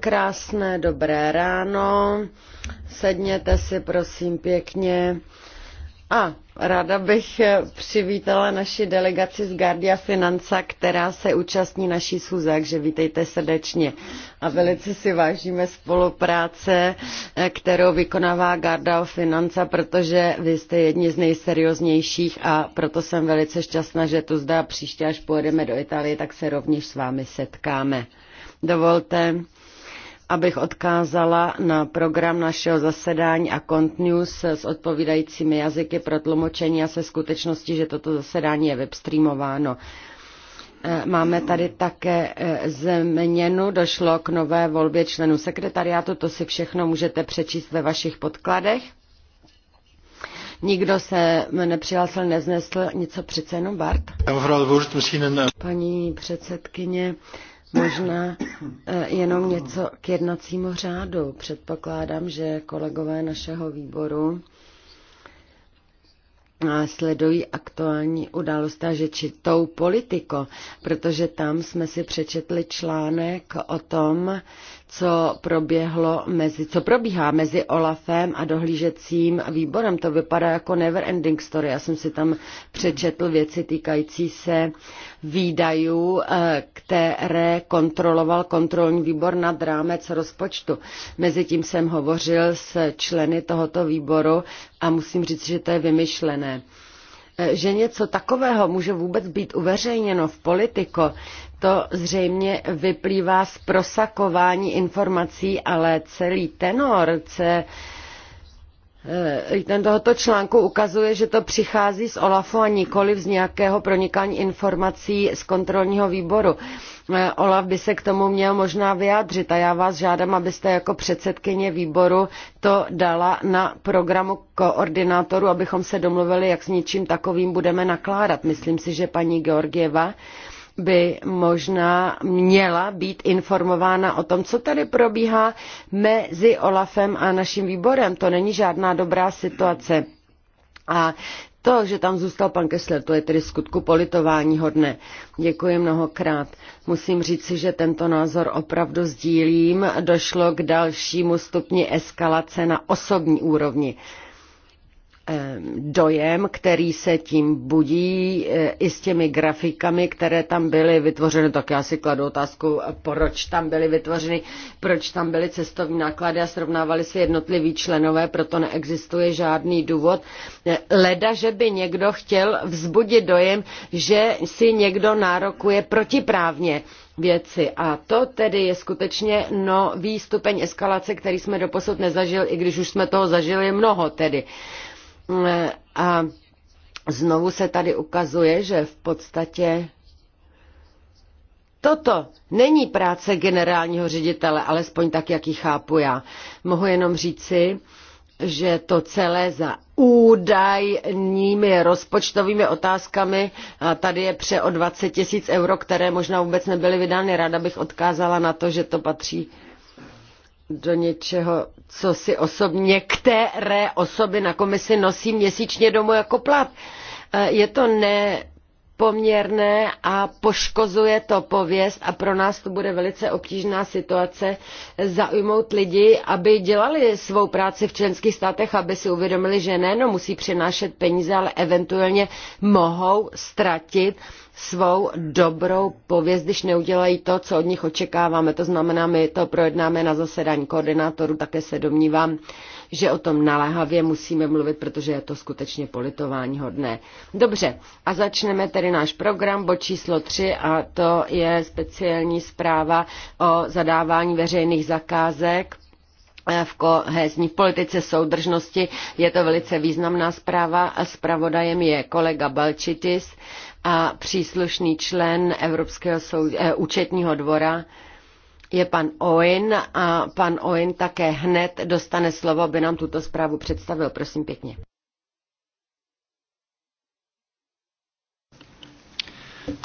Krásné dobré ráno. Sedněte si prosím pěkně. A ráda bych přivítala naši delegaci z Guardia Finanza, která se účastní naší schůze, takže vítejte srdečně. A velice si vážíme spolupráce, eh, kterou vykonává Garda Finanza, protože vy jste jedni z nejserióznějších a proto jsem velice šťastná, že tu zdá příště, až pojedeme do Itálie, tak se rovněž s vámi setkáme. Dovolte, abych odkázala na program našeho zasedání a kontnews s odpovídajícími jazyky pro tlumočení a se skutečností, že toto zasedání je webstreamováno. E, máme tady také e, změnu, došlo k nové volbě členů sekretariátu, to si všechno můžete přečíst ve vašich podkladech. Nikdo se nepřihlásil, neznesl něco přece jenom Bart? E, Paní předsedkyně, Možná eh, jenom něco k jednacímu řádu. Předpokládám, že kolegové našeho výboru eh, sledují aktuální události a že čitou politiko, protože tam jsme si přečetli článek o tom, co proběhlo mezi, co probíhá mezi Olafem a dohlížecím výborem. To vypadá jako never ending story. Já jsem si tam přečetl věci týkající se výdajů, eh, které kontroloval kontrolní výbor nad rámec rozpočtu. Mezitím jsem hovořil s členy tohoto výboru a musím říct, že to je vymyšlené. Eh, že něco takového může vůbec být uveřejněno v politiko, to zřejmě vyplývá z prosakování informací, ale celý tenor, se, eh, ten tohoto článku ukazuje, že to přichází z OLAFu a nikoliv z nějakého pronikání informací z kontrolního výboru. Eh, Olaf by se k tomu měl možná vyjádřit a já vás žádám, abyste jako předsedkyně výboru to dala na programu koordinátoru, abychom se domluvili, jak s něčím takovým budeme nakládat. Myslím si, že paní Georgieva by možná měla být informována o tom, co tady probíhá mezi Olafem a naším výborem. To není žádná dobrá situace. A to, že tam zůstal pan Kessler, to je tedy skutku politování hodné. Děkuji mnohokrát. Musím říci, že tento názor opravdu sdílím. Došlo k dalšímu stupni eskalace na osobní úrovni dojem, který se tím budí e, i s těmi grafikami, které tam byly vytvořeny, tak já si kladu otázku, e, proč tam byly vytvořeny, proč tam byly cestovní náklady a srovnávali se jednotliví členové, proto neexistuje žádný důvod. E, leda, že by někdo chtěl vzbudit dojem, že si někdo nárokuje protiprávně věci. A to tedy je skutečně nový stupeň eskalace, který jsme doposud nezažili, i když už jsme toho zažili mnoho tedy. A znovu se tady ukazuje, že v podstatě toto není práce generálního ředitele, alespoň tak, jak ji chápu já. Mohu jenom říci, že to celé za údajnými rozpočtovými otázkami, a tady je pře o 20 tisíc euro, které možná vůbec nebyly vydány, ráda bych odkázala na to, že to patří do něčeho, co si osobně některé osoby na komisi nosí měsíčně domů jako plat. E, je to nepoměrné a poškozuje to pověst a pro nás to bude velice obtížná situace zaujmout lidi, aby dělali svou práci v členských státech, aby si uvědomili, že nejenom musí přinášet peníze, ale eventuálně mohou ztratit svou dobrou pověst, když neudělají to, co od nich očekáváme. To znamená, my to projednáme na zasedání koordinátorů, také se domnívám, že o tom naléhavě musíme mluvit, protože je to skutečně politování hodné. Dobře, a začneme tedy náš program, bod číslo 3, a to je speciální zpráva o zadávání veřejných zakázek v kohezní politice soudržnosti. Je to velice významná zpráva a zpravodajem je kolega Balčitis a příslušný člen Evropského sou, e, účetního dvora je pan Oin a pan Oin také hned dostane slovo, aby nám tuto zprávu představil. Prosím pěkně.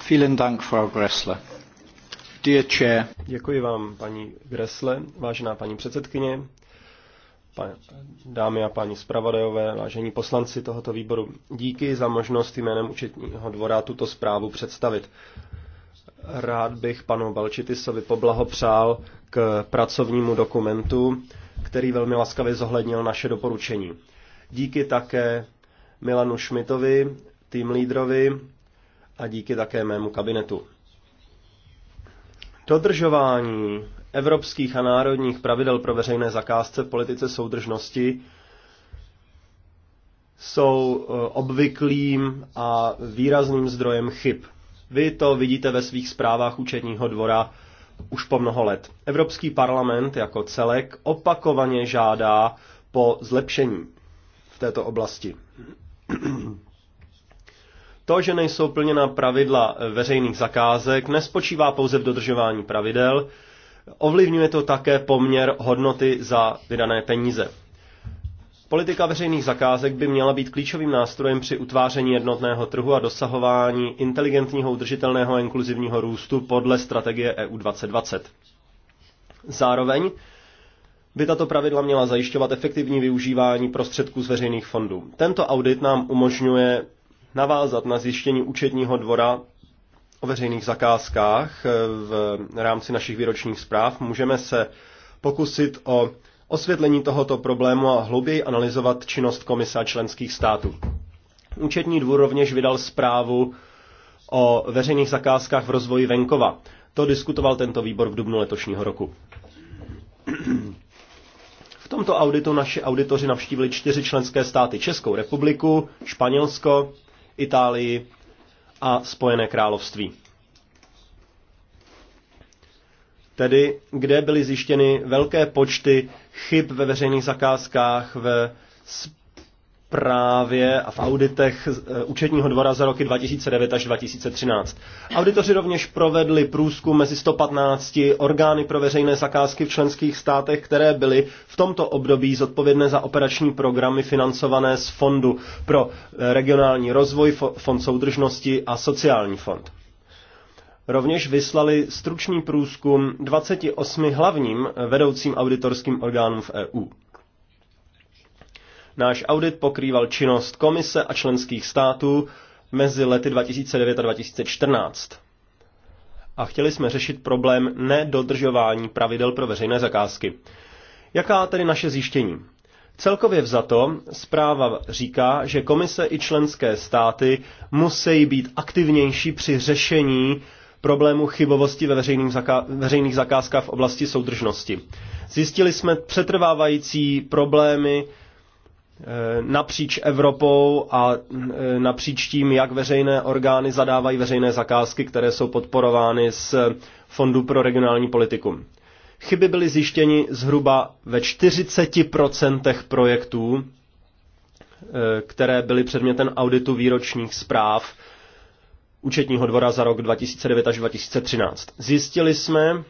Vielen Dank, Frau Gressle. Dear Chair. Děkuji vám, paní Gressle, vážená paní předsedkyně, dámy a páni zpravodajové, vážení poslanci tohoto výboru, díky za možnost jménem účetního dvora tuto zprávu představit. Rád bych panu Balčitisovi poblahopřál k pracovnímu dokumentu, který velmi laskavě zohlednil naše doporučení. Díky také Milanu Šmitovi, tým lídrovi a díky také mému kabinetu. Dodržování evropských a národních pravidel pro veřejné zakázce v politice soudržnosti jsou e, obvyklým a výrazným zdrojem chyb. Vy to vidíte ve svých zprávách účetního dvora už po mnoho let. Evropský parlament jako celek opakovaně žádá po zlepšení v této oblasti. To, že nejsou plněna pravidla veřejných zakázek, nespočívá pouze v dodržování pravidel, Ovlivňuje to také poměr hodnoty za vydané peníze. Politika veřejných zakázek by měla být klíčovým nástrojem při utváření jednotného trhu a dosahování inteligentního, udržitelného a inkluzivního růstu podle strategie EU 2020. Zároveň by tato pravidla měla zajišťovat efektivní využívání prostředků z veřejných fondů. Tento audit nám umožňuje navázat na zjištění účetního dvora o veřejných zakázkách eh, v rámci našich výročních zpráv. Můžeme se pokusit o osvětlení tohoto problému a hlouběji analyzovat činnost komise a členských států. Účetní dvůr rovněž vydal zprávu o veřejných zakázkách v rozvoji venkova. To diskutoval tento výbor v dubnu letošního roku. V tomto auditu naši auditoři navštívili čtyři členské státy Českou republiku, Španělsko, Itálii a Spojené království. Tedy, kde byly zjištěny velké počty chyb ve veřejných zakázkách, ve právě a v auditech e, účetního dvora za roky 2009 až 2013. Auditoři rovněž provedli průzkum mezi 115 orgány pro veřejné zakázky v členských státech, které byly v tomto období zodpovědné za operační programy financované z Fondu pro e, regionální rozvoj, Fond soudržnosti a sociální fond. Rovněž vyslali stručný průzkum 28 hlavním vedoucím auditorským orgánům v EU. Náš audit pokrýval činnost komise a členských států mezi lety 2009 a 2014. A chtěli jsme řešit problém nedodržování pravidel pro veřejné zakázky. Jaká tedy naše zjištění? Celkově vzato zpráva říká, že komise i členské státy musí být aktivnější při řešení problému chybovosti ve veřejných, zaká- veřejných zakázkách v oblasti soudržnosti. Zjistili jsme přetrvávající problémy Eh, napříč Evropou a eh, napříč tím, jak veřejné orgány zadávají veřejné zakázky, které jsou podporovány z Fondu pro regionální politiku. Chyby byly zjištěny zhruba ve 40% projektů, eh, které byly předmětem auditu výročních zpráv účetního dvora za rok 2009 až 2013. Zjistili jsme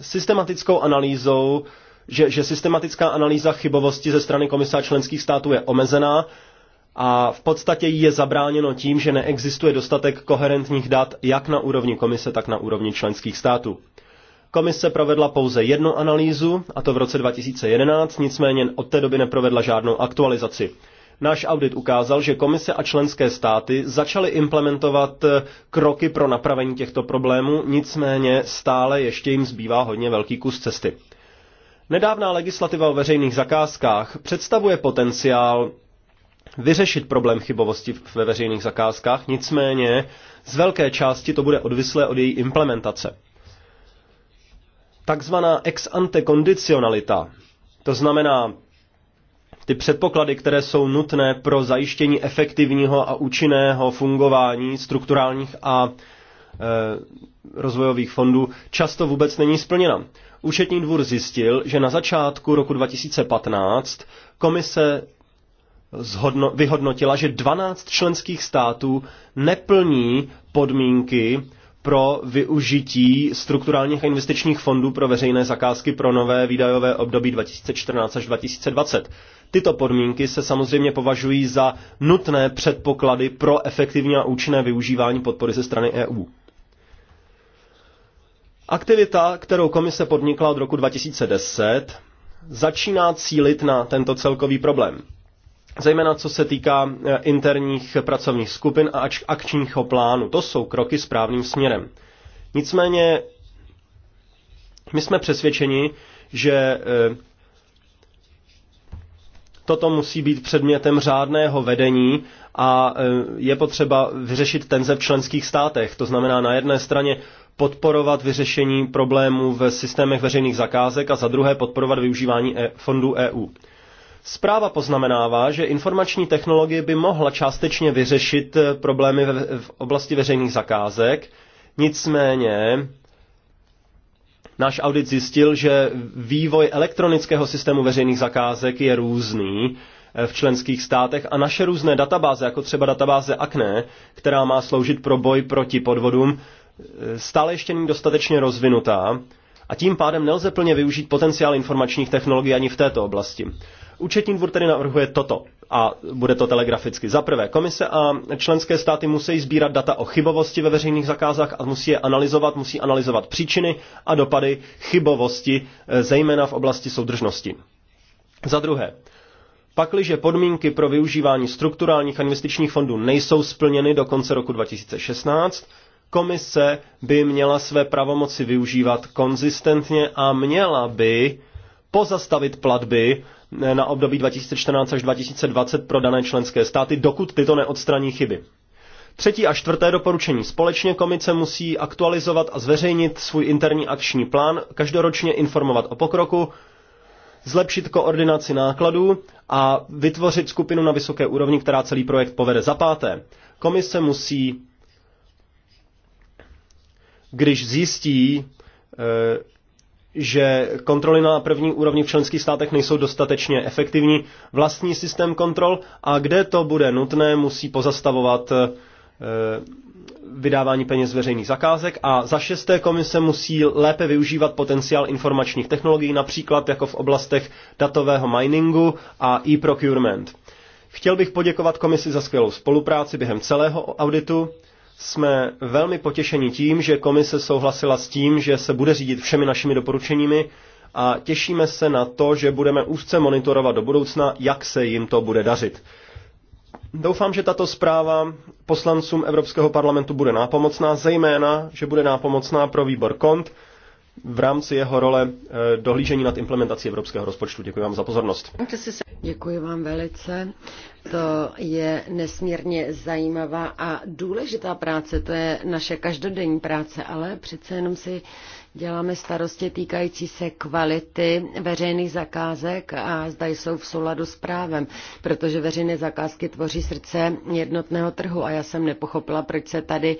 systematickou analýzou že, že systematická analýza chybovosti ze strany komisa členských států je omezená a v podstatě je zabráněno tím, že neexistuje dostatek koherentních dat jak na úrovni komise, tak na úrovni členských států. Komise provedla pouze jednu analýzu, a to v roce 2011, nicméně od té doby neprovedla žádnou aktualizaci. Náš audit ukázal, že komise a členské státy začaly implementovat eh, kroky pro napravení těchto problémů, nicméně stále ještě jim zbývá hodně velký kus cesty. Nedávná legislativa o veřejných zakázkách představuje potenciál vyřešit problém chybovosti ve veřejných zakázkách, nicméně z velké části to bude odvislé od její implementace. Takzvaná ex ante kondicionalita, to znamená ty předpoklady, které jsou nutné pro zajištění efektivního a účinného fungování strukturálních a e, rozvojových fondů, často vůbec není splněna. Účetní dvůr zjistil, že na začátku roku 2015 komise zhodno, vyhodnotila, že 12 členských států neplní podmínky pro využití strukturálních a investičních fondů pro veřejné zakázky pro nové výdajové období 2014 až 2020. Tyto podmínky se samozřejmě považují za nutné předpoklady pro efektivní a účinné využívání podpory ze strany EU. Aktivita, kterou komise podnikla od roku 2010, začíná cílit na tento celkový problém. Zejména co se týká eh, interních pracovních skupin a akčního plánu. To jsou kroky správným směrem. Nicméně my jsme přesvědčeni, že eh, toto musí být předmětem řádného vedení a eh, je potřeba vyřešit tenze v členských státech. To znamená na jedné straně podporovat vyřešení problémů v systémech veřejných zakázek a za druhé podporovat využívání e- fondů EU. Zpráva poznamenává, že informační technologie by mohla částečně vyřešit eh, problémy v oblasti veřejných zakázek, nicméně náš audit zjistil, že vývoj elektronického systému veřejných zakázek je různý eh, v členských státech a naše různé databáze, jako třeba databáze AKNE, která má sloužit pro boj proti podvodům, stále ještě není dostatečně rozvinutá a tím pádem nelze plně využít potenciál informačních technologií ani v této oblasti. Účetní dvůr tedy navrhuje toto a bude to telegraficky. Za prvé, komise a členské státy musí sbírat data o chybovosti ve veřejných zakázách a musí je analyzovat, musí analyzovat příčiny a dopady chybovosti, eh, zejména v oblasti soudržnosti. Za druhé, Pakliže podmínky pro využívání strukturálních a investičních fondů nejsou splněny do konce roku 2016, Komise by měla své pravomoci využívat konzistentně a měla by pozastavit platby na období 2014 až 2020 pro dané členské státy, dokud tyto neodstraní chyby. Třetí a čtvrté doporučení. Společně komice musí aktualizovat a zveřejnit svůj interní akční plán, každoročně informovat o pokroku, zlepšit koordinaci nákladů a vytvořit skupinu na vysoké úrovni, která celý projekt povede. Za páté, komise musí když zjistí, eh, že kontroly na první úrovni v členských státech nejsou dostatečně efektivní, vlastní systém kontrol a kde to bude nutné, musí pozastavovat eh, vydávání peněz veřejných zakázek a za šesté komise musí lépe využívat potenciál informačních technologií, například jako v oblastech datového miningu a e-procurement. Chtěl bych poděkovat komisi za skvělou spolupráci během celého auditu jsme velmi potěšeni tím, že komise souhlasila s tím, že se bude řídit všemi našimi doporučeními a těšíme se na to, že budeme úzce monitorovat do budoucna, jak se jim to bude dařit. Doufám, že tato zpráva poslancům Evropského parlamentu bude nápomocná, zejména, že bude nápomocná pro výbor KONT, v rámci jeho role eh, dohlížení nad implementací evropského rozpočtu. Děkuji vám za pozornost. Děkuji vám velice. To je nesmírně zajímavá a důležitá práce. To je naše každodenní práce, ale přece jenom si Děláme starosti týkající se kvality veřejných zakázek a zda jsou v souladu s právem, protože veřejné zakázky tvoří srdce jednotného trhu a já jsem nepochopila, proč se tady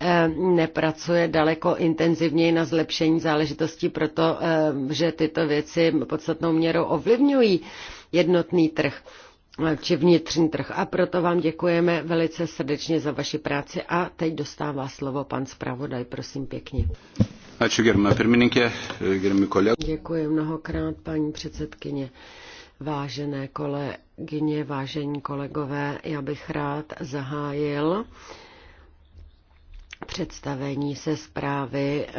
eh, nepracuje daleko intenzivněji na zlepšení záležitostí, protože eh, tyto věci podstatnou měrou ovlivňují jednotný trh či vnitřní trh. A proto vám děkujeme velice srdečně za vaši práci a teď dostává slovo pan zpravodaj, prosím pěkně. Ačiū, germa Děkuji mnohokrát, paní předsedkyně. Vážené kolegyně, vážení kolegové, já bych rád zahájil představení se zprávy eh,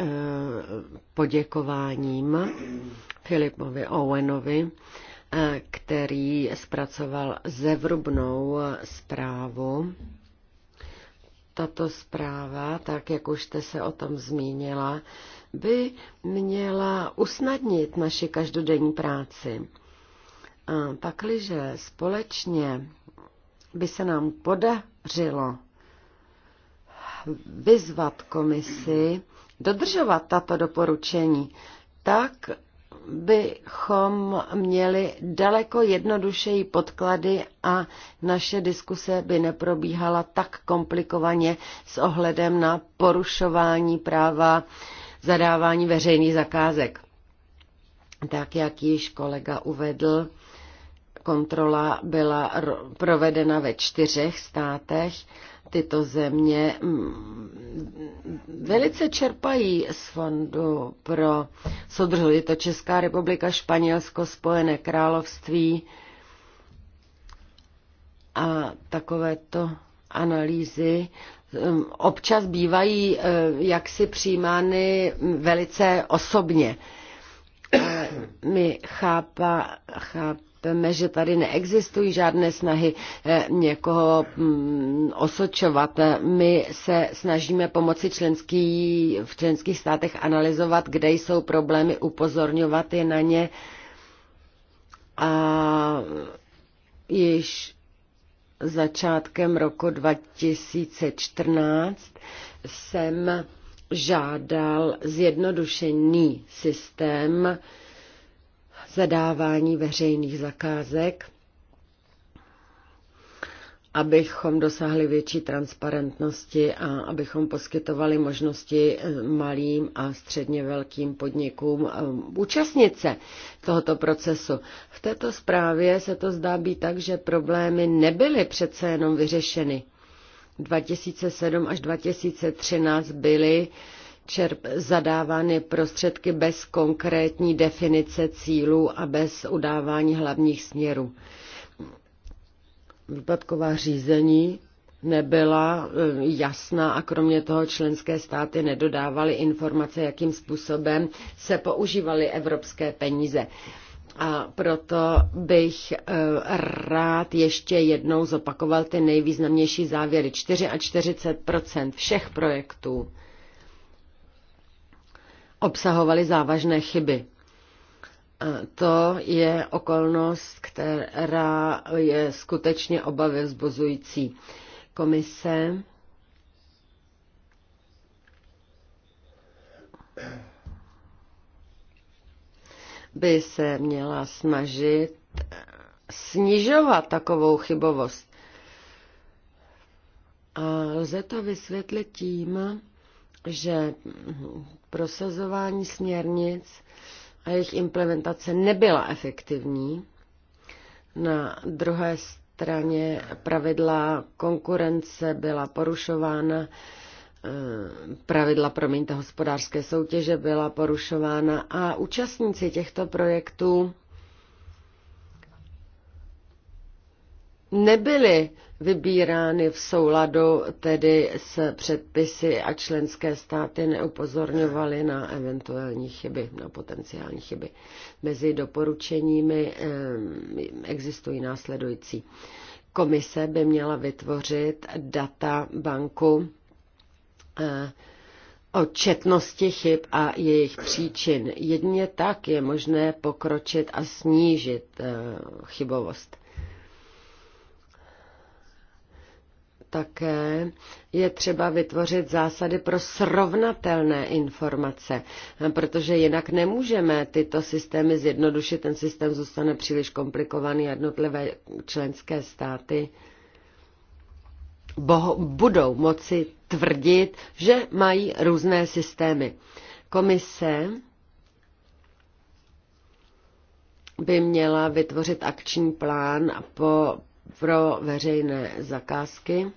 poděkováním Filipovi Owenovi, který zpracoval zevrubnou zprávu. Tato zpráva, tak jak už jste se o tom zmínila, by měla usnadnit naši každodenní práci. A pakliže společně by se nám podařilo vyzvat komisi dodržovat tato doporučení, tak bychom měli daleko jednodušeji podklady a naše diskuse by neprobíhala tak komplikovaně s ohledem na porušování práva zadávání veřejných zakázek. Tak, jak již kolega uvedl, kontrola byla provedena ve čtyřech státech tyto země mm, velice čerpají z fondu pro soudržnost. Je to Česká republika, Španělsko, Spojené království a takovéto analýzy mm, občas bývají eh, jaksi přijímány mm, velice osobně. Eh, my chápa, chápa chápeme, že tady neexistují žádné snahy eh, někoho mm, osočovat. My se snažíme pomoci členský, v členských státech analyzovat, kde jsou problémy, upozorňovat je na ně a již začátkem roku 2014 jsem žádal zjednodušený systém zadávání veřejných zakázek, abychom dosáhli větší transparentnosti a abychom poskytovali možnosti eh, malým a středně velkým podnikům eh, účastnit se tohoto procesu. V této zprávě se to zdá být tak, že problémy nebyly přece jenom vyřešeny. 2007 až 2013 byly čerp, zadávány prostředky bez konkrétní definice cílů a bez udávání hlavních směrů. Výpadková řízení nebyla eh, jasná a kromě toho členské státy nedodávaly informace, jakým způsobem se používaly evropské peníze. A proto bych eh, rád ještě jednou zopakoval ty nejvýznamnější závěry. 44 všech projektů obsahovaly závažné chyby. To je okolnost, která je skutečně obavy vzbuzující. Komise by se měla snažit snižovat takovou chybovost. A lze to vysvětlit tím, že prosazování směrnic a jejich implementace nebyla efektivní. Na druhé straně pravidla konkurence byla porušována, eh, pravidla, promiňte, hospodářské soutěže byla porušována a účastníci těchto projektů nebyly vybírány v souladu tedy s předpisy a členské státy neupozorňovaly na eventuální chyby, na potenciální chyby. Mezi doporučeními ehm, existují následující. Komise by měla vytvořit data banku eh, o četnosti chyb a jejich příčin. Jedně tak je možné pokročit a snížit eh, chybovost také je třeba vytvořit zásady pro srovnatelné informace, protože jinak nemůžeme tyto systémy zjednodušit. Ten systém zůstane příliš komplikovaný a jednotlivé členské státy boho, budou moci tvrdit, že mají různé systémy. Komise by měla vytvořit akční plán po, pro veřejné zakázky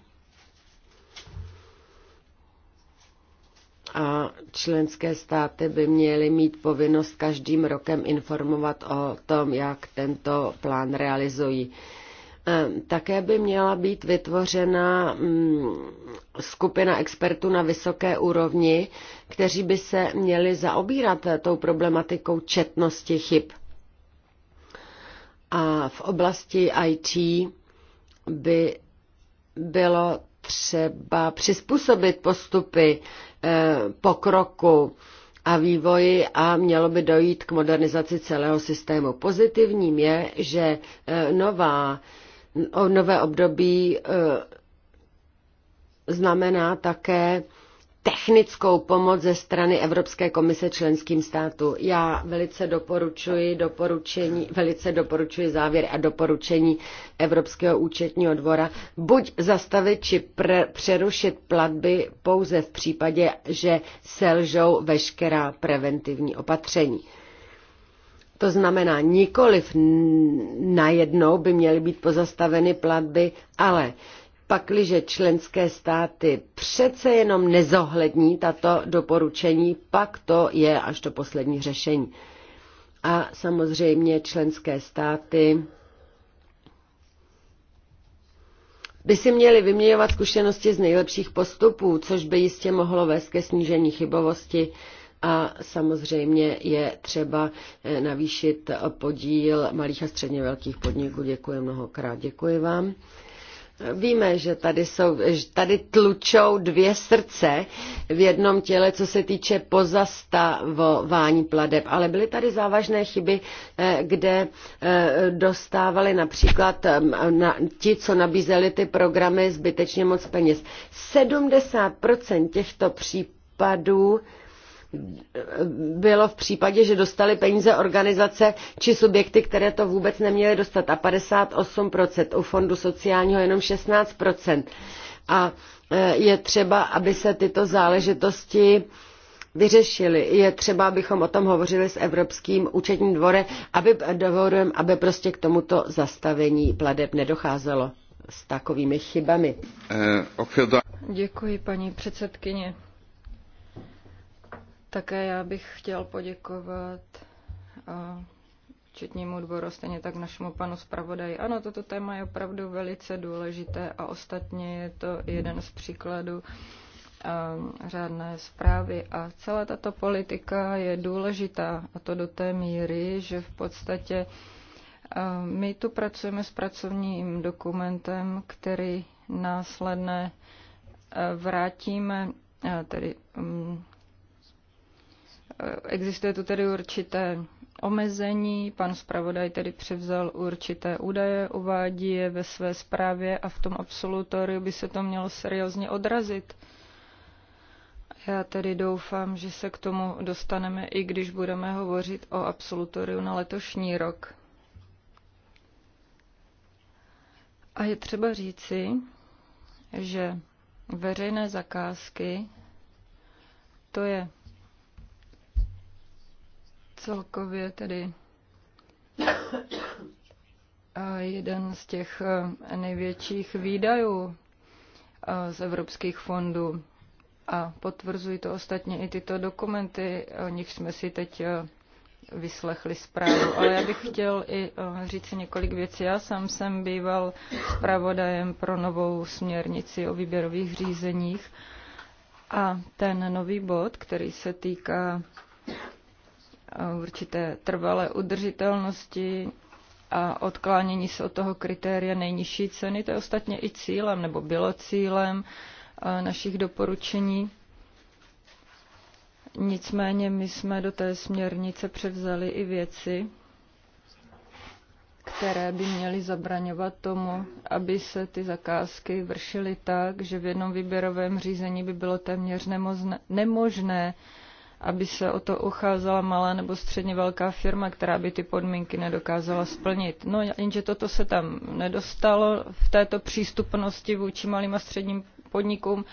a členské státy by měly mít povinnost každým rokem informovat o tom, jak tento plán realizují. E, také by měla být vytvořena mm, skupina expertů na vysoké úrovni, kteří by se měli zaobírat tou problematikou četnosti chyb. A v oblasti IT by bylo třeba přizpůsobit postupy eh, pokroku a vývoji a mělo by dojít k modernizaci celého systému. Pozitivním je, že eh, nová, nové období eh, znamená také technickou pomoc ze strany Evropské komise členským státu. Já velice doporučuji, doporučení, velice doporučuji závěr a doporučení Evropského účetního dvora buď zastavit či pr- přerušit platby pouze v případě, že selžou veškerá preventivní opatření. To znamená, nikoliv najednou by měly být pozastaveny platby, ale Pakliže členské státy přece jenom nezohlední tato doporučení, pak to je až to poslední řešení. A samozřejmě členské státy by si měli vyměňovat zkušenosti z nejlepších postupů, což by jistě mohlo vést ke snížení chybovosti a samozřejmě je třeba eh, navýšit podíl malých a středně velkých podniků. Děkuji mnohokrát. Děkuji vám. Víme, že tady, jsou, že tady tlučou dvě srdce v jednom těle, co se týče pozastavování pladeb, ale byly tady závažné chyby, eh, kde eh, dostávali například na, ti, co nabízeli ty programy, zbytečně moc peněz. 70% těchto případů bylo v případě, že dostali peníze organizace či subjekty, které to vůbec neměly dostat a 58%, u fondu sociálního jenom 16%. A e, je třeba, aby se tyto záležitosti vyřešili. Je třeba, abychom o tom hovořili s Evropským účetním dvorem, aby, dvorem, aby prostě k tomuto zastavení pladeb nedocházelo s takovými chybami. E, Děkuji, paní předsedkyně. Také já bych chtěl poděkovat Četnímu dvoru, stejně tak našemu panu zpravodaji. Ano, toto téma je opravdu velice důležité a ostatně je to jeden z příkladů řádné zprávy. A celá tato politika je důležitá a to do té míry, že v podstatě my tu pracujeme s pracovním dokumentem, který následně vrátíme, tedy mm, Existuje tu tedy určité omezení, pan zpravodaj tedy převzal určité údaje, uvádí je ve své zprávě a v tom absolutoriu by se to mělo seriózně odrazit. Já tedy doufám, že se k tomu dostaneme, i když budeme hovořit o absolutoriu na letošní rok. A je třeba říci, že veřejné zakázky to je celkově tedy eh, jeden z těch eh, největších výdajů eh, z evropských fondů. A potvrzují to ostatně i tyto dokumenty, o nich jsme si teď vyslechli zprávu. Ale já bych chtěl i říct si několik věcí. Já sám jsem býval zpravodajem pro novou směrnici o výběrových řízeních. A ten nový bod, který se týká určité trvalé udržitelnosti a odklánění se od toho kritéria nejnižší ceny. To je ostatně i cílem, nebo bylo cílem našich doporučení. Nicméně my jsme do té směrnice převzali i věci, které by měly zabraňovat tomu, aby se ty zakázky vršily tak, že v jednom výběrovém řízení by bylo téměř nemožné aby se o to ucházela malá nebo středně velká firma, která by ty podmínky nedokázala splnit. No jenže toto se tam nedostalo, v této přístupnosti vůči malým a středním podnikům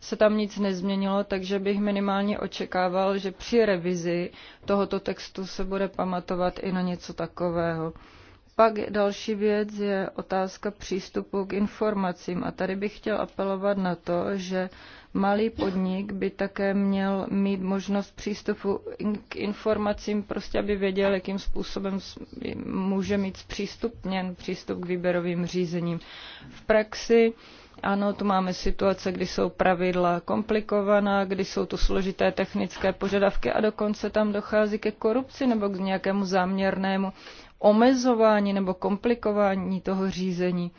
se tam nic nezměnilo, takže bych minimálně očekával, že při revizi tohoto textu se bude pamatovat i na něco takového. Pak další věc je otázka přístupu k informacím a tady bych chtěl apelovat na to, že Malý podnik by také měl mít možnost přístupu k informacím, prostě aby věděl, jakým způsobem může mít zpřístupněn přístup k výběrovým řízením. V praxi ano, tu máme situace, kdy jsou pravidla komplikovaná, kdy jsou tu složité technické požadavky a dokonce tam dochází ke korupci nebo k nějakému záměrnému omezování nebo komplikování toho řízení.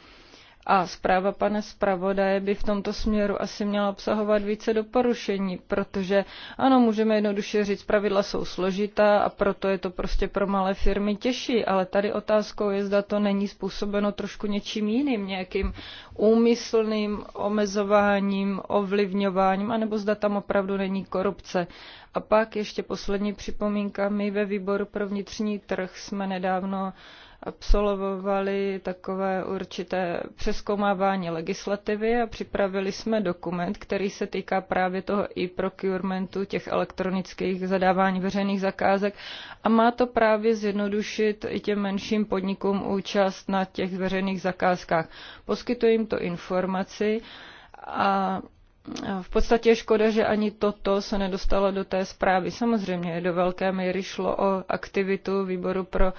A zpráva pana zpravodaje by v tomto směru asi měla obsahovat více doporušení, protože ano, můžeme jednoduše říct, pravidla jsou složitá a proto je to prostě pro malé firmy těžší, ale tady otázkou je, zda to není způsobeno trošku něčím jiným, nějakým úmyslným omezováním, ovlivňováním, anebo zda tam opravdu není korupce. A pak ještě poslední připomínka, my ve výboru pro vnitřní trh jsme nedávno uh, absolvovali takové určité přeskoumávání legislativy a připravili jsme dokument, který se týká právě toho e-procurementu, těch elektronických zadávání veřejných zakázek a má to právě zjednodušit i těm menším podnikům účast na těch veřejných zakázkách. Poskytuji jim to informaci a v podstatě je škoda, že ani toto se nedostalo do té zprávy. Samozřejmě do velké míry šlo o aktivitu výboru pro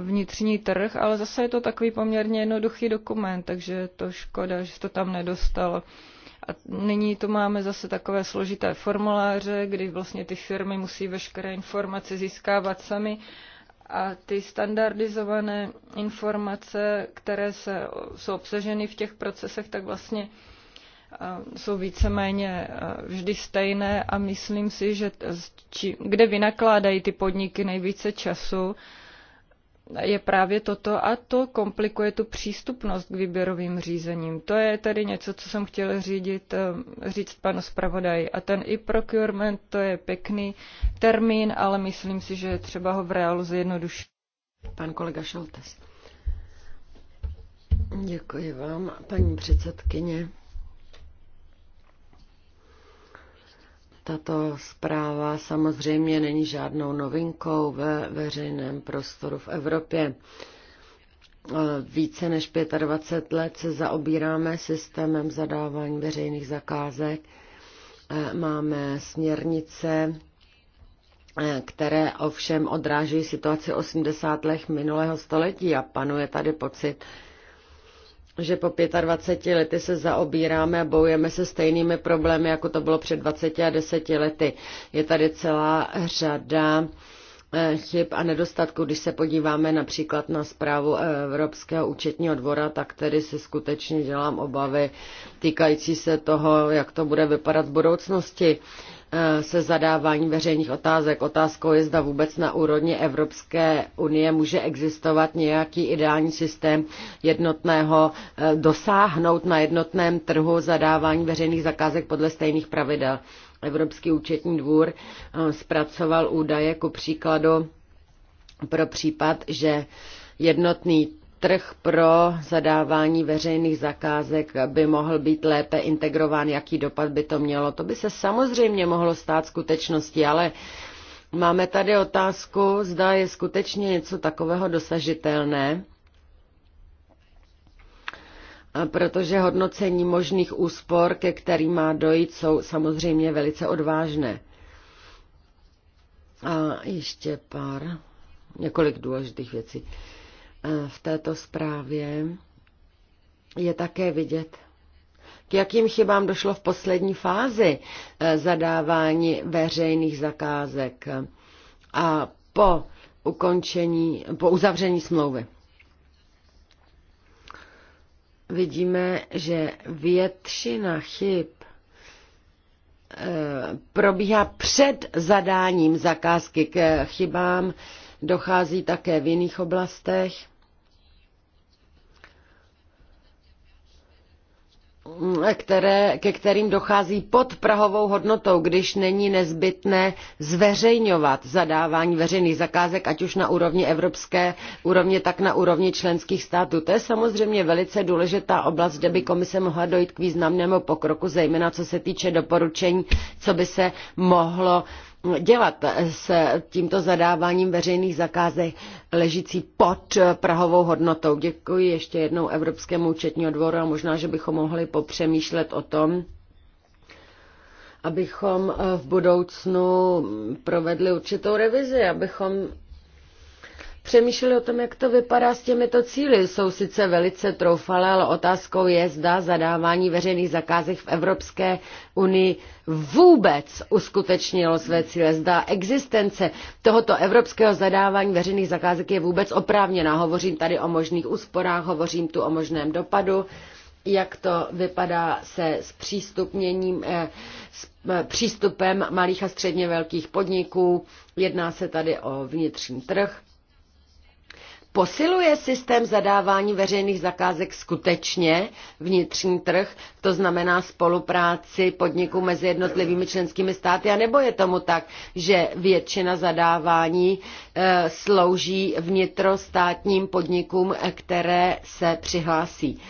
vnitřní trh, ale zase je to takový poměrně jednoduchý dokument, takže je to škoda, že to tam nedostalo. A nyní to máme zase takové složité formuláře, kdy vlastně ty firmy musí veškeré informace získávat sami a ty standardizované informace, které se, jsou obsaženy v těch procesech, tak vlastně eh, jsou víceméně eh, vždy stejné a myslím si, že či, kde vynakládají ty podniky nejvíce času, je právě toto a to komplikuje tu přístupnost k výběrovým řízením. To je tedy něco, co jsem chtěla řídit, eh, říct panu zpravodaji. A ten e-procurement, to je pěkný termín, ale myslím si, že třeba ho v reálu zjednodušit. Pan kolega Šoltes. Děkuji vám, paní předsedkyně. Tato zpráva samozřejmě není žádnou novinkou ve veřejném prostoru v Evropě. Více než 25 let se zaobíráme systémem zadávání veřejných zakázek. Máme směrnice, které ovšem odráží situaci 80 let minulého století a panuje tady pocit, že po 25 lety se zaobíráme a bojujeme se stejnými problémy, jako to bylo před 20 a 10 lety. Je tady celá řada eh, chyb a nedostatků. Když se podíváme například na zprávu eh, Evropského účetního dvora, tak tedy si skutečně dělám obavy týkající se toho, jak to bude vypadat v budoucnosti. Eh, se zadávání veřejných otázek. Otázkou je, zda vůbec na úrovni Evropské unie může existovat nějaký ideální systém jednotného, eh, dosáhnout na jednotném trhu zadávání veřejných zakázek podle stejných pravidel. Evropský účetní dvůr eh, zpracoval údaje ku příkladu pro případ, že jednotný trh pro zadávání veřejných zakázek by mohl být lépe integrován, jaký dopad by to mělo. To by se samozřejmě mohlo stát skutečností, ale máme tady otázku, zda je skutečně něco takového dosažitelné, protože hodnocení možných úspor, ke kterým má dojít, jsou samozřejmě velice odvážné. A ještě pár, několik důležitých věcí. Uh, v této zprávě je také vidět, k jakým chybám došlo v poslední fázi eh, zadávání veřejných zakázek a po ukončení, po uzavření smlouvy. Vidíme, že většina chyb eh, probíhá před zadáním zakázky. K chybám dochází také v jiných oblastech které, ke kterým dochází pod prahovou hodnotou, když není nezbytné zveřejňovat zadávání veřejných zakázek, ať už na úrovni evropské úrovně, tak na úrovni členských států. To je samozřejmě velice důležitá oblast, kde by komise mohla dojít k významnému pokroku, zejména co se týče doporučení, co by se mohlo dělat s tímto zadáváním veřejných zakázek ležící pod prahovou hodnotou. Děkuji ještě jednou Evropskému účetního dvoru a možná, že bychom mohli popřemýšlet o tom, abychom v budoucnu provedli určitou revizi, abychom přemýšleli o tom, jak to vypadá s těmito cíly. Jsou sice velice troufalé, ale otázkou je, zda zadávání veřejných zakázek v Evropské unii vůbec uskutečnilo své cíle. Zda existence tohoto evropského zadávání veřejných zakázek je vůbec oprávněná. Hovořím tady o možných úsporách, hovořím tu o možném dopadu jak to vypadá se přístupněním, eh, s eh, přístupem malých a středně velkých podniků. Jedná se tady o vnitřní trh Posiluje systém zadávání veřejných zakázek skutečně vnitřní trh, to znamená spolupráci podniků mezi jednotlivými členskými státy, anebo je tomu tak, že většina zadávání e, slouží vnitrostátním podnikům, které se přihlásí?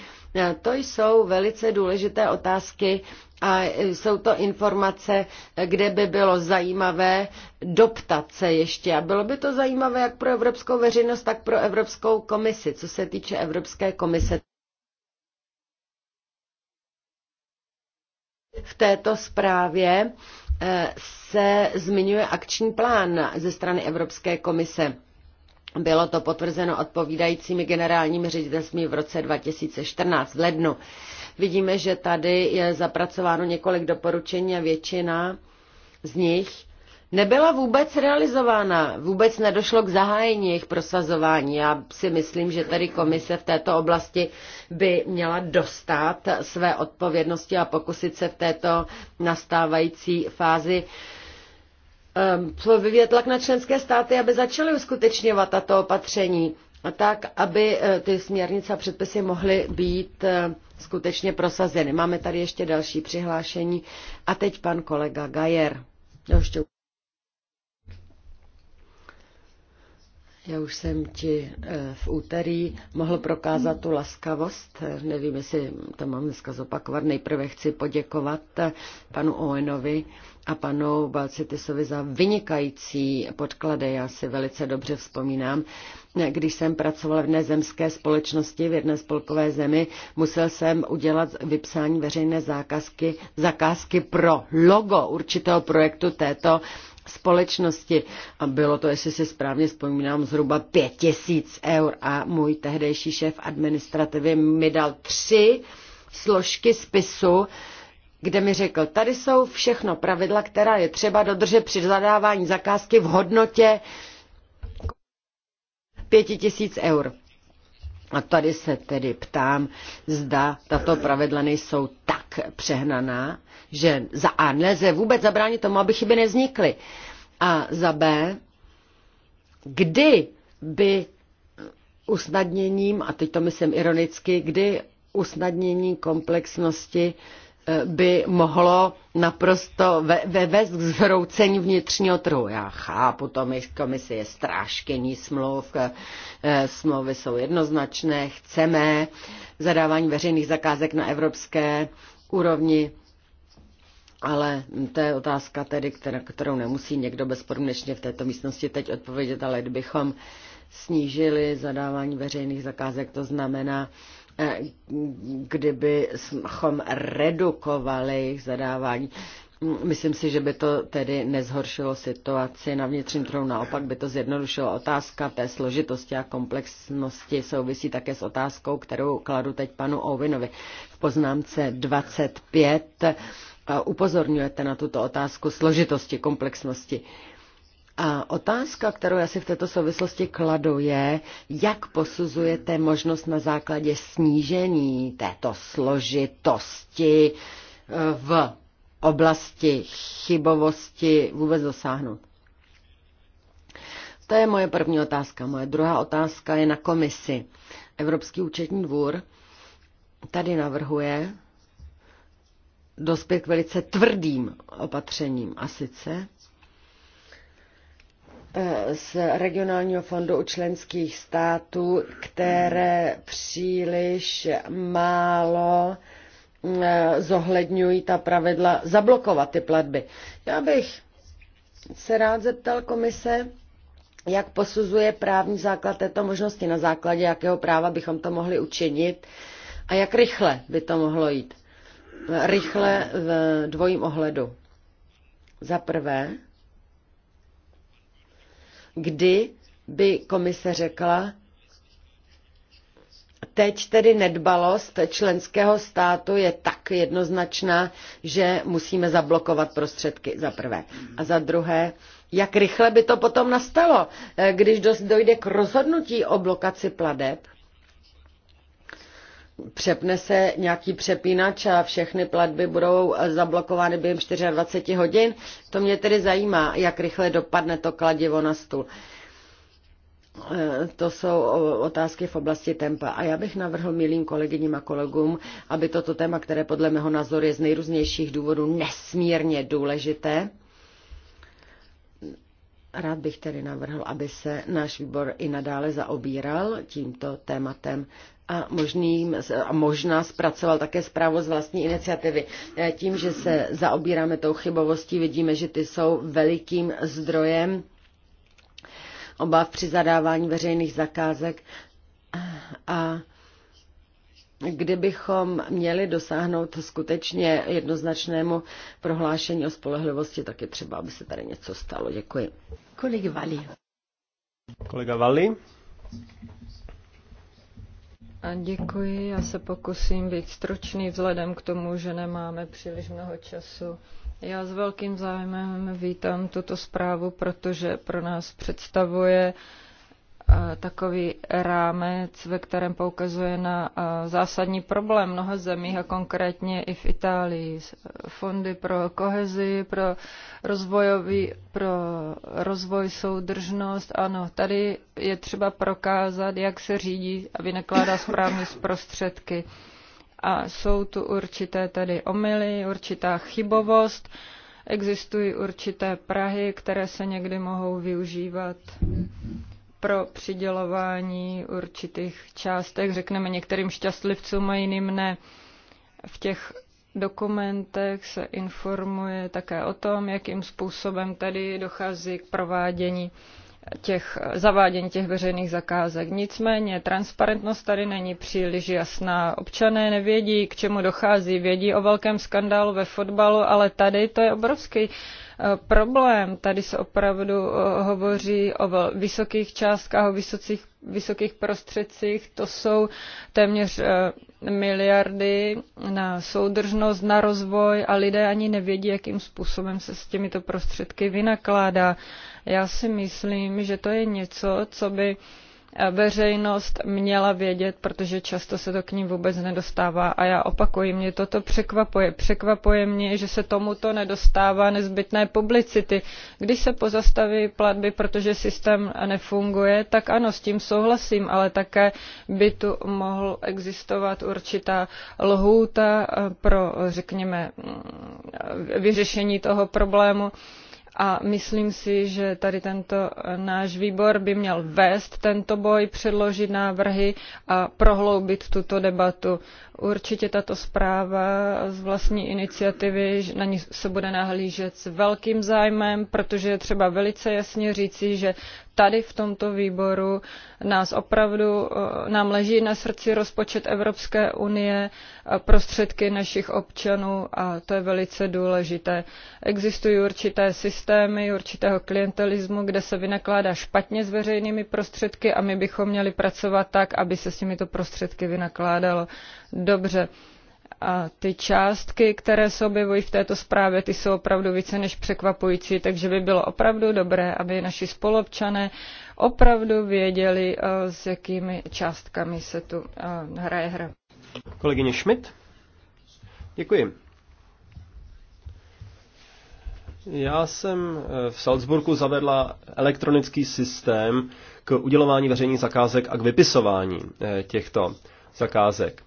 To jsou velice důležité otázky a jsou to informace, kde by bylo zajímavé doptat se ještě. A bylo by to zajímavé jak pro evropskou veřejnost, tak pro Evropskou komisi, co se týče Evropské komise. V této zprávě eh, se zmiňuje akční plán ze strany Evropské komise. Bylo to potvrzeno odpovídajícími generálními ředitelství v roce 2014 v lednu. Vidíme, že tady je zapracováno několik doporučení a většina z nich nebyla vůbec realizována. Vůbec nedošlo k zahájení jejich prosazování. Já si myslím, že tady komise v této oblasti by měla dostat své odpovědnosti a pokusit se v této nastávající fázi uh, Ehm, vyvíjet tlak na členské státy, aby začaly uskutečňovat tato opatření, tak, aby eh, ty směrnice a předpisy mohly být eh, skutečně prosazeny. Máme tady ještě další přihlášení. A teď pan kolega Gajer. Já už jsem ti eh, v úterý mohl prokázat tu laskavost. Nevím, jestli to mám dneska zopakovat. Nejprve chci poděkovat eh, panu Owenovi a panu Balcitisovi za vynikající podklady. Já si velice dobře vzpomínám, když jsem pracovala v nezemské společnosti v jedné spolkové zemi, musel jsem udělat vypsání veřejné zákazky, zakázky pro logo určitého projektu této společnosti a bylo to, jestli se správně vzpomínám, zhruba tisíc eur a můj tehdejší šéf administrativy mi dal tři složky spisu, kde mi řekl, tady jsou všechno pravidla, která je třeba dodržet při zadávání zakázky v hodnotě tisíc eur. A tady se tedy ptám, zda tato pravidla nejsou tak přehnaná, že za A nelze vůbec zabránit tomu, aby chyby nevznikly. A za B, kdy by usnadněním, a teď to myslím ironicky, kdy usnadnění komplexnosti eh, by mohlo naprosto ve, ve, vést k zhroucení vnitřního trhu. Já chápu to, my komisi je strážkyní smluv, eh, smlouvy jsou jednoznačné, chceme zadávání veřejných zakázek na evropské úrovni ale to je otázka tedy, kterou nemusí někdo bezpodmínečně v této místnosti teď odpovědět, ale kdybychom snížili zadávání veřejných zakázek, to znamená, eh, kdybychom redukovali jejich zadávání, Myslím si, že by to tedy nezhoršilo situaci na vnitřním trhu, naopak by to zjednodušilo. Otázka té složitosti a komplexnosti souvisí také s otázkou, kterou kladu teď panu Ovinovi V poznámce 25 upozorňujete na tuto otázku složitosti, komplexnosti. A otázka, kterou já si v této souvislosti kladu, je, jak posuzujete možnost na základě snížení této složitosti eh, v oblasti chybovosti vůbec dosáhnout. To je moje první otázka. Moje druhá otázka je na komisi. Evropský účetní dvůr tady navrhuje dospěl k velice tvrdým opatřením. A sice eh, z regionálního fondu u členských států, které příliš málo eh, zohledňují ta pravidla zablokovat ty platby. Já bych se rád zeptal komise, jak posuzuje právní základ této možnosti, na základě jakého práva bychom to mohli učinit a jak rychle by to mohlo jít rychle v dvojím ohledu. Za prvé, kdy by komise řekla, teď tedy nedbalost členského státu je tak jednoznačná, že musíme zablokovat prostředky za prvé. A za druhé, jak rychle by to potom nastalo, eh, když dojde k rozhodnutí o blokaci pladeb? přepne se nějaký přepínač a všechny platby budou zablokovány během 24 hodin. To mě tedy zajímá, jak rychle dopadne to kladivo na stůl. E, to jsou otázky v oblasti tempa. A já bych navrhl milým kolegyním a kolegům, aby toto téma, které podle mého názoru je z nejrůznějších důvodů nesmírně důležité, Rád bych tedy navrhl, aby se náš výbor i nadále zaobíral tímto tématem a, možný, a možná zpracoval také zprávu z vlastní iniciativy. Tím, že se zaobíráme tou chybovostí, vidíme, že ty jsou velikým zdrojem obav při zadávání veřejných zakázek a kdybychom měli dosáhnout skutečně jednoznačnému prohlášení o spolehlivosti, tak je třeba, aby se tady něco stalo. Děkuji. Kolega Vali. Kolega Vali. Děkuji, já se pokusím být stručný vzhledem k tomu, že nemáme příliš mnoho času. Já s velkým zájmem vítám tuto zprávu, protože pro nás představuje uh, takový rámec, ve kterém poukazuje na zásadní problém mnoha zemí a konkrétně i v Itálii. E, fondy pro kohezi, pro, rozvojový, pro rozvoj soudržnost, ano, tady je třeba prokázat, jak se řídí a vynakládá správně z prostředky. A jsou tu určité tedy omily, určitá chybovost, existují určité Prahy, které se někdy mohou využívat pro přidělování určitých částek, řekneme některým šťastlivcům a jiným ne. V těch dokumentech se informuje také o tom, jakým způsobem tady dochází k provádění těch, zavádění těch veřejných zakázek. Nicméně transparentnost tady není příliš jasná. Občané nevědí, k čemu dochází, vědí o velkém skandálu ve fotbalu, ale tady to je obrovský problém. Tady se opravdu eh, hovoří o vysokých částkách, o vysokých, vysokých prostředcích. To jsou téměř eh, miliardy na soudržnost, na rozvoj a lidé ani nevědí, jakým způsobem se s těmito prostředky vynakládá. Já si myslím, že to je něco, co by veřejnost měla vědět, protože často se to k ním vůbec nedostává. A já opakuji, mě toto překvapuje. Překvapuje mě, že se tomuto nedostává nezbytné publicity. Když se pozastaví platby, protože systém nefunguje, tak ano, s tím souhlasím, ale také by tu mohl existovat určitá lhůta eh, pro, řekněme, mm, vyřešení toho problému a myslím si, že tady tento eh, náš výbor by měl vést tento boj, předložit návrhy a prohloubit tuto debatu. Určitě tato zpráva z vlastní iniciativy na ní se bude nahlížet s velkým zájmem, protože je třeba velice jasně říci, že tady v tomto výboru nás opravdu, eh, nám leží na srdci rozpočet Evropské unie, eh, prostředky našich občanů a to je velice důležité. Existují určité systémy určitého klientelismu, kde se vynakládá špatně s veřejnými prostředky a my bychom měli pracovat tak, aby se s těmito prostředky vynakládalo dobře. A ty částky, které se objevují v této zprávě, ty jsou opravdu více než překvapující, takže by bylo opravdu dobré, aby naši spolobčané opravdu věděli, eh, s jakými částkami se tu eh, hraje hra. Kolegyně Schmidt? Děkuji. Já jsem eh, v Salzburgu zavedla elektronický systém k udělování veřejných zakázek a k vypisování těchto zakázek.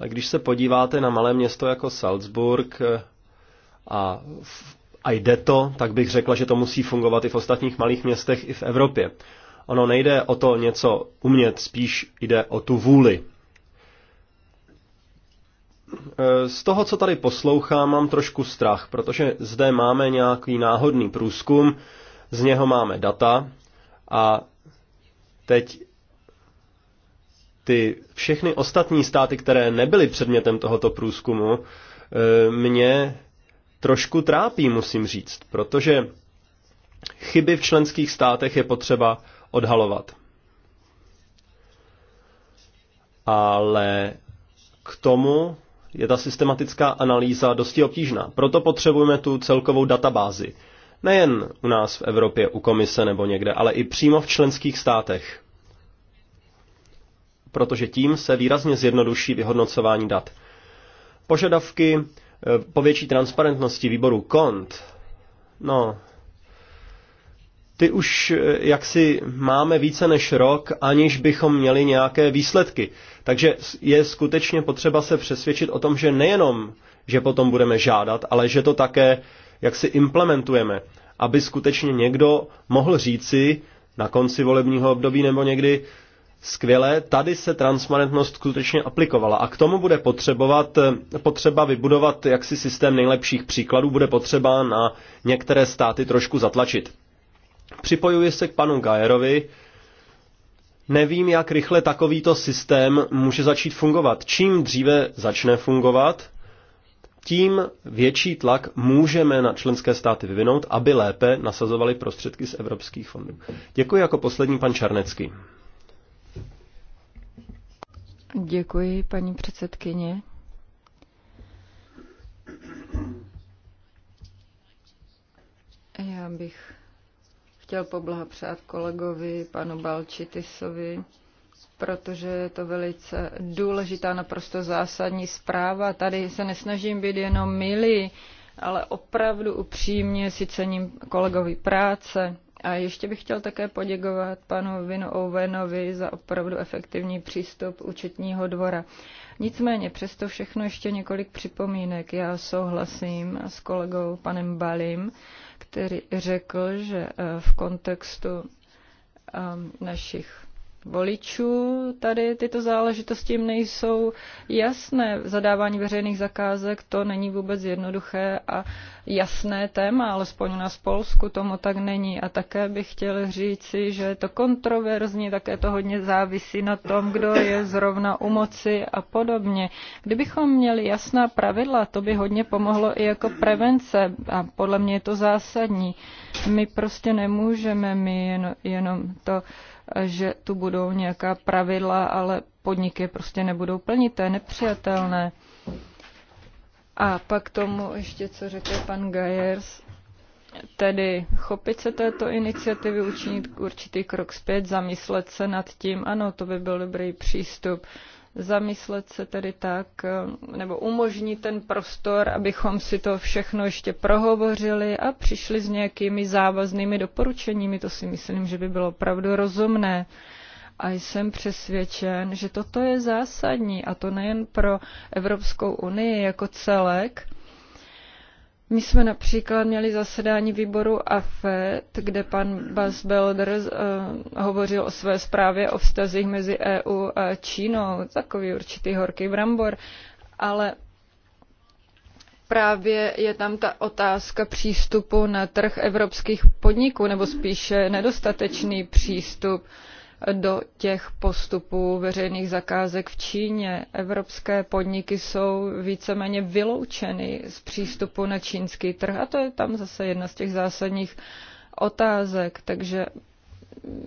Ale když se podíváte na malé město jako Salzburg eh, a, a jde to, tak bych řekla, že to musí fungovat i v ostatních malých městech i v Evropě. Ono nejde o to něco umět, spíš jde o tu vůli. Eh, z toho, co tady poslouchám, mám trošku strach, protože zde máme nějaký náhodný průzkum, z něho máme data a teď ty všechny ostatní státy, které nebyly předmětem tohoto průzkumu, e, mě trošku trápí, musím říct, protože chyby v členských státech je potřeba odhalovat. Ale k tomu je ta systematická analýza dosti obtížná. Proto potřebujeme tu celkovou databázi. Nejen u nás v Evropě, u komise nebo někde, ale i přímo v členských státech protože tím se výrazně zjednoduší vyhodnocování dat. Požadavky eh, po větší transparentnosti výboru KONT, no, ty už eh, jaksi máme více než rok, aniž bychom měli nějaké výsledky. Takže je skutečně potřeba se přesvědčit o tom, že nejenom, že potom budeme žádat, ale že to také jaksi implementujeme, aby skutečně někdo mohl říci na konci volebního období nebo někdy, Skvěle. tady se transparentnost skutečně aplikovala. A k tomu bude potřebovat, eh, potřeba vybudovat jaksi systém nejlepších příkladů, bude potřeba na některé státy trošku zatlačit. Připojuji se k panu Gajerovi. Nevím, jak rychle takovýto systém může začít fungovat. Čím dříve začne fungovat, tím větší tlak můžeme na členské státy vyvinout, aby lépe nasazovali prostředky z evropských fondů. Děkuji jako poslední pan Čarnecký. Děkuji, paní předsedkyně. Já bych chtěl poblahopřát kolegovi, panu Balčitisovi, protože je to velice důležitá, naprosto zásadní zpráva. Tady se nesnažím být jenom milý, ale opravdu upřímně si cením kolegovi práce, a ještě bych chtěl také poděkovat panu Vinu Owenovi za opravdu efektivní přístup účetního dvora. Nicméně přesto všechno ještě několik připomínek. Já souhlasím s kolegou panem Balim, který řekl, že eh, v kontextu eh, našich voličů tady tyto záležitosti jim nejsou jasné. Zadávání veřejných zakázek to není vůbec jednoduché a jasné téma, alespoň u nás v Polsku tomu tak není. A také bych chtěl říci, že je to kontroverzní, také to hodně závisí na tom, kdo je zrovna u moci a podobně. Kdybychom měli jasná pravidla, to by hodně pomohlo i jako prevence a podle mě je to zásadní. My prostě nemůžeme my jen, jenom to že tu budou nějaká pravidla, ale podniky prostě nebudou plnit. To je nepřijatelné. A pak tomu ještě, co řekl pan Gajers, tedy chopit se této iniciativy, učinit určitý krok zpět, zamyslet se nad tím, ano, to by byl dobrý přístup zamyslet se tedy tak, eh, nebo umožnit ten prostor, abychom si to všechno ještě prohovořili a přišli s nějakými závaznými doporučeními. To si myslím, že by bylo opravdu rozumné. A jsem přesvědčen, že toto je zásadní, a to nejen pro Evropskou unii jako celek, my jsme například měli zasedání výboru AFET, kde pan Bas Belder uh, eh, hovořil o své zprávě o vztazích mezi EU a Čínou, takový určitý horký brambor, ale právě je tam ta otázka přístupu na trh evropských podniků, nebo spíše nedostatečný přístup. Uh, do těch postupů veřejných zakázek v Číně. Evropské podniky jsou víceméně vyloučeny z přístupu na čínský trh a to je tam zase jedna z těch zásadních otázek, takže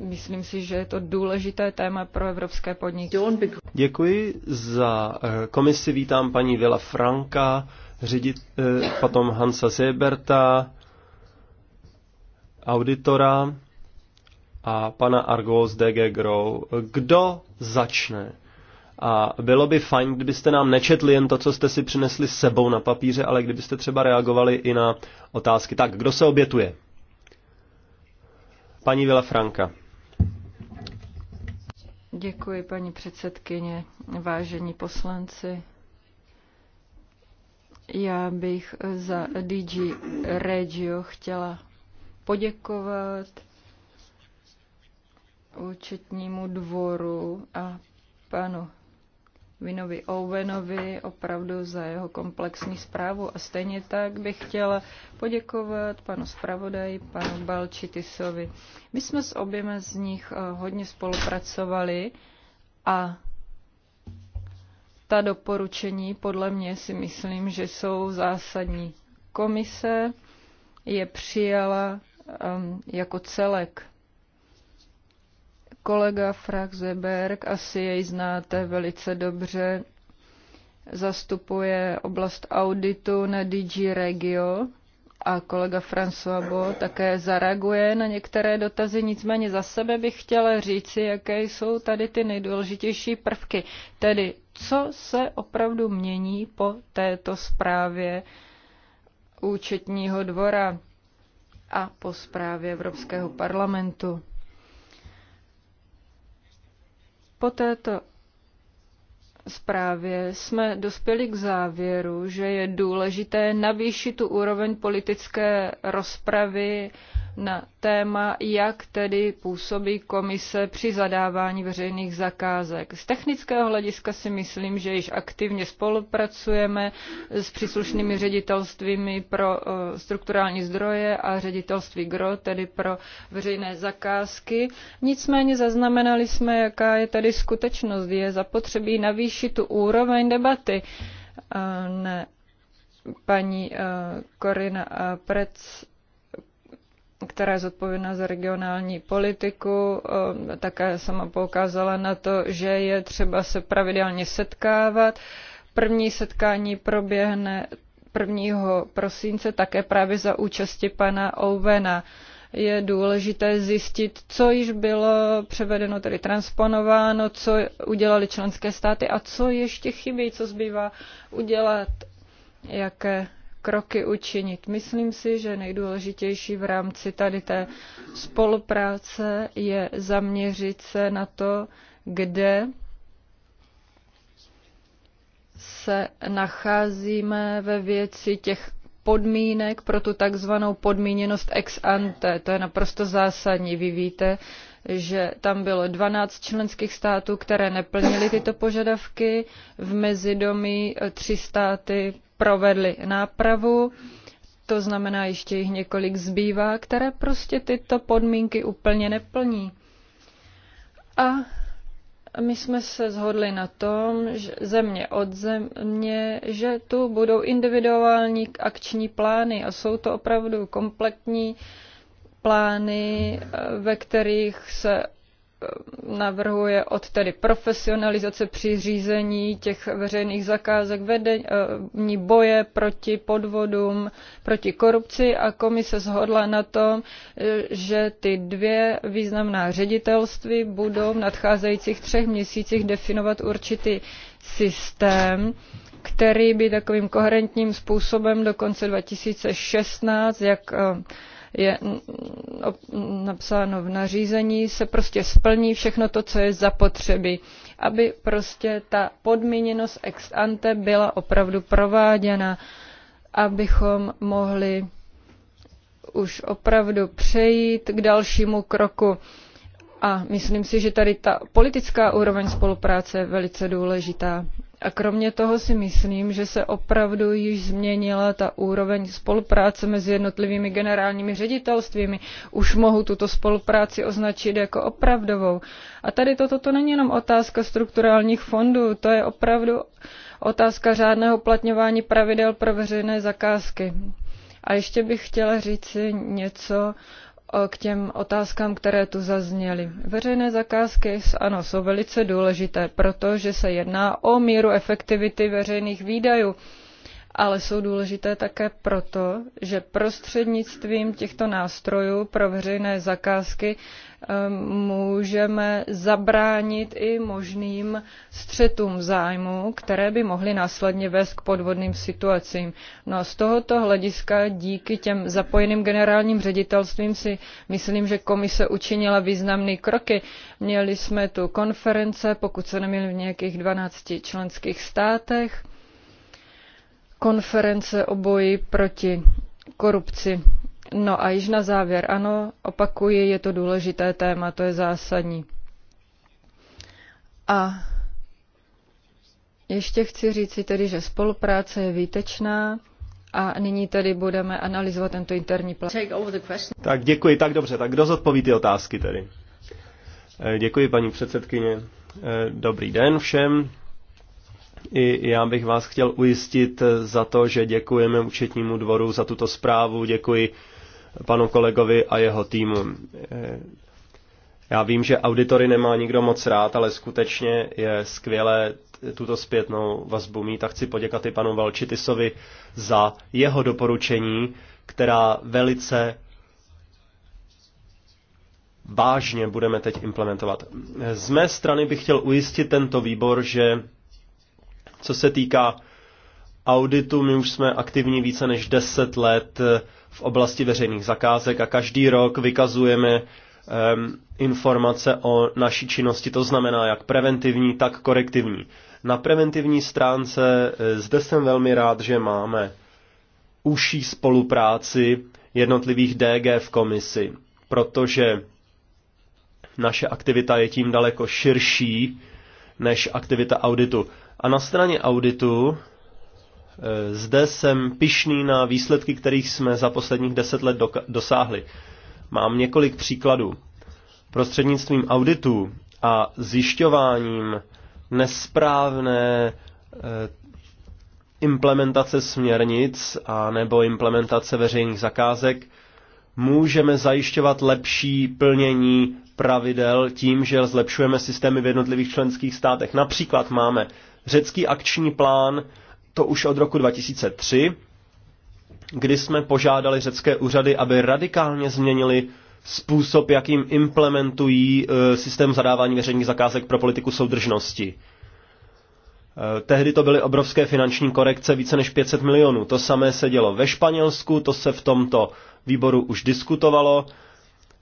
myslím si, že je to důležité téma pro evropské podniky. Děkuji za eh, komisi, vítám paní Vila Franka, řidit, eh, potom Hansa Seberta, auditora a pana Argos de DG Grow, kdo začne. A bylo by fajn, kdybyste nám nečetli jen to, co jste si přinesli s sebou na papíře, ale kdybyste třeba reagovali i na otázky. Tak, kdo se obětuje? Paní Vila Franka. Děkuji, paní předsedkyně, vážení poslanci. Já bych za DG Regio chtěla poděkovat účetnímu dvoru a panu Vinovi Owenovi opravdu za jeho komplexní zprávu. A stejně tak bych chtěla poděkovat panu zpravodaji, panu Balčitisovi. My jsme s oběma z nich eh, hodně spolupracovali a ta doporučení podle mě si myslím, že jsou zásadní. Komise je přijala um, jako celek kolega Frank Zeberg, asi jej znáte velice dobře, zastupuje oblast auditu na DG Regio a kolega François Bo také zareaguje na některé dotazy, nicméně za sebe bych chtěla říci, jaké jsou tady ty nejdůležitější prvky. Tedy, co se opravdu mění po této zprávě účetního dvora a po zprávě Evropského parlamentu. Po této zprávě jsme dospěli k závěru, že je důležité navýšit tu úroveň politické rozpravy na téma, jak tedy působí komise při zadávání veřejných zakázek. Z technického hlediska si myslím, že již aktivně spolupracujeme s příslušnými ředitelstvími pro eh, strukturální zdroje a ředitelství GRO, tedy pro veřejné zakázky. Nicméně zaznamenali jsme, jaká je tady skutečnost. Je zapotřebí navýšit tu úroveň debaty. Eh, ne, paní Korina eh, Prec která je zodpovědná za regionální politiku, eh, také sama poukázala na to, že je třeba se pravidelně setkávat. První setkání proběhne 1. prosince také právě za účasti pana Ouvena. Je důležité zjistit, co již bylo převedeno, tedy transponováno, co udělali členské státy a co ještě chybí, co zbývá udělat, jaké kroky učinit. Myslím si, že nejdůležitější v rámci tady té spolupráce je zaměřit se na to, kde se nacházíme ve věci těch podmínek pro tu takzvanou podmíněnost ex ante. To je naprosto zásadní. Vy víte, že tam bylo 12 členských států, které neplnily tyto požadavky, v mezidomí tři státy provedli nápravu, to znamená ještě jich několik zbývá, které prostě tyto podmínky úplně neplní. A my jsme se zhodli na tom, že země od země, že tu budou individuální akční plány a jsou to opravdu kompletní plány, ve kterých se navrhuje od tedy profesionalizace při řízení těch veřejných zakázek, vedení boje proti podvodům, proti korupci a komise zhodla na tom, že ty dvě významná ředitelství budou v nadcházejících třech měsících definovat určitý systém, který by takovým koherentním způsobem do konce 2016, jak eh, je mm, mm, napsáno v nařízení, se prostě splní všechno to, co je zapotřebí, aby prostě ta podmíněnost ex ante byla opravdu prováděna, abychom mohli už opravdu přejít k dalšímu kroku. A myslím si, že tady ta politická úroveň spolupráce je velice důležitá. A kromě toho si myslím, že se opravdu již změnila ta úroveň spolupráce mezi jednotlivými generálními ředitelstvími. Už mohu tuto spolupráci označit jako opravdovou. A tady toto to není jenom otázka strukturálních fondů, to je opravdu otázka řádného uplatňování pravidel pro veřejné zakázky. A ještě bych chtěla říci něco k těm otázkám, které tu zazněly. Veřejné zakázky ano, jsou velice důležité, protože se jedná o míru efektivity veřejných výdajů ale jsou důležité také proto, že prostřednictvím těchto nástrojů pro veřejné zakázky ehm, můžeme zabránit i možným střetům zájmu, které by mohly následně vést k podvodným situacím. No a z tohoto hlediska díky těm zapojeným generálním ředitelstvím si myslím, že komise učinila významné kroky. Měli jsme tu konference, pokud se nemýlím, v nějakých 12 členských státech konference o boji proti korupci. No a již na závěr, ano, opakuji, je to důležité téma, to je zásadní. A ještě chci říci tedy, že spolupráce je výtečná a nyní tedy budeme analyzovat tento interní plán. Tak děkuji, tak dobře, tak kdo zodpoví ty otázky tedy? Eh, děkuji, paní předsedkyně. Eh, dobrý den všem. I já bych vás chtěl ujistit za to, že děkujeme účetnímu dvoru za tuto zprávu, děkuji panu kolegovi a jeho týmu. Já vím, že auditory nemá nikdo moc rád, ale skutečně je skvělé tuto zpětnou vazbu mít a chci poděkat i panu Valčitisovi za jeho doporučení, která velice vážně budeme teď implementovat. Z mé strany bych chtěl ujistit tento výbor, že co se týká auditu, my už jsme aktivní více než 10 let v oblasti veřejných zakázek a každý rok vykazujeme um, informace o naší činnosti, to znamená jak preventivní, tak korektivní. Na preventivní stránce e, zde jsem velmi rád, že máme užší spolupráci jednotlivých DG v komisi, protože naše aktivita je tím daleko širší než aktivita auditu. A na straně auditu eh, zde jsem pišný na výsledky, kterých jsme za posledních deset let dosáhli. Mám několik příkladů. Prostřednictvím auditů a zjišťováním nesprávné eh, implementace směrnic a nebo implementace veřejných zakázek můžeme zajišťovat lepší plnění pravidel tím, že zlepšujeme systémy v jednotlivých členských státech. Například máme řecký akční plán, to už od roku 2003, kdy jsme požádali řecké úřady, aby radikálně změnili způsob, jakým implementují e, systém zadávání veřejných zakázek pro politiku soudržnosti. E, tehdy to byly obrovské finanční korekce, více než 500 milionů. To samé se dělo ve Španělsku, to se v tomto výboru už diskutovalo.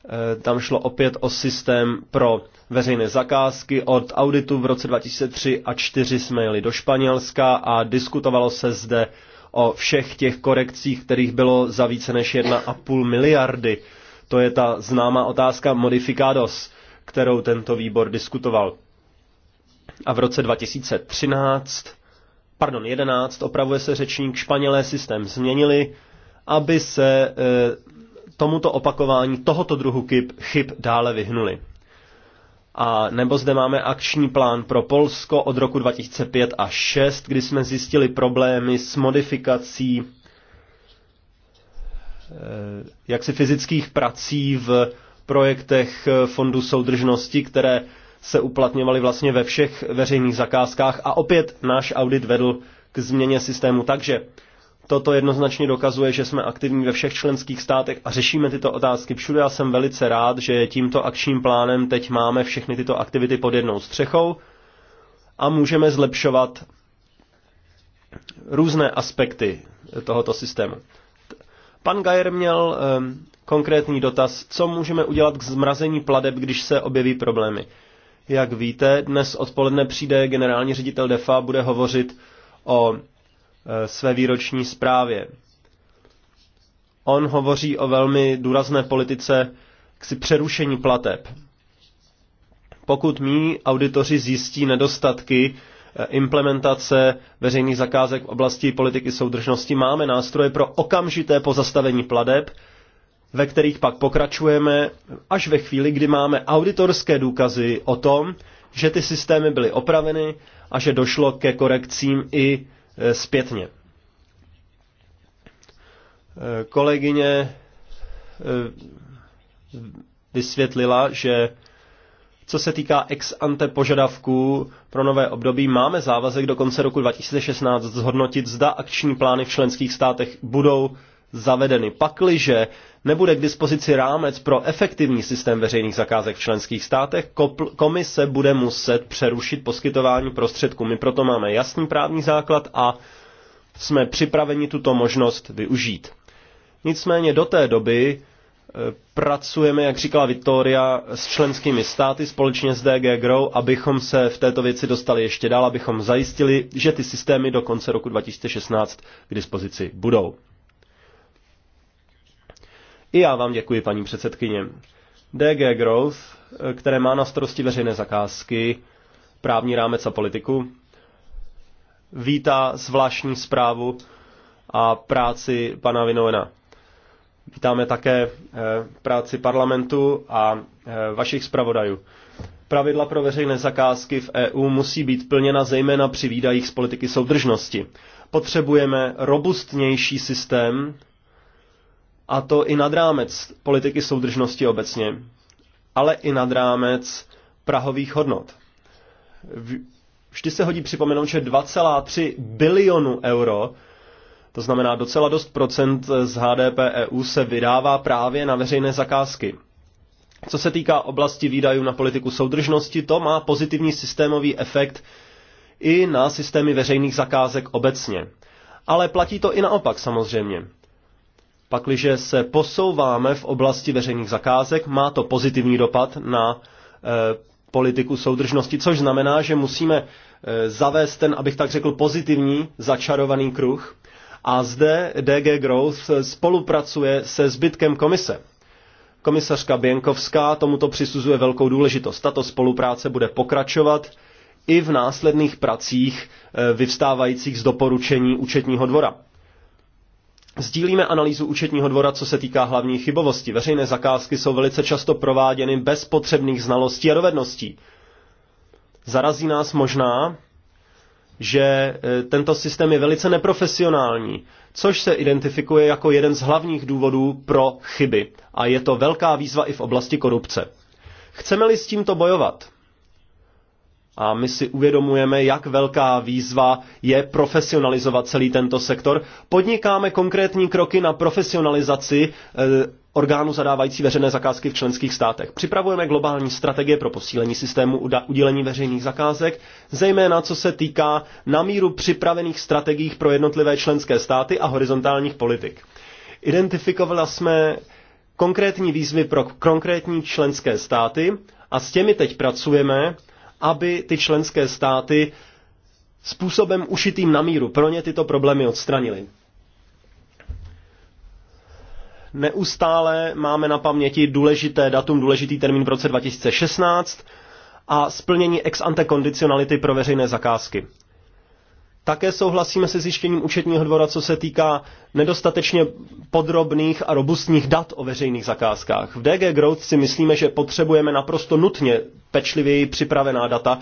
Eh, tam šlo opět o systém pro veřejné zakázky. Od auditu v roce 2003 a 2004 jsme jeli do Španělska a diskutovalo se zde o všech těch korekcích, kterých bylo za více než 1,5 miliardy. To je ta známá otázka modifikados, kterou tento výbor diskutoval. A v roce 2013, pardon, 11, opravuje se řečník, Španělé systém změnili, aby se eh, tomuto opakování tohoto druhu chyb, chyb dále vyhnuli. A nebo zde máme akční plán pro Polsko od roku 2005 a 6, kdy jsme zjistili problémy s modifikací eh, jaksi fyzických prací v projektech eh, Fondu soudržnosti, které se uplatňovaly vlastně ve všech veřejných zakázkách a opět náš audit vedl k změně systému. Takže Toto jednoznačně dokazuje, že jsme aktivní ve všech členských státech a řešíme tyto otázky všude. Já jsem velice rád, že tímto akčním plánem teď máme všechny tyto aktivity pod jednou střechou a můžeme zlepšovat různé aspekty tohoto systému. Pan Gajer měl um, konkrétní dotaz, co můžeme udělat k zmrazení pladeb, když se objeví problémy. Jak víte, dnes odpoledne přijde generální ředitel DEFA, bude hovořit o Eh, své výroční zprávě. On hovoří o velmi důrazné politice k si přerušení plateb. Pokud mý auditoři zjistí nedostatky eh, implementace veřejných zakázek v oblasti politiky soudržnosti, máme nástroje pro okamžité pozastavení plateb, ve kterých pak pokračujeme až ve chvíli, kdy máme auditorské důkazy o tom, že ty systémy byly opraveny a že došlo ke korekcím i Eh, zpětně. Eh, kolegyně eh, vysvětlila, že co se týká ex ante požadavků pro nové období, máme závazek do konce roku 2016 zhodnotit, zda akční plány v členských státech budou zavedeny. Pakliže nebude k dispozici rámec pro efektivní systém veřejných zakázek v členských státech, komise bude muset přerušit poskytování prostředků. My proto máme jasný právní základ a jsme připraveni tuto možnost využít. Nicméně do té doby e, pracujeme, jak říkala Victoria, s členskými státy společně s DG Grow, abychom se v této věci dostali ještě dál, abychom zajistili, že ty systémy do konce roku 2016 k dispozici budou. I já vám děkuji, paní předsedkyně. DG Growth, které má na starosti veřejné zakázky, právní rámec a politiku, vítá zvláštní zprávu a práci pana Vinovena. Vítáme také eh, práci parlamentu a eh, vašich zpravodajů. Pravidla pro veřejné zakázky v EU musí být plněna zejména při výdajích z politiky soudržnosti. Potřebujeme robustnější systém, a to i nad rámec politiky soudržnosti obecně, ale i nad rámec prahových hodnot. Vždy se hodí připomenout, že 2,3 bilionu euro, to znamená docela dost procent z HDP EU, se vydává právě na veřejné zakázky. Co se týká oblasti výdajů na politiku soudržnosti, to má pozitivní systémový efekt i na systémy veřejných zakázek obecně. Ale platí to i naopak samozřejmě. Pakliže se posouváme v oblasti veřejných zakázek, má to pozitivní dopad na eh, politiku soudržnosti, což znamená, že musíme eh, zavést ten, abych tak řekl, pozitivní začarovaný kruh. A zde DG Growth spolupracuje se zbytkem komise. Komisařka Běnkovská tomuto přisuzuje velkou důležitost. Tato spolupráce bude pokračovat i v následných pracích eh, vyvstávajících z doporučení účetního dvora. Sdílíme analýzu účetního dvora, co se týká hlavní chybovosti. Veřejné zakázky jsou velice často prováděny bez potřebných znalostí a dovedností. Zarazí nás možná, že e, tento systém je velice neprofesionální, což se identifikuje jako jeden z hlavních důvodů pro chyby. A je to velká výzva i v oblasti korupce. Chceme-li s tímto bojovat, a my si uvědomujeme, jak velká výzva je profesionalizovat celý tento sektor. Podnikáme konkrétní kroky na profesionalizaci eh, orgánů zadávající veřejné zakázky v členských státech. Připravujeme globální strategie pro posílení systému udělení veřejných zakázek, zejména co se týká namíru připravených strategií pro jednotlivé členské státy a horizontálních politik. Identifikovala jsme konkrétní výzvy pro konkrétní členské státy a s těmi teď pracujeme aby ty členské státy způsobem ušitým na míru pro ně tyto problémy odstranily. Neustále máme na paměti důležité datum, důležitý termín v roce 2016 a splnění ex ante kondicionality pro veřejné zakázky. Také souhlasíme se zjištěním účetního dvora, co se týká nedostatečně podrobných a robustních dat o veřejných zakázkách. V DG Growth si myslíme, že potřebujeme naprosto nutně pečlivěji připravená data,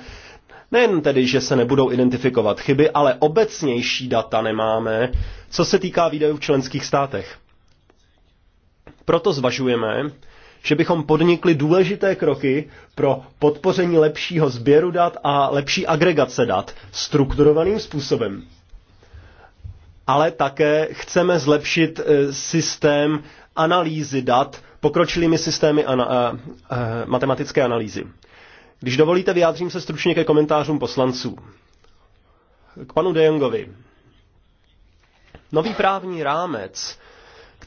Nejen tedy, že se nebudou identifikovat chyby, ale obecnější data nemáme, co se týká výdajů v členských státech. Proto zvažujeme, že bychom podnikli důležité kroky pro podpoření lepšího sběru dat a lepší agregace dat strukturovaným způsobem. Ale také chceme zlepšit eh, systém analýzy dat pokročilými systémy ana- eh, eh, matematické analýzy. Když dovolíte, vyjádřím se stručně ke komentářům poslanců. K panu De Jongovi. Nový právní rámec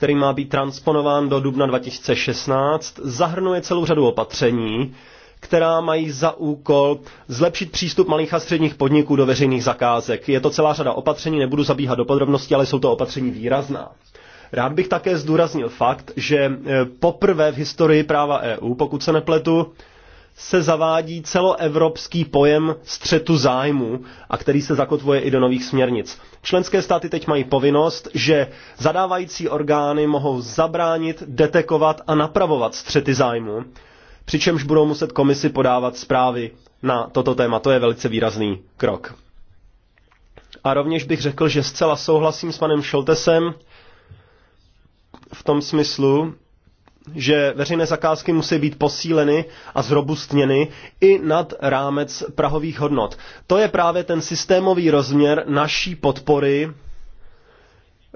který má být transponován do dubna 2016, zahrnuje celou řadu opatření, která mají za úkol zlepšit přístup malých a středních podniků do veřejných zakázek. Je to celá řada opatření, nebudu zabíhat do podrobností, ale jsou to opatření výrazná. Rád bych také zdůraznil fakt, že eh, poprvé v historii práva EU, pokud se nepletu, se zavádí celoevropský pojem střetu zájmu a který se zakotvuje i do nových směrnic. Členské státy teď mají povinnost, že zadávající orgány mohou zabránit, detekovat a napravovat střety zájmu, přičemž budou muset komisi podávat zprávy na toto téma. To je velice výrazný krok. A rovněž bych řekl, že zcela souhlasím s panem Šoltesem v tom smyslu, že veřejné zakázky musí být posíleny a zrobustněny i nad rámec prahových hodnot. To je právě ten systémový rozměr naší podpory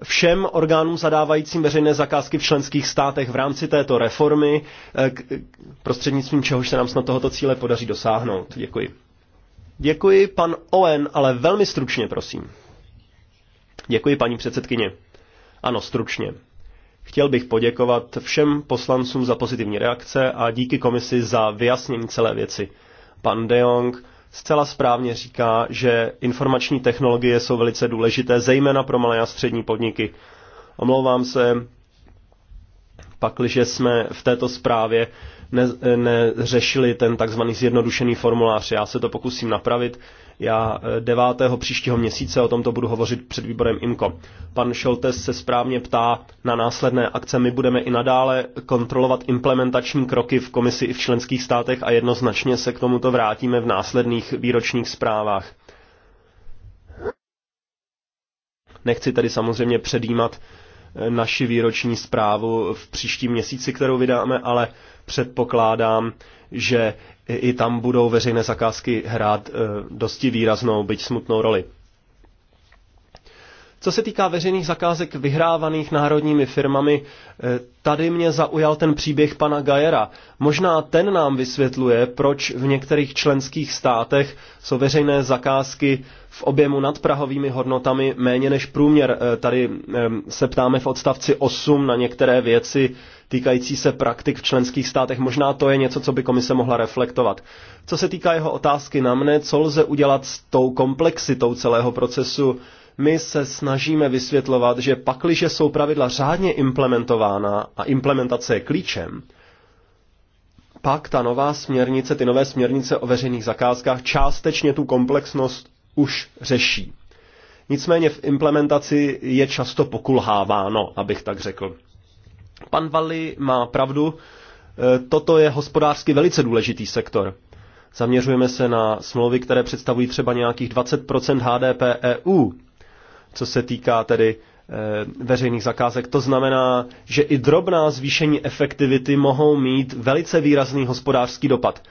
všem orgánům zadávajícím veřejné zakázky v členských státech v rámci této reformy, eh, prostřednictvím čehož se nám snad tohoto cíle podaří dosáhnout. Děkuji. Děkuji, pan Owen, ale velmi stručně, prosím. Děkuji, paní předsedkyně. Ano, stručně. Chtěl bych poděkovat všem poslancům za pozitivní reakce a díky komisi za vyjasnění celé věci. Pan De Jong zcela správně říká, že informační technologie jsou velice důležité, zejména pro malé a střední podniky. Omlouvám se, pakliže jsme v této zprávě neřešili ne, ne ten takzvaný zjednodušený formulář. Já se to pokusím napravit. Já 9. Eh, příštího měsíce o tomto budu hovořit před výborem IMCO. Pan Šoltes se správně ptá na následné akce. My budeme i nadále kontrolovat implementační kroky v komisi i v členských státech a jednoznačně se k tomuto vrátíme v následných výročních zprávách. Nechci tady samozřejmě předjímat eh, naši výroční zprávu v příštím měsíci, kterou vydáme, ale předpokládám, že i tam budou veřejné zakázky hrát eh, dosti výraznou, byť smutnou roli. Co se týká veřejných zakázek vyhrávaných národními firmami, eh, tady mě zaujal ten příběh pana Gajera. Možná ten nám vysvětluje, proč v některých členských státech jsou veřejné zakázky v objemu nad prahovými hodnotami méně než průměr. Eh, tady se ptáme v odstavci 8 na některé věci, týkající se praktik v členských státech. Možná to je něco, co by komise mohla reflektovat. Co se týká jeho otázky na mne, co lze udělat s tou komplexitou celého procesu, my se snažíme vysvětlovat, že pakliže jsou pravidla řádně implementována a implementace je klíčem, pak ta nová směrnice, ty nové směrnice o veřejných zakázkách částečně tu komplexnost už řeší. Nicméně v implementaci je často pokulháváno, abych tak řekl. Pan Valli má pravdu, e, toto je hospodářsky velice důležitý sektor. Zaměřujeme se na smlouvy, které představují třeba nějakých 20% HDP EU, co se týká tedy e, veřejných zakázek. To znamená, že i drobná zvýšení efektivity mohou mít velice výrazný hospodářský dopad.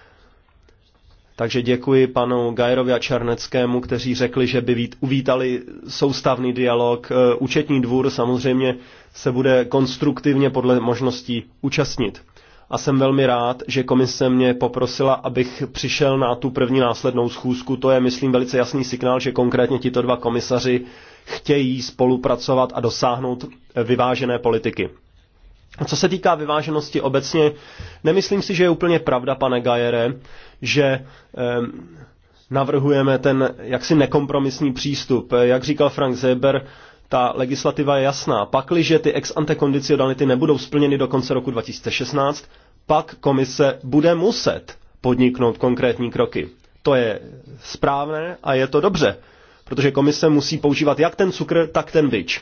Takže děkuji panu Gajerovi a Černeckému, kteří řekli, že by uvítali soustavný dialog. E, účetní dvůr samozřejmě se bude konstruktivně podle možností účastnit. A jsem velmi rád, že komise mě poprosila, abych přišel na tu první následnou schůzku. To je, myslím, velice jasný signál, že konkrétně tito dva komisaři chtějí spolupracovat a dosáhnout vyvážené politiky. Co se týká vyváženosti obecně, nemyslím si, že je úplně pravda, pane Gajere, že navrhujeme ten jaksi nekompromisní přístup. Jak říkal Frank Zeber, ta legislativa je jasná. Pakliže ty ex ante kondicionality nebudou splněny do konce roku 2016, pak komise bude muset podniknout konkrétní kroky. To je správné a je to dobře, protože komise musí používat jak ten cukr, tak ten byč.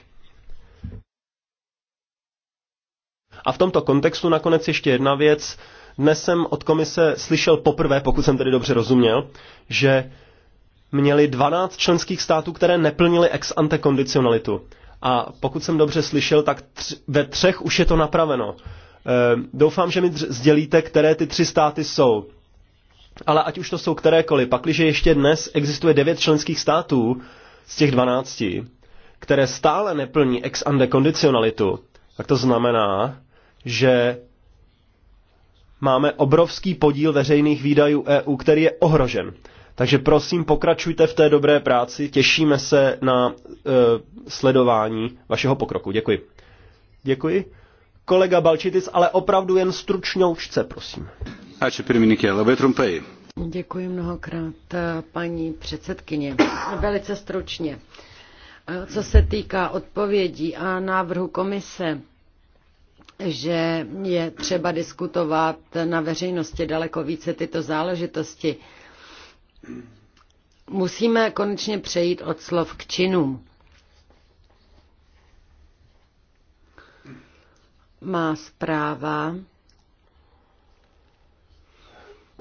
A v tomto kontextu nakonec ještě jedna věc. Dnes jsem od komise slyšel poprvé, pokud jsem tedy dobře rozuměl, že měli 12 členských států, které neplnili ex ante kondicionalitu. A pokud jsem dobře slyšel, tak tř- ve třech už je to napraveno. E, doufám, že mi sdělíte, které ty tři státy jsou. Ale ať už to jsou kterékoliv, pakliže ještě dnes existuje devět členských států z těch 12, které stále neplní ex ante kondicionalitu, tak to znamená, že máme obrovský podíl veřejných výdajů EU, který je ohrožen. Takže prosím, pokračujte v té dobré práci, těšíme se na uh, sledování vašeho pokroku. Děkuji. Děkuji. Kolega Balčitis, ale opravdu jen stručňoučce, prosím. Ači pirmininkė, labai trumpai. Děkuji mnohokrát, eh, paní předsedkyně. Velice stručně. Eh, co se týká odpovědí a návrhu komise, že je třeba diskutovat na veřejnosti daleko více tyto záležitosti, Musíme konečně přejít od slov k činům. Má zpráva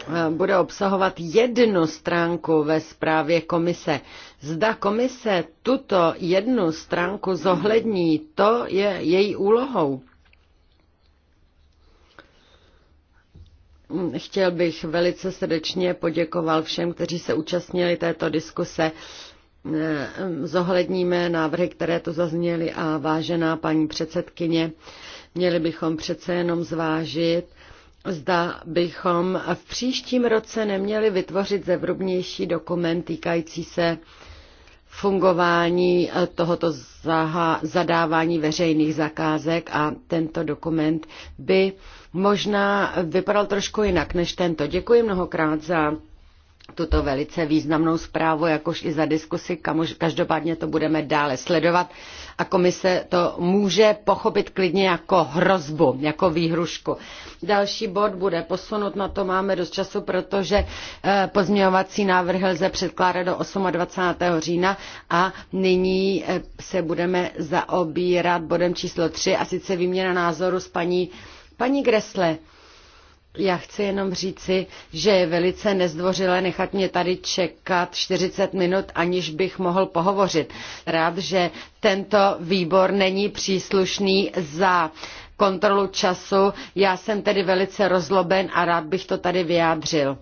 eh, bude obsahovat jednu stránku ve zprávě komise. Zda komise tuto jednu stránku zohlední, to je její úlohou. Chtěl bych velice srdečně poděkoval všem, kteří se účastnili této diskuse. Zohledníme návrhy, které tu zazněly a vážená paní předsedkyně, měli bychom přece jenom zvážit, Zda bychom v příštím roce neměli vytvořit zevrubnější dokument týkající se fungování tohoto zadávání veřejných zakázek a tento dokument by možná vypadal trošku jinak než tento. Děkuji mnohokrát za tuto velice významnou zprávu, jakož i za diskusi. Každopádně to budeme dále sledovat a komise to může pochopit klidně jako hrozbu, jako výhrušku. Další bod bude posunut, na to máme dost času, protože eh, pozměňovací návrh lze předkládat do 28. října a nyní eh, se budeme zaobírat bodem číslo 3 a sice výměna názoru s paní Paní Gresle, já chci jenom říci, že je velice nezdvořilé nechat mě tady čekat 40 minut, aniž bych mohl pohovořit. Rád, že tento výbor není příslušný za kontrolu času. Já jsem tedy velice rozloben a rád bych to tady vyjádřil.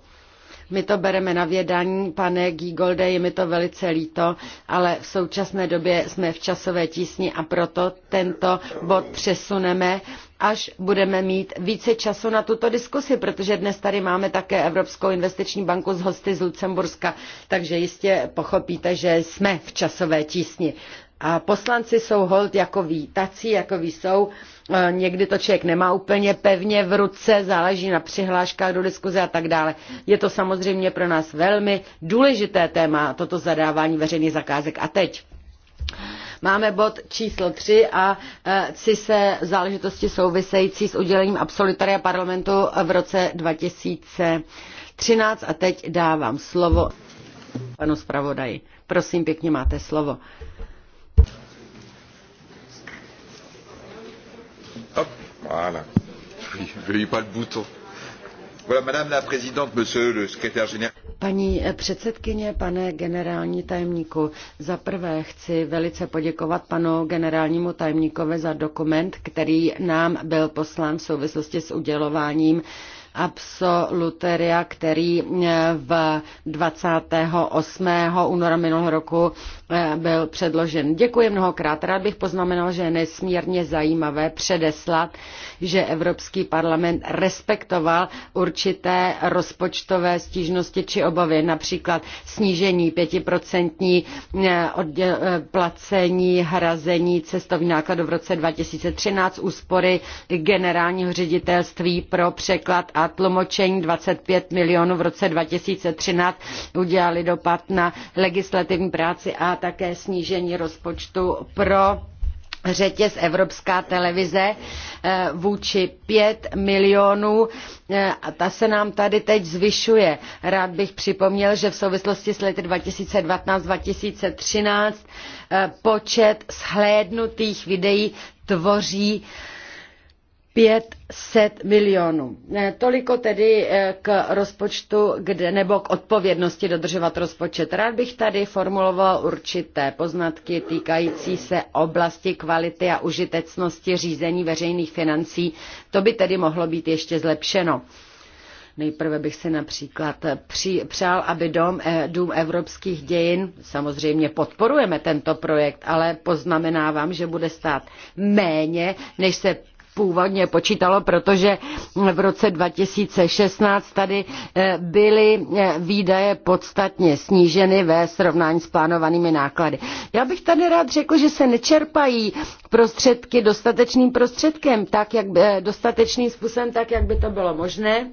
My to bereme na vědání, pane Gigolde, je mi to velice líto, ale v současné době jsme v časové tísni a proto tento bod přesuneme až budeme mít více času na tuto diskusi, protože dnes tady máme také Evropskou investiční banku z hosty z Lucemburska, takže jistě pochopíte, že jsme v časové tísni. A poslanci jsou hold jako vítací, jako ví jsou. E, někdy to člověk nemá úplně pevně v ruce, záleží na přihláškách do diskuze a tak dále. Je to samozřejmě pro nás velmi důležité téma, toto zadávání veřejných zakázek. A teď Máme bod číslo tři a e, CI se záležitosti související s udělením absolutoria parlamentu v roce 2013 a teď dávám slovo panu zpravodaji. Prosím, pěkně máte slovo. Paní předsedkyně, pane generální tajemníku, za prvé chci velice poděkovat panu generálnímu tajemníkovi za dokument, který nám byl poslán v souvislosti s udělováním absoluteria, který v 28. února minulého roku Eh, byl předložen. Děkuji mnohokrát. Rád bych poznamenal, že je nesmírně zajímavé předeslat, že Evropský parlament respektoval určité rozpočtové stížnosti či obavy, například snížení pětiprocentní eh, eh, placení, hrazení cestovní nákladu v roce 2013, úspory generálního ředitelství pro překlad a tlumočení 25 milionů v roce 2013 udělali dopad na legislativní práci a také snížení rozpočtu pro řetěz Evropská televize eh, vůči 5 milionů eh, a ta se nám tady teď zvyšuje. Rád bych připomněl, že v souvislosti s lety 2012-2013 eh, počet shlédnutých videí tvoří 500 milionů. Eh, toliko tedy eh, k rozpočtu nebo k odpovědnosti dodržovat rozpočet. Rád bych tady formuloval určité poznatky týkající se oblasti kvality a užitečnosti řízení veřejných financí. To by tedy mohlo být ještě zlepšeno. Nejprve bych si například při, přál, aby dom, eh, Dům evropských dějin, samozřejmě podporujeme tento projekt, ale poznamenávám, že bude stát méně, než se původně počítalo, protože v roce 2016 tady eh, byly eh, výdaje podstatně sníženy ve srovnání s plánovanými náklady. Já bych tady rád řekl, že se nečerpají prostředky dostatečným prostředkem, tak jak by, eh, dostatečným způsobem, tak jak by to bylo možné.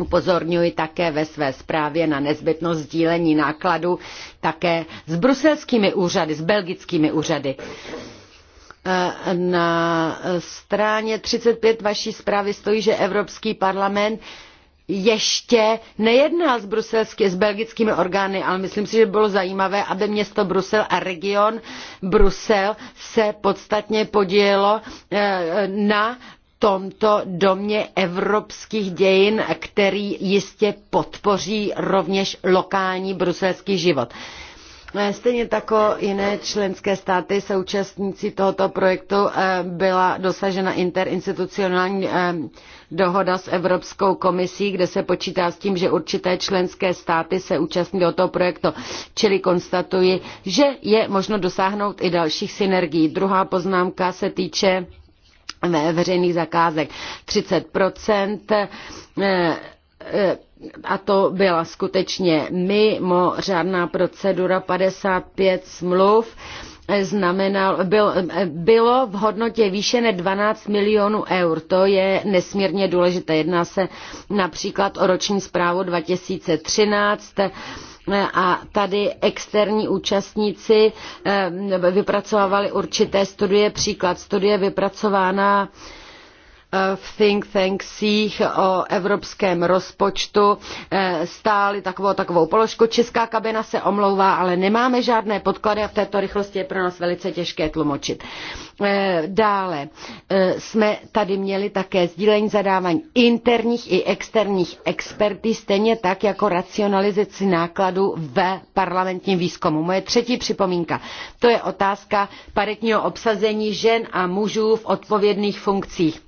Upozorňuji také ve své zprávě na nezbytnost sdílení nákladu také s bruselskými úřady, s belgickými úřady. Na straně 35 vaší zprávy stojí, že Evropský parlament ještě nejedná s, bruselský, s belgickými orgány, ale myslím si, že by bylo zajímavé, aby město Brusel a region Brusel se podstatně podílelo eh, na tomto domě evropských dějin, který jistě podpoří rovněž lokální bruselský život. No stejně tako jiné členské státy součastníci tohoto projektu eh, byla dosažena interinstitucionální eh, dohoda s Evropskou komisí, kde se počítá s tím, že určité členské státy se účastní do toho projektu. Čili konstatuji, že je možno dosáhnout i dalších synergií. Druhá poznámka se týče eh, veřejných zakázek. 30 a to byla skutečně mimořádná procedura 55 smluv, znamenal, byl, bylo v hodnotě výše ne 12 milionů eur. To je nesmírně důležité. Jedná se například o roční zprávu 2013, a tady externí účastníci eh, vypracovávali určité studie, příklad studie vypracována v think tanksích o evropském rozpočtu eh, stáli takovou takovou položku. Česká kabina se omlouvá, ale nemáme žádné podklady a v této rychlosti je pro nás velice těžké tlumočit. Eh, dále eh, jsme tady měli také sdílení zadávání interních i externích expertí, stejně tak jako racionalizaci nákladů ve parlamentním výzkumu. Moje třetí připomínka, to je otázka paritního obsazení žen a mužů v odpovědných funkcích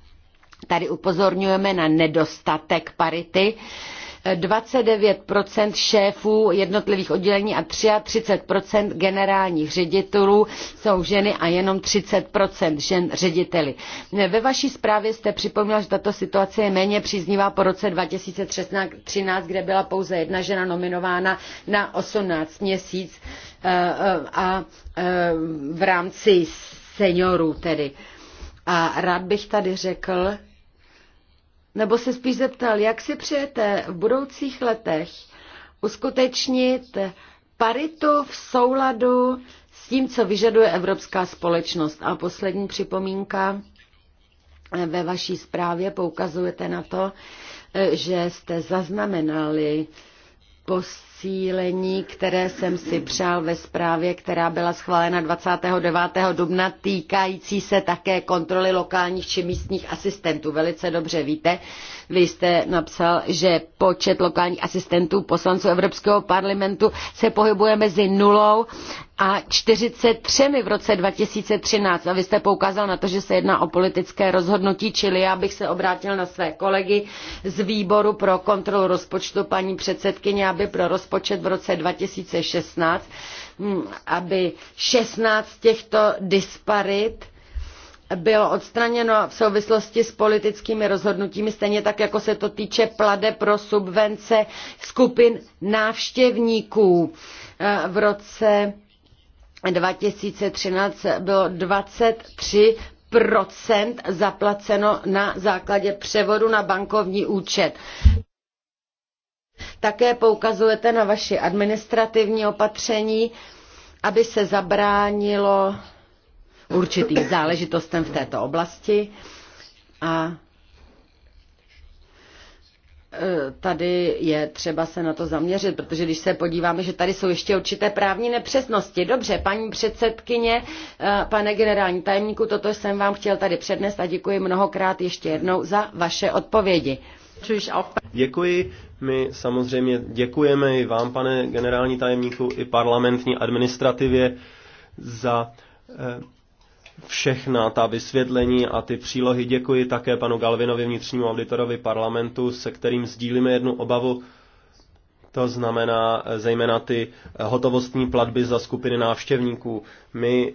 Tady upozorňujeme na nedostatek parity. 29 šéfů jednotlivých oddělení a 33 generálních ředitelů jsou ženy a jenom 30 žen řediteli. Ve vaší zprávě jste připomněla, že tato situace je méně příznivá po roce 2013, kde byla pouze jedna žena nominována na 18 měsíc eh, eh, a eh, v rámci seniorů tedy. A rád bych tady řekl, nebo se spíš zeptal, jak si přejete v budoucích letech uskutečnit paritu v souladu s tím, co vyžaduje evropská společnost. A poslední připomínka ve vaší zprávě poukazujete na to, že jste zaznamenali pos cílení, které jsem si přál ve zprávě, která byla schválena 29. dubna, týkající se také kontroly lokálních či místních asistentů. Velice dobře víte, vy jste napsal, že počet lokálních asistentů poslanců Evropského parlamentu se pohybuje mezi nulou a 43 v roce 2013. A vy jste poukázal na to, že se jedná o politické rozhodnutí, čili já bych se obrátil na své kolegy z výboru pro kontrolu rozpočtu, paní předsedkyně, aby pro rozpočtu rozpočet v roce 2016, hm, aby 16 těchto disparit bylo odstraněno v souvislosti s politickými rozhodnutími, stejně tak, jako se to týče plade pro subvence skupin návštěvníků. Eh, v roce 2013 bylo 23 zaplaceno na základě převodu na bankovní účet. Také poukazujete na vaši administrativní opatření, aby se zabránilo určitým záležitostem v této oblasti. A e, tady je třeba se na to zaměřit, protože když se podíváme, že tady jsou ještě určité právní nepřesnosti. Dobře, paní předsedkyně, e, pane generální tajemníku, toto jsem vám chtěl tady přednést a děkuji mnohokrát ještě jednou za vaše odpovědi. Děkuji. My samozřejmě děkujeme i vám, pane generální tajemníku, i parlamentní administrativě za eh, všechna ta vysvětlení a ty přílohy. Děkuji také panu Galvinovi, vnitřnímu auditorovi parlamentu, se kterým sdílíme jednu obavu, to znamená eh, zejména ty eh, hotovostní platby za skupiny návštěvníků. My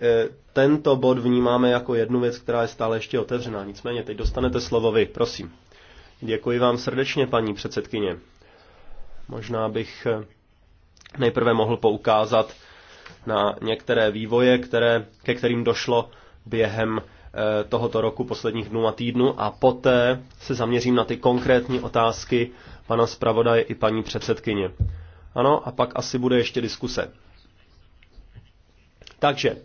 tento bod vnímáme jako jednu věc, která je stále ještě otevřená. Nicméně teď dostanete slovo vy, prosím. Děkuji vám srdečně, paní předsedkyně. Možná bych eh, nejprve mohl poukázat na některé vývoje, které, ke kterým došlo během eh, tohoto roku, posledních dnů a týdnu a poté se zaměřím na ty konkrétní otázky pana zpravodaje i paní předsedkyně. Ano, a pak asi bude ještě diskuse. Takže,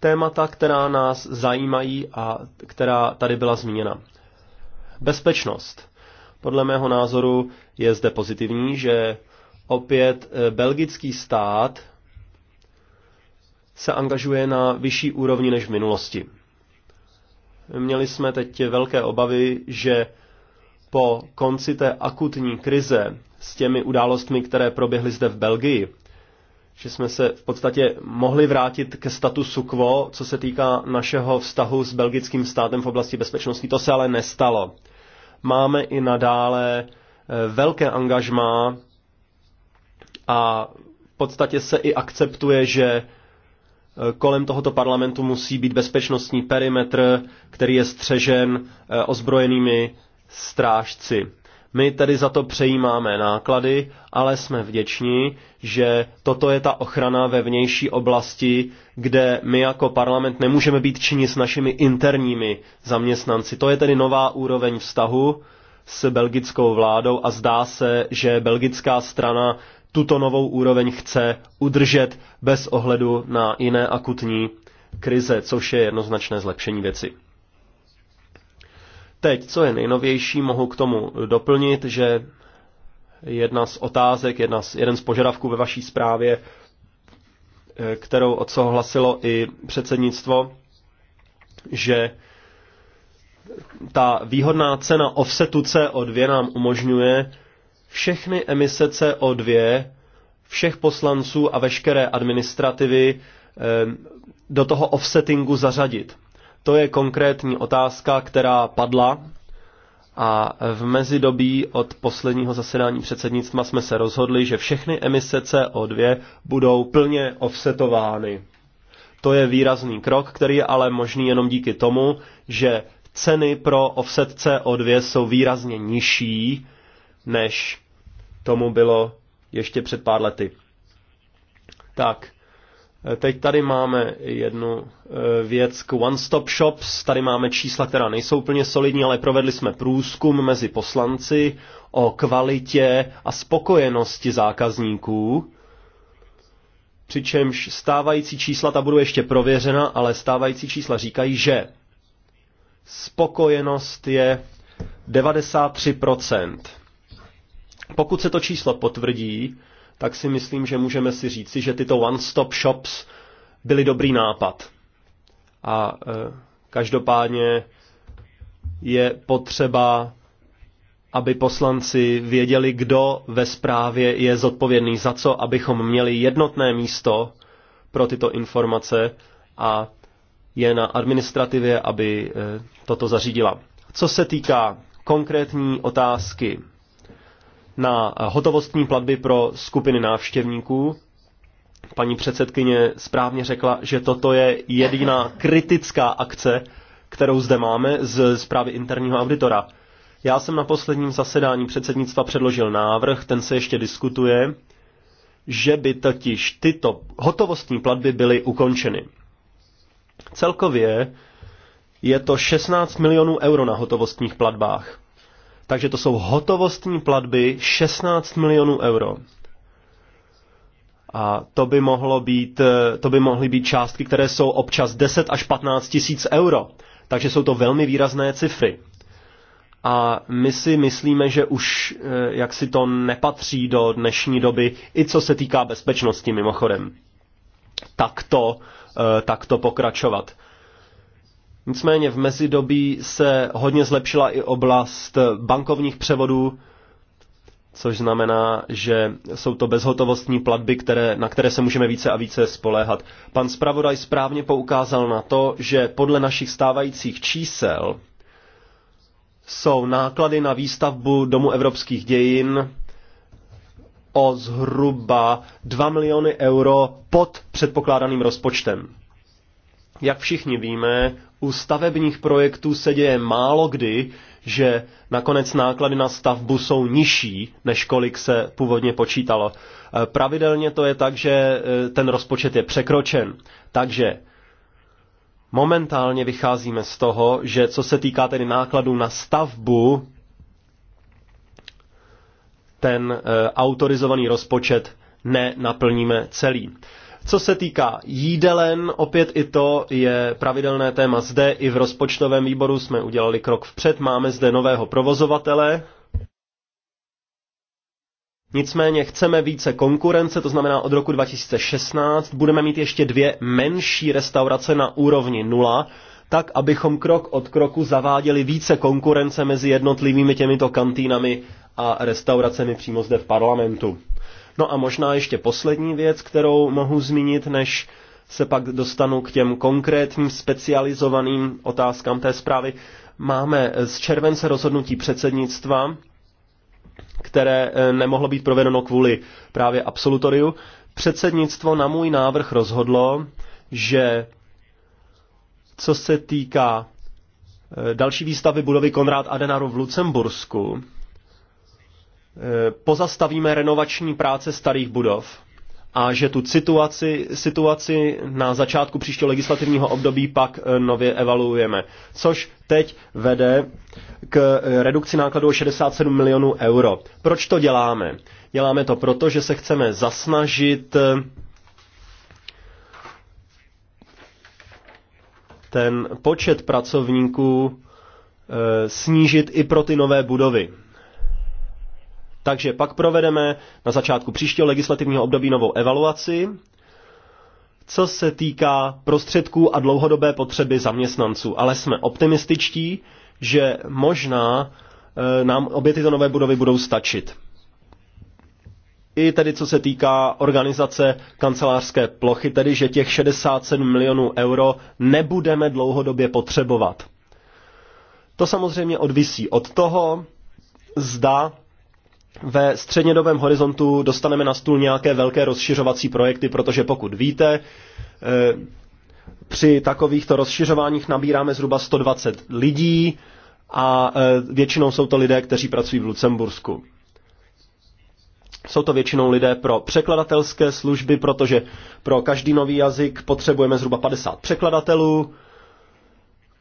témata, která nás zajímají a která tady byla zmíněna. Bezpečnost. Podle mého názoru je zde pozitivní, že opět eh, belgický stát se angažuje na vyšší úrovni než v minulosti. Měli jsme teď velké obavy, že po konci té akutní krize s těmi událostmi, které proběhly zde v Belgii, že jsme se v podstatě mohli vrátit ke statusu quo, co se týká našeho vztahu s belgickým státem v oblasti bezpečnosti. To se ale nestalo máme i nadále eh, velké angažmá a v podstatě se i akceptuje, že eh, kolem tohoto parlamentu musí být bezpečnostní perimetr, který je střežen eh, ozbrojenými strážci. My tedy za to přejímáme náklady, ale jsme vděční, že toto je ta ochrana ve vnější oblasti, kde my jako parlament nemůžeme být činni s našimi interními zaměstnanci. To je tedy nová úroveň vztahu s belgickou vládou a zdá se, že belgická strana tuto novou úroveň chce udržet bez ohledu na jiné akutní krize, což je jednoznačné zlepšení věci. Teď, co je nejnovější, mohu k tomu doplnit, že jedna z otázek, jedna z, jeden z požadavků ve vaší zprávě, eh, kterou odsouhlasilo i předsednictvo, že ta výhodná cena offsetu CO2 nám umožňuje všechny emise CO2 všech poslanců a veškeré administrativy eh, do toho offsettingu zařadit. To je konkrétní otázka, která padla a v mezidobí od posledního zasedání předsednictva jsme se rozhodli, že všechny emise CO2 budou plně offsetovány. To je výrazný krok, který je ale možný jenom díky tomu, že ceny pro offset CO2 jsou výrazně nižší, než tomu bylo ještě před pár lety. Tak, Teď tady máme jednu eh, věc k One Stop Shops. Tady máme čísla, která nejsou úplně solidní, ale provedli jsme průzkum mezi poslanci o kvalitě a spokojenosti zákazníků. Přičemž stávající čísla, ta budou ještě prověřena, ale stávající čísla říkají, že spokojenost je 93%. Pokud se to číslo potvrdí, tak si myslím, že můžeme si říci, že tyto one-stop shops byly dobrý nápad. A e, každopádně je potřeba, aby poslanci věděli, kdo ve zprávě je zodpovědný za co, abychom měli jednotné místo pro tyto informace a je na administrativě, aby e, toto zařídila. Co se týká konkrétní otázky na hotovostní platby pro skupiny návštěvníků. Paní předsedkyně správně řekla, že toto je jediná kritická akce, kterou zde máme z zprávy interního auditora. Já jsem na posledním zasedání předsednictva předložil návrh, ten se ještě diskutuje, že by totiž tyto hotovostní platby byly ukončeny. Celkově je to 16 milionů euro na hotovostních platbách. Takže to jsou hotovostní platby 16 milionů euro. A to by, mohlo být, to by mohly být částky, které jsou občas 10 až 15 tisíc euro. Takže jsou to velmi výrazné cifry. A my si myslíme, že už eh, jak si to nepatří do dnešní doby, i co se týká bezpečnosti mimochodem. tak to, eh, tak to pokračovat. Nicméně v mezidobí se hodně zlepšila i oblast bankovních převodů, což znamená, že jsou to bezhotovostní platby, které, na které se můžeme více a více spoléhat. Pan zpravodaj správně poukázal na to, že podle našich stávajících čísel jsou náklady na výstavbu Domu evropských dějin o zhruba 2 miliony euro pod předpokládaným rozpočtem. Jak všichni víme, u stavebních projektů se děje málo kdy, že nakonec náklady na stavbu jsou nižší, než kolik se původně počítalo. E, pravidelně to je tak, že e, ten rozpočet je překročen. Takže momentálně vycházíme z toho, že co se týká tedy nákladů na stavbu, ten e, autorizovaný rozpočet nenaplníme celý. Co se týká jídelen, opět i to je pravidelné téma zde. I v rozpočtovém výboru jsme udělali krok vpřed. Máme zde nového provozovatele. Nicméně chceme více konkurence, to znamená od roku 2016 budeme mít ještě dvě menší restaurace na úrovni nula, tak abychom krok od kroku zaváděli více konkurence mezi jednotlivými těmito kantýnami a restauracemi přímo zde v parlamentu. No a možná ještě poslední věc, kterou mohu zmínit, než se pak dostanu k těm konkrétním specializovaným otázkám té zprávy. Máme z července rozhodnutí předsednictva, které eh, nemohlo být provedeno kvůli právě absolutoriu. Předsednictvo na můj návrh rozhodlo, že co se týká eh, další výstavy budovy Konrád Adenaru v Lucembursku, Eh, pozastavíme renovační práce starých budov a že tu situaci, situaci na začátku příštího legislativního období pak eh, nově evaluujeme. Což teď vede k eh, redukci nákladů o 67 milionů euro. Proč to děláme? Děláme to proto, že se chceme zasnažit ten počet pracovníků snížit i pro ty nové budovy. Takže pak provedeme na začátku příštího legislativního období novou evaluaci, co se týká prostředků a dlouhodobé potřeby zaměstnanců. Ale jsme optimističtí, že možná eh, nám obě tyto nové budovy budou stačit. I tedy co se týká organizace kancelářské plochy, tedy že těch 67 milionů euro nebudeme dlouhodobě potřebovat. To samozřejmě odvisí od toho, zda ve střednědobém horizontu dostaneme na stůl nějaké velké rozšiřovací projekty, protože pokud víte, eh, při takovýchto rozšiřováních nabíráme zhruba 120 lidí a eh, většinou jsou to lidé, kteří pracují v Lucembursku. Jsou to většinou lidé pro překladatelské služby, protože pro každý nový jazyk potřebujeme zhruba 50 překladatelů,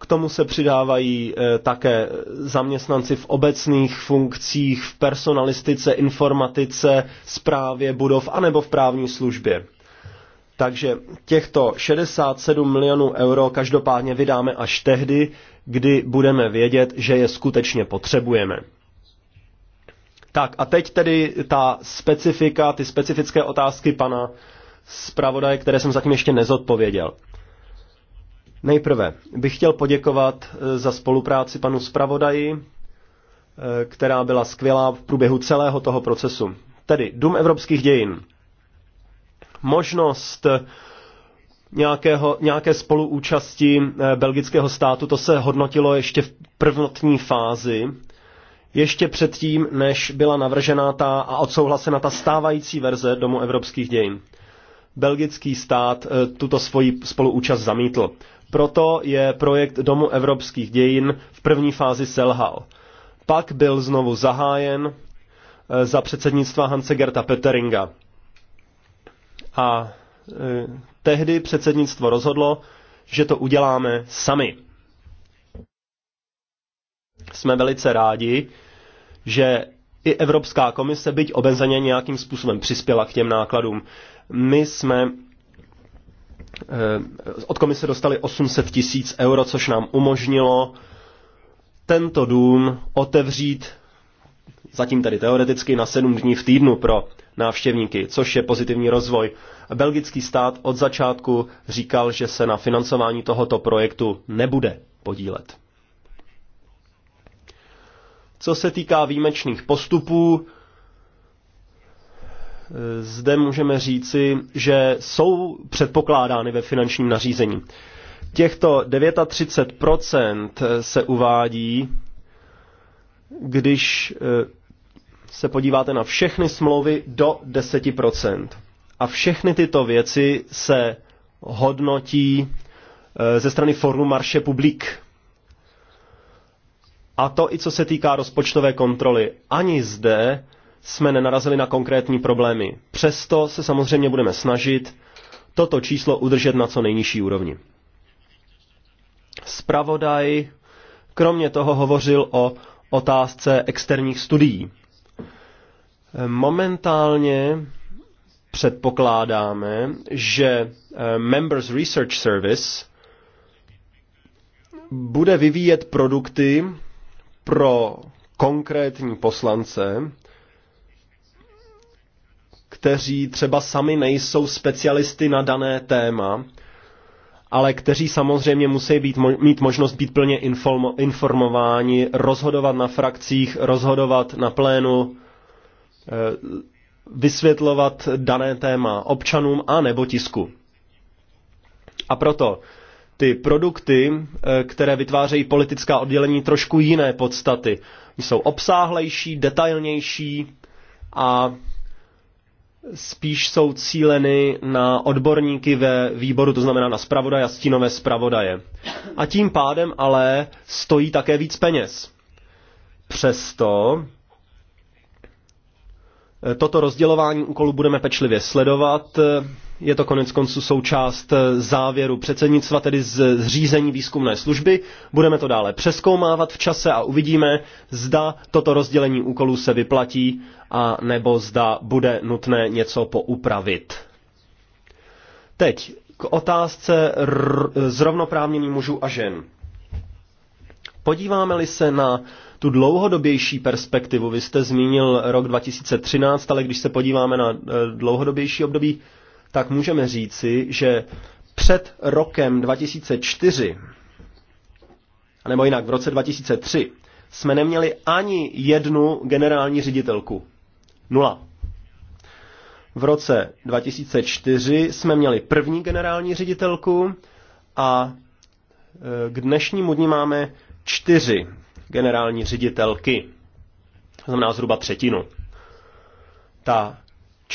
k tomu se přidávají eh, také zaměstnanci v obecných funkcích, v personalistice, informatice, správě budov anebo v právní službě. Takže těchto 67 milionů euro každopádně vydáme až tehdy, kdy budeme vědět, že je skutečně potřebujeme. Tak a teď tedy ta specifika, ty specifické otázky pana zpravodaje, které jsem zatím ještě nezodpověděl. Nejprve bych chtěl poděkovat eh, za spolupráci panu zpravodaji, eh, která byla skvělá v průběhu celého toho procesu. Tedy Dům evropských dějin. Možnost eh, nějakého, nějaké spoluúčasti belgického státu, to se hodnotilo ještě v prvotní fázi, ještě předtím, než byla navržená ta a odsouhlasena ta stávající verze Domu evropských dějin belgický stát tuto svoji spoluúčast zamítl. Proto je projekt Domu evropských dějin v první fázi selhal. Pak byl znovu zahájen eh, za předsednictva Hanse Gerta Peteringa. A eh, tehdy předsednictvo rozhodlo, že to uděláme sami. Jsme velice rádi, že i Evropská komise, byť obezeně nějakým způsobem, přispěla k těm nákladům. My jsme Eh, od komise dostali 800 tisíc euro, což nám umožnilo tento dům otevřít, zatím tedy teoreticky, na 7 dní v týdnu pro návštěvníky, což je pozitivní rozvoj. Belgický stát od začátku říkal, že se na financování tohoto projektu nebude podílet. Co se týká výjimečných postupů, zde můžeme říci, že jsou předpokládány ve finančním nařízení. Těchto 39% se uvádí, když eh, se podíváte na všechny smlouvy do 10%. A všechny tyto věci se hodnotí eh, ze strany Forum Marše Publik. A to i co se týká rozpočtové kontroly. Ani zde jsme nenarazili na konkrétní problémy. Přesto se samozřejmě budeme snažit toto číslo udržet na co nejnižší úrovni. Spravodaj kromě toho hovořil o otázce externích studií. Momentálně předpokládáme, že eh, Members Research Service bude vyvíjet produkty pro konkrétní poslance, kteří třeba sami nejsou specialisty na dané téma, ale kteří samozřejmě musí být, mít možnost být plně informováni, rozhodovat na frakcích, rozhodovat na plénu, eh, vysvětlovat dané téma občanům a nebo tisku. A proto ty produkty, eh, které vytvářejí politická oddělení, trošku jiné podstaty. Jsou obsáhlejší, detailnější a spíš jsou cíleny na odborníky ve výboru, to znamená na zpravodaje a stínové zpravodaje. A tím pádem ale stojí také víc peněz. Přesto eh, toto rozdělování úkolů budeme pečlivě sledovat eh, je to konec konců součást eh, závěru předsednictva, tedy z zřízení výzkumné služby. Budeme to dále přeskoumávat v čase a uvidíme, zda toto rozdělení úkolů se vyplatí a nebo zda bude nutné něco poupravit. Teď k otázce zrovnoprávnění mužů a žen. Podíváme-li se na tu dlouhodobější perspektivu, vy jste zmínil rok 2013, ale když se podíváme na eh, dlouhodobější období, tak můžeme říci, že před rokem 2004, nebo jinak v roce 2003, jsme neměli ani jednu generální ředitelku. Nula. V roce 2004 jsme měli první generální ředitelku a e, k dnešnímu dní máme čtyři generální ředitelky. To znamená zhruba třetinu. Ta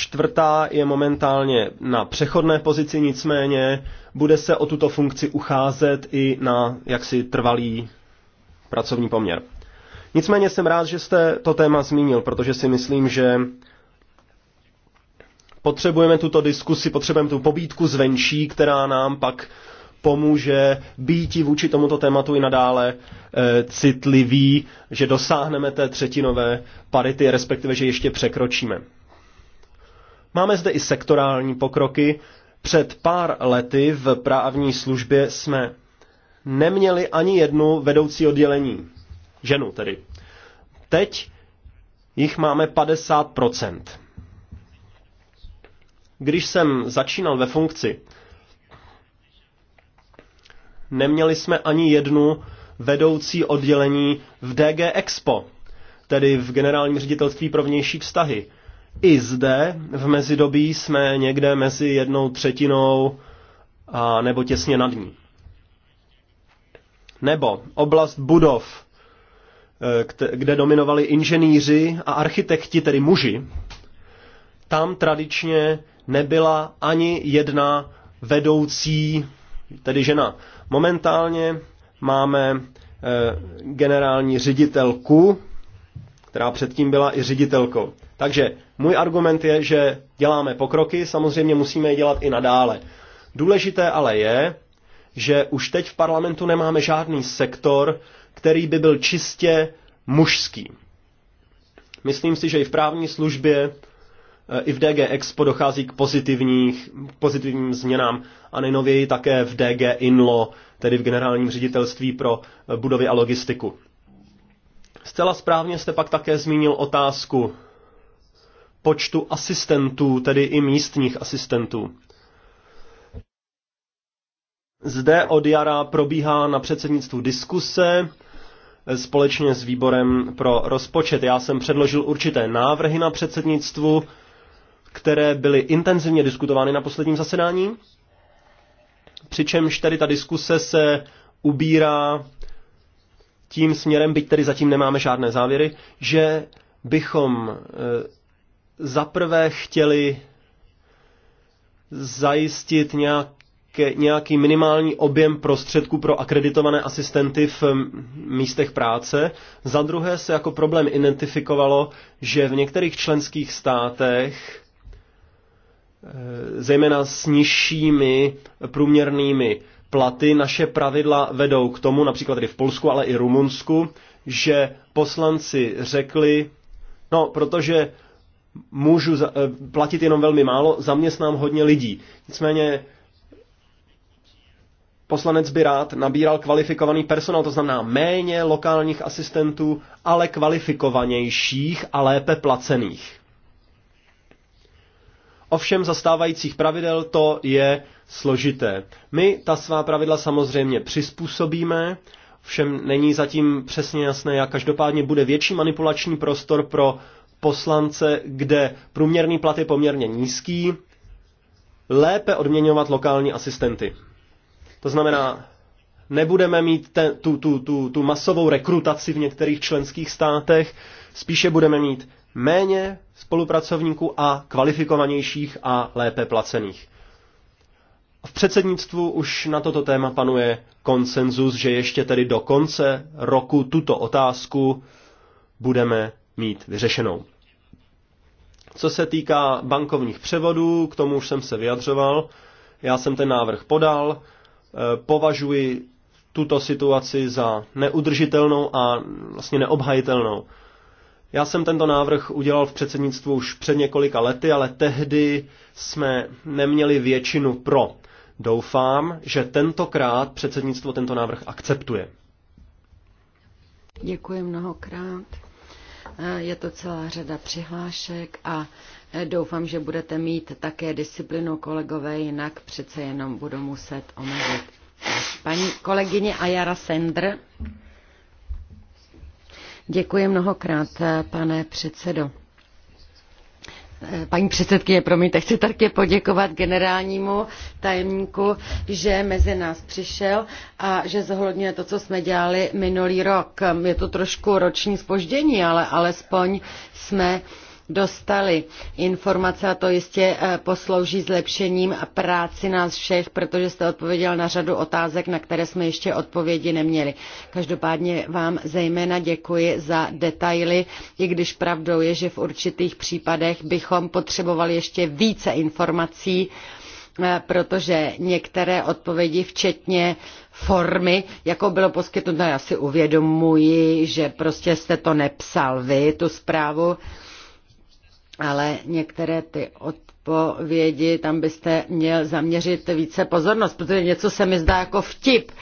Čtvrtá je momentálně na přechodné pozici, nicméně bude se o tuto funkci ucházet i na jaksi trvalý pracovní poměr. Nicméně jsem rád, že jste to téma zmínil, protože si myslím, že potřebujeme tuto diskusi, potřebujeme tu pobídku zvenčí, která nám pak pomůže být vůči tomuto tématu i nadále e, citlivý, že dosáhneme té třetinové parity, respektive, že ještě překročíme. Máme zde i sektorální pokroky. Před pár lety v právní službě jsme neměli ani jednu vedoucí oddělení. Ženu tedy. Teď jich máme 50%. Když jsem začínal ve funkci, neměli jsme ani jednu vedoucí oddělení v DG Expo, tedy v Generálním ředitelství pro vnější vztahy. I zde v mezidobí jsme někde mezi jednou třetinou a nebo těsně nad ní. Nebo oblast budov, eh, kde dominovali inženýři a architekti, tedy muži, tam tradičně nebyla ani jedna vedoucí, tedy žena. Momentálně máme eh, generální ředitelku, která předtím byla i ředitelkou. Takže můj argument je, že děláme pokroky, samozřejmě musíme je dělat i nadále. Důležité ale je, že už teď v parlamentu nemáme žádný sektor, který by byl čistě mužský. Myslím si, že i v právní službě, e, i v DG Expo dochází k pozitivních, pozitivním změnám a nejnověji také v DG Inlo, tedy v generálním ředitelství pro e, budovy a logistiku. Zcela správně jste pak také zmínil otázku počtu asistentů, tedy i místních asistentů. Zde od jara probíhá na předsednictvu diskuse společně s výborem pro rozpočet. Já jsem předložil určité návrhy na předsednictvu, které byly intenzivně diskutovány na posledním zasedání. Přičemž tady ta diskuse se ubírá tím směrem, byť tedy zatím nemáme žádné závěry, že bychom eh, zaprvé chtěli zajistit nějak nějaký minimální objem prostředků pro akreditované asistenty v místech práce. Za druhé se jako problém identifikovalo, že v některých členských státech, eh, zejména s nižšími průměrnými platy, naše pravidla vedou k tomu, například tedy v Polsku, ale i Rumunsku, že poslanci řekli, no, protože můžu za, eh, platit jenom velmi málo, zaměstnám hodně lidí. Nicméně poslanec by rád nabíral kvalifikovaný personál, to znamená méně lokálních asistentů, ale kvalifikovanějších a lépe placených. Ovšem zastávajících pravidel to je složité. My ta svá pravidla samozřejmě přizpůsobíme, všem není zatím přesně jasné, jak každopádně bude větší manipulační prostor pro poslance, kde průměrný plat je poměrně nízký, lépe odměňovat lokální asistenty. To znamená, nebudeme mít te, tu, tu, tu, tu masovou rekrutaci v některých členských státech, spíše budeme mít méně spolupracovníků a kvalifikovanějších a lépe placených. V předsednictvu už na toto téma panuje konsenzus, že ještě tedy do konce roku tuto otázku budeme mít vyřešenou. Co se týká bankovních převodů, k tomu už jsem se vyjadřoval, já jsem ten návrh podal, e, považuji tuto situaci za neudržitelnou a vlastně neobhajitelnou. Já jsem tento návrh udělal v předsednictvu už před několika lety, ale tehdy jsme neměli většinu pro. Doufám, že tentokrát předsednictvo tento návrh akceptuje. Děkuji mnohokrát. Je to celá řada přihlášek a eh, doufám, že budete mít také disciplinu kolegové, jinak přece jenom budu muset omezit. Paní kolegyně Ajara Sender. Děkuji mnohokrát, eh, pane předsedo. Eh, paní předsedkyně, promiňte, chci také poděkovat generálnímu tajemníku, že mezi nás přišel a že zohledňuje to, co jsme dělali minulý rok. Je to trošku roční spoždění, ale alespoň jsme uh, dostali informace a to jistě eh, poslouží zlepšením práci nás všech, protože jste odpověděl na řadu otázek, na které jsme ještě odpovědi neměli. Každopádně vám zejména děkuji za detaily, i když pravdou je, že v určitých případech bychom potřebovali ještě více informací, eh, protože některé odpovědi, včetně formy, jako bylo poskytnuto, já si uvědomuji, že prostě jste to nepsal vy, tu zprávu, ale některé ty odpovědi, tam byste měl zaměřit více pozornost, protože něco se mi zdá jako vtip,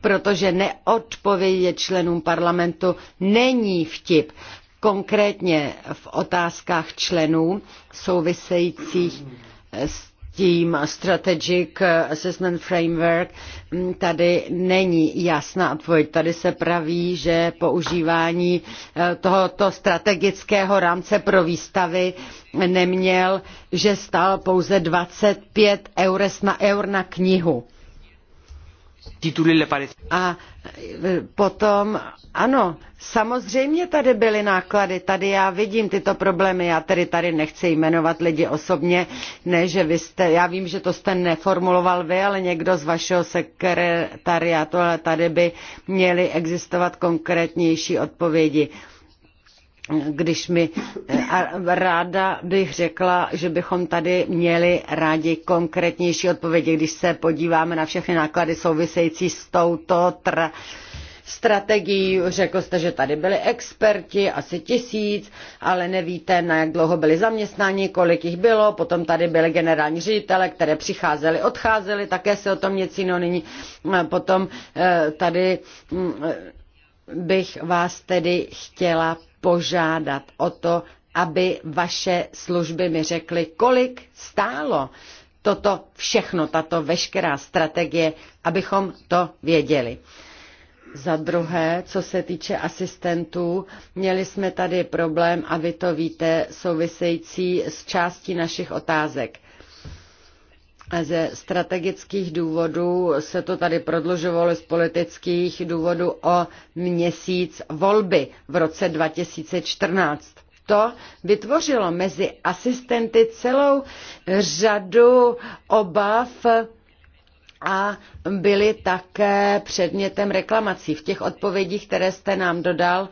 protože neodpovědět členům parlamentu není vtip. Konkrétně v otázkách členů souvisejících s tím Strategic Assessment Framework mm, tady není jasná odpověď. Tady se praví, že používání eh, tohoto strategického rámce pro výstavy neměl, že stál pouze 25 eur na, eur na knihu a e, potom, ano, samozřejmě tady byly náklady, tady já vidím tyto problémy, já tedy tady nechci jmenovat lidi osobně, ne, že vy jste, já vím, že to jste neformuloval vy, ale někdo z vašeho sekretariátu, ale tady by měly existovat konkrétnější odpovědi když mi eh, ráda bych řekla, že bychom tady měli rádi konkrétnější odpovědi, když se podíváme na všechny náklady související s touto tra- strategií. Řekl jste, že tady byli experti, asi tisíc, ale nevíte, na jak dlouho byli zaměstnáni, kolik jich bylo. Potom tady byly generální ředitele, které přicházeli, odcházeli, také se o tom nic jiného není. No eh, potom eh, tady hm, bych vás tedy chtěla požádat o to, aby vaše služby mi řekly, kolik stálo toto všechno, tato veškerá strategie, abychom to věděli. Za druhé, co se týče asistentů, měli jsme tady problém, a vy to víte, související s částí našich otázek ze strategických důvodů se to tady prodlužovalo z politických důvodů o měsíc volby v roce 2014. To vytvořilo mezi asistenty celou řadu obav a byly také předmětem reklamací. V těch odpovědích, které jste nám dodal,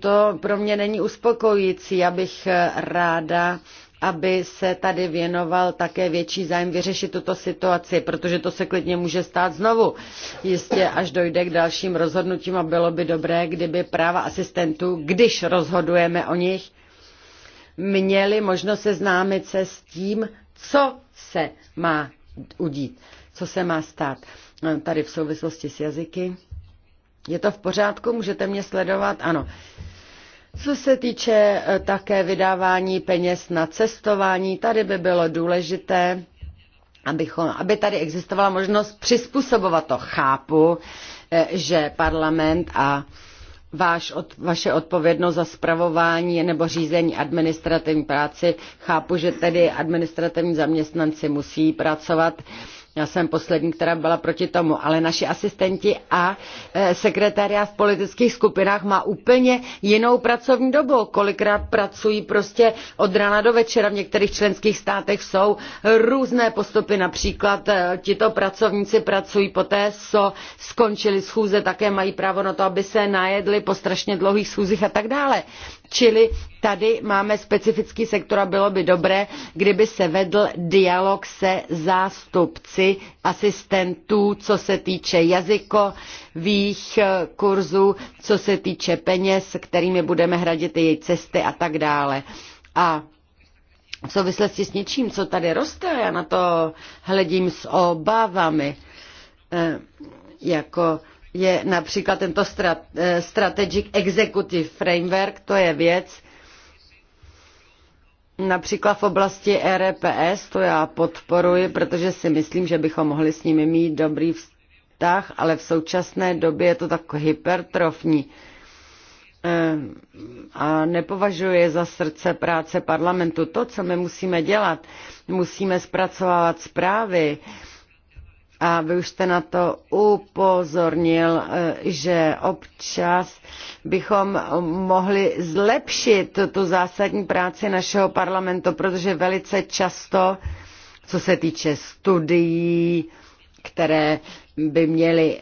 to pro mě není uspokojící. Já bych ráda aby se tady věnoval také větší zájem vyřešit tuto situaci, protože to se klidně může stát znovu. Jistě, až dojde k dalším rozhodnutím a bylo by dobré, kdyby práva asistentů, když rozhodujeme o nich, měli možnost seznámit se s tím, co se má udít, co se má stát. No, tady v souvislosti s jazyky. Je to v pořádku? Můžete mě sledovat? Ano. Co se týče eh, také vydávání peněz na cestování, tady by bylo důležité, abychom, aby tady existovala možnost přizpůsobovat to. Chápu, eh, že parlament a váš od, vaše odpovědnost za spravování nebo řízení administrativní práci. Chápu, že tedy administrativní zaměstnanci musí pracovat já jsem poslední, která byla proti tomu, ale naši asistenti a e, sekretária v politických skupinách má úplně jinou pracovní dobu. Kolikrát pracují prostě od rána do večera. V některých členských státech jsou různé postupy. Například e, tito pracovníci pracují poté, co skončili schůze, také mají právo na to, aby se najedli po strašně dlouhých schůzích a tak dále. Čili tady máme specifický sektor a bylo by dobré, kdyby se vedl dialog se zástupci asistentů, co se týče jazykových eh, kurzů, co se týče peněz, kterými budeme hradit její cesty a tak dále. A v souvislosti s něčím, co tady roste, já na to hledím s obavami, eh, jako je například tento eh, Strategic Executive Framework, to je věc, například v oblasti RPS, to já podporuji, protože si myslím, že bychom mohli s nimi mít dobrý vztah, ale v současné době je to tak hypertrofní eh, a nepovažuje za srdce práce parlamentu. To, co my musíme dělat, musíme zpracovávat zprávy, a vy už jste na to upozornil, eh, že občas bychom mohli zlepšit tu zásadní práci našeho parlamentu, protože velice často, co se týče studií, které by měly,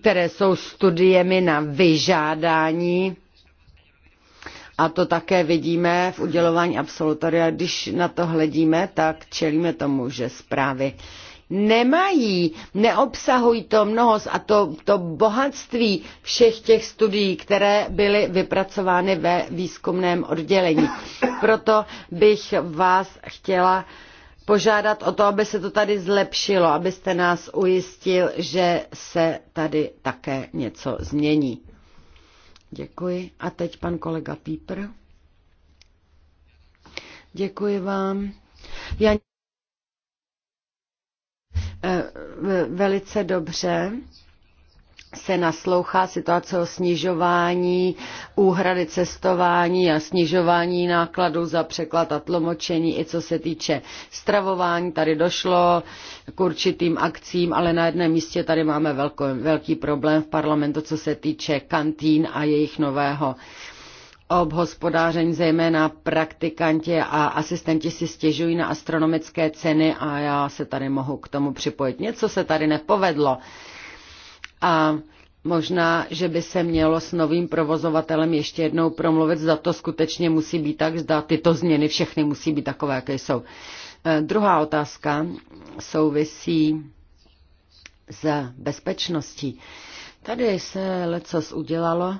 které jsou studiemi na vyžádání, a to také vidíme v udělování absolutoria. Když na to hledíme, tak čelíme tomu, že zprávy nemají, neobsahují to mnoho a to, to bohatství všech těch studií, které byly vypracovány ve výzkumném oddělení. Proto bych vás chtěla požádat o to, aby se to tady zlepšilo, abyste nás ujistil, že se tady také něco změní. Děkuji. A teď pan kolega Pípr. Děkuji vám. Já Eh, velice dobře se naslouchá situace o snižování úhrady cestování a snižování nákladů za překlad a tlumočení, i co se týče stravování. Tady došlo k určitým akcím, ale na jedné místě tady máme velký, velký problém v parlamentu, co se týče kantín a jejich nového obhospodáření, zejména praktikanti a asistenti si stěžují na astronomické ceny a já se tady mohu k tomu připojit. Něco se tady nepovedlo. A Možná, že by se mělo s novým provozovatelem ještě jednou promluvit, zda to skutečně musí být tak, zda tyto změny všechny musí být takové, jaké jsou. E, druhá otázka souvisí s bezpečností. Tady se leco udělalo,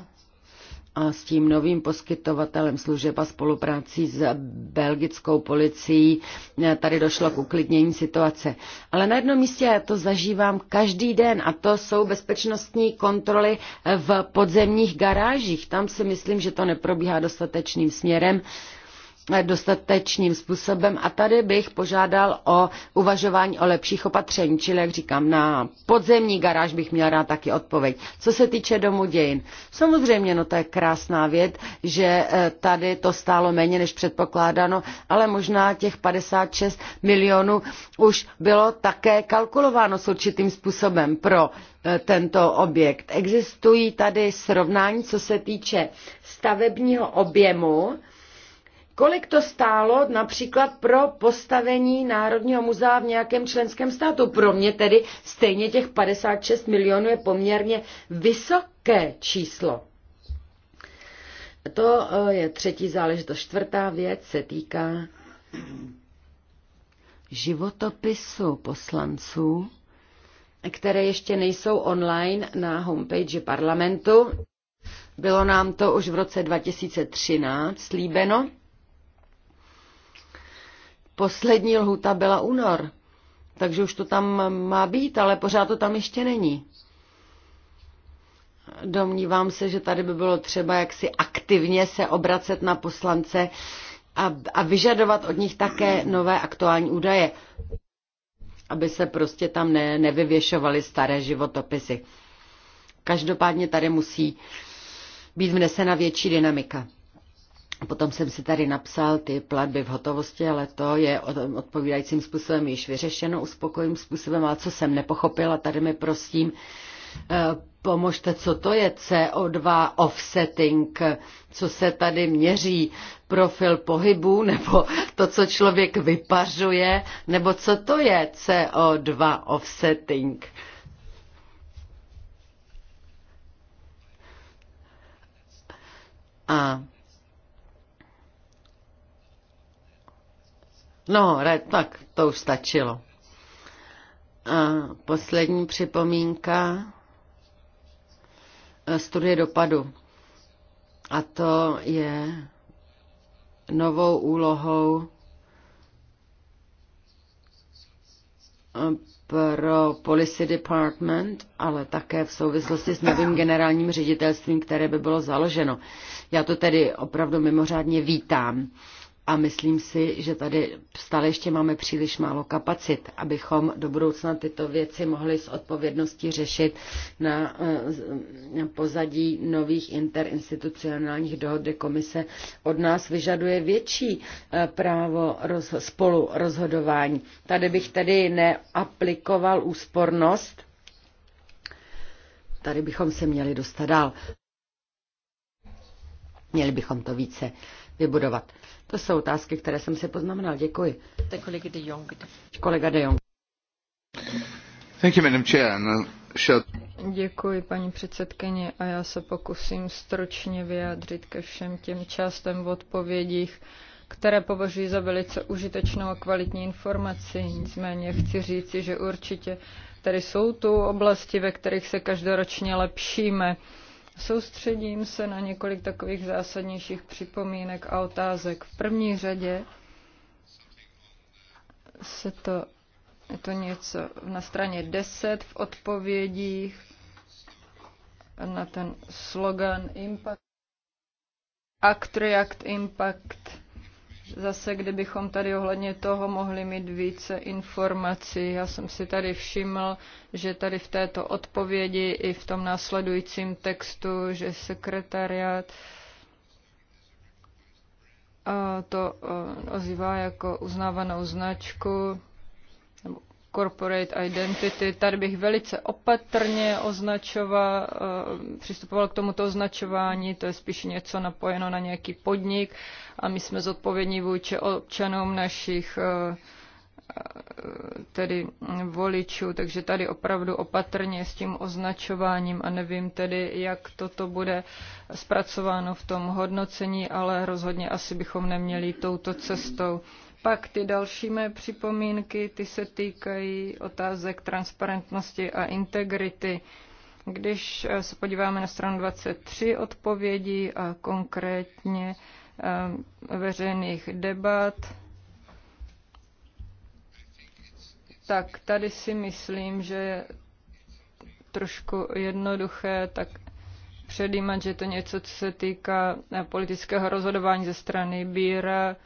a s tím novým poskytovatelem služeb a spoluprácí s belgickou policií eh, tady došlo k uklidnění situace. Ale na jednom místě já to zažívám každý den a to jsou bezpečnostní kontroly eh, v podzemních garážích. Tam si myslím, že to neprobíhá dostatečným směrem dostatečným způsobem a tady bych požádal o uvažování o lepších opatření, čili jak říkám, na podzemní garáž bych měla rád taky odpověď. Co se týče domu dějin, samozřejmě, no to je krásná věc, že eh, tady to stálo méně než předpokládáno, ale možná těch 56 milionů už bylo také kalkulováno s určitým způsobem pro eh, tento objekt. Existují tady srovnání, co se týče stavebního objemu, Kolik to stálo například pro postavení Národního muzea v nějakém členském státu? Pro mě tedy stejně těch 56 milionů je poměrně vysoké číslo. To eh, je třetí záležitost. Čtvrtá věc se týká životopisu poslanců, které ještě nejsou online na homepage parlamentu. Bylo nám to už v roce 2013 slíbeno Poslední lhuta byla únor, takže už to tam má být, ale pořád to tam ještě není. Domnívám se, že tady by bylo třeba jaksi aktivně se obracet na poslance a, a vyžadovat od nich také nové aktuální údaje, aby se prostě tam ne, nevyvěšovaly staré životopisy. Každopádně tady musí být vnesena větší dynamika. Potom jsem si tady napsal ty platby v hotovosti, ale to je odpovídajícím způsobem již vyřešeno, uspokojím způsobem, ale co jsem nepochopila, tady mi prosím eh, pomožte, co to je CO2 offsetting, co se tady měří, profil pohybu, nebo to, co člověk vypařuje, nebo co to je CO2 offsetting. A No, tak to už stačilo. A poslední připomínka. E, studie dopadu. A to je novou úlohou e, pro Policy Department, ale také v souvislosti s novým generálním ředitelstvím, které by bylo založeno. Já to tedy opravdu mimořádně vítám a myslím si, že tady stále ještě máme příliš málo kapacit, abychom do budoucna tyto věci mohli s odpovědností řešit na, eh, pozadí nových interinstitucionálních dohod, kde komise od nás vyžaduje větší eh, právo roz, spolu rozhodování. Tady bych tedy neaplikoval úspornost. Tady bychom se měli dostat dál. Měli bychom to více vybudovat. To jsou otázky, které jsem si poznamenal. Děkuji. Kolega de Jong. Kolega Děkuji, paní předsedkyně, a já se pokusím stručně vyjádřit ke všem těm částem v odpovědích, které považuji za velice užitečnou a kvalitní informaci. Nicméně chci říci, že určitě tady jsou tu oblasti, ve kterých se každoročně lepšíme. Soustředím se na několik takových zásadnějších připomínek a otázek. V první řadě se to, je to něco na straně 10 v odpovědích na ten slogan Impact, Act, React, Impact Zase, kdybychom tady ohledně toho mohli mít více informací. Já jsem si tady všiml, že tady v této odpovědi i v tom následujícím textu, že sekretariat eh, to eh, ozývá jako uznávanou značku corporate identity. Tady bych velice opatrně označoval, eh, přistupoval k tomuto označování, to je spíš něco napojeno na nějaký podnik a my jsme zodpovědní vůči občanům našich eh, eh, tedy voličů, takže tady opravdu opatrně s tím označováním a nevím tedy, jak toto bude zpracováno v tom hodnocení, ale rozhodně asi bychom neměli touto cestou. Pak ty další mé připomínky, ty se týkají otázek transparentnosti a integrity. Když eh, se podíváme na stranu 23 odpovědí a konkrétně eh, veřejných debat, tak tady si myslím, že trošku jednoduché, tak předjímat, že to něco, co se týká eh, politického rozhodování ze strany Bíra,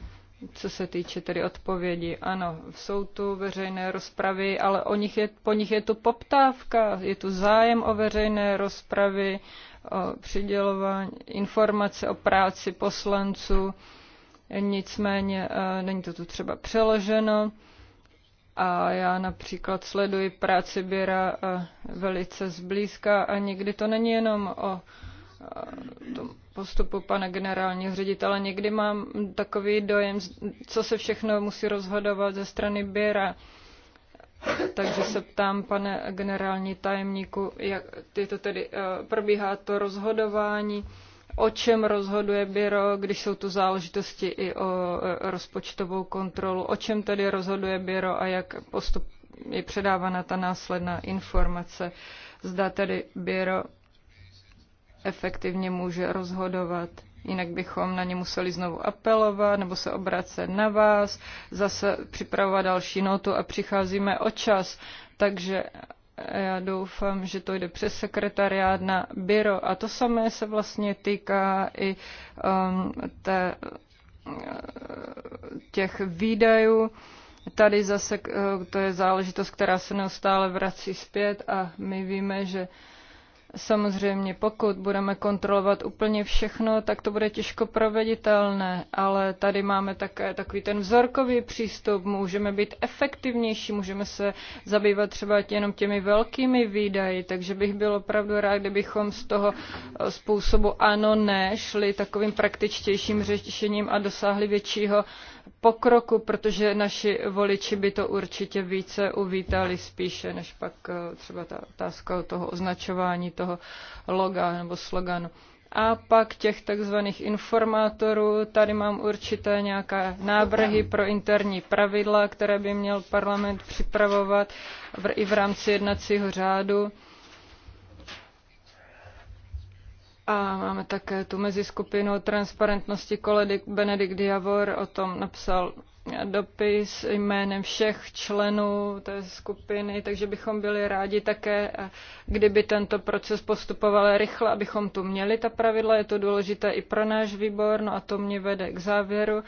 co se týče tedy odpovědi. Ano, jsou tu veřejné rozpravy, ale o nich je, po nich je tu poptávka, je tu zájem o veřejné rozpravy, o přidělování informace o práci poslanců, nicméně e, není to tu třeba přeloženo. A já například sleduji práci Běra e, velice zblízka a někdy to není jenom o e, tom postupu pana generálního ředitele. Někdy mám takový dojem, co se všechno musí rozhodovat ze strany Běra. Takže se ptám, pane generální tajemníku, jak je to tedy, eh, probíhá to rozhodování, o čem rozhoduje Běro, když jsou tu záležitosti i o eh, rozpočtovou kontrolu, o čem tedy rozhoduje Běro a jak postup je předávána ta následná informace. Zda tedy Běro efektivně může rozhodovat. Jinak bychom na ně museli znovu apelovat nebo se obracet na vás, zase připravovat další notu a přicházíme o čas. Takže já doufám, že to jde přes sekretariát na byro. A to samé se vlastně týká i um, té, eh, těch výdajů. Tady zase eh, to je záležitost, která se neustále vrací zpět a my víme, že uh, Samozřejmě, pokud budeme kontrolovat úplně všechno, tak to bude těžko proveditelné, ale tady máme také takový ten vzorkový přístup, můžeme být efektivnější, můžeme se zabývat třeba jenom těmi velkými výdaji, takže bych byl opravdu rád, kdybychom z toho eh, způsobu ano, ne, šli takovým praktičtějším řešením a dosáhli většího pokroku, protože naši voliči by to určitě více uvítali spíše, než pak eh, třeba ta otázka toho označování toho loga nebo sloganu. A pak těch takzvaných informátorů, tady mám určité nějaké návrhy pro interní pravidla, které by měl parlament připravovat i v rámci jednacího řádu A máme také tu mezi skupinou transparentnosti koledy Benedikt Javor o tom napsal dopis jménem všech členů té skupiny, takže bychom byli rádi také, kdyby tento proces postupoval rychle, abychom tu měli ta pravidla. Je to důležité i pro náš výbor, no a to mě vede k závěru,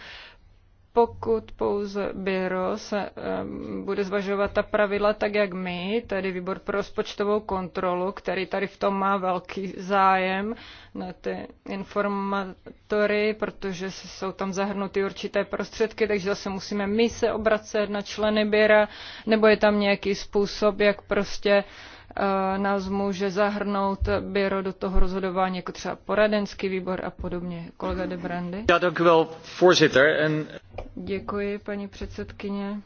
pokud pouze byro se um, bude zvažovat ta pravidla tak, jak my, tedy výbor pro rozpočtovou kontrolu, který tady v tom má velký zájem na ty informatory, protože jsou tam zahrnuty určité prostředky, takže zase musíme my se obracet na členy byra, nebo je tam nějaký způsob, jak prostě uh, Eh, nás může zahrnout byro do toho rozhodování, jako třeba poradenský výbor a podobně. Kolega de Brandy. Ja, děkuji, voorzitter. Děkuji, paní předsedkyně.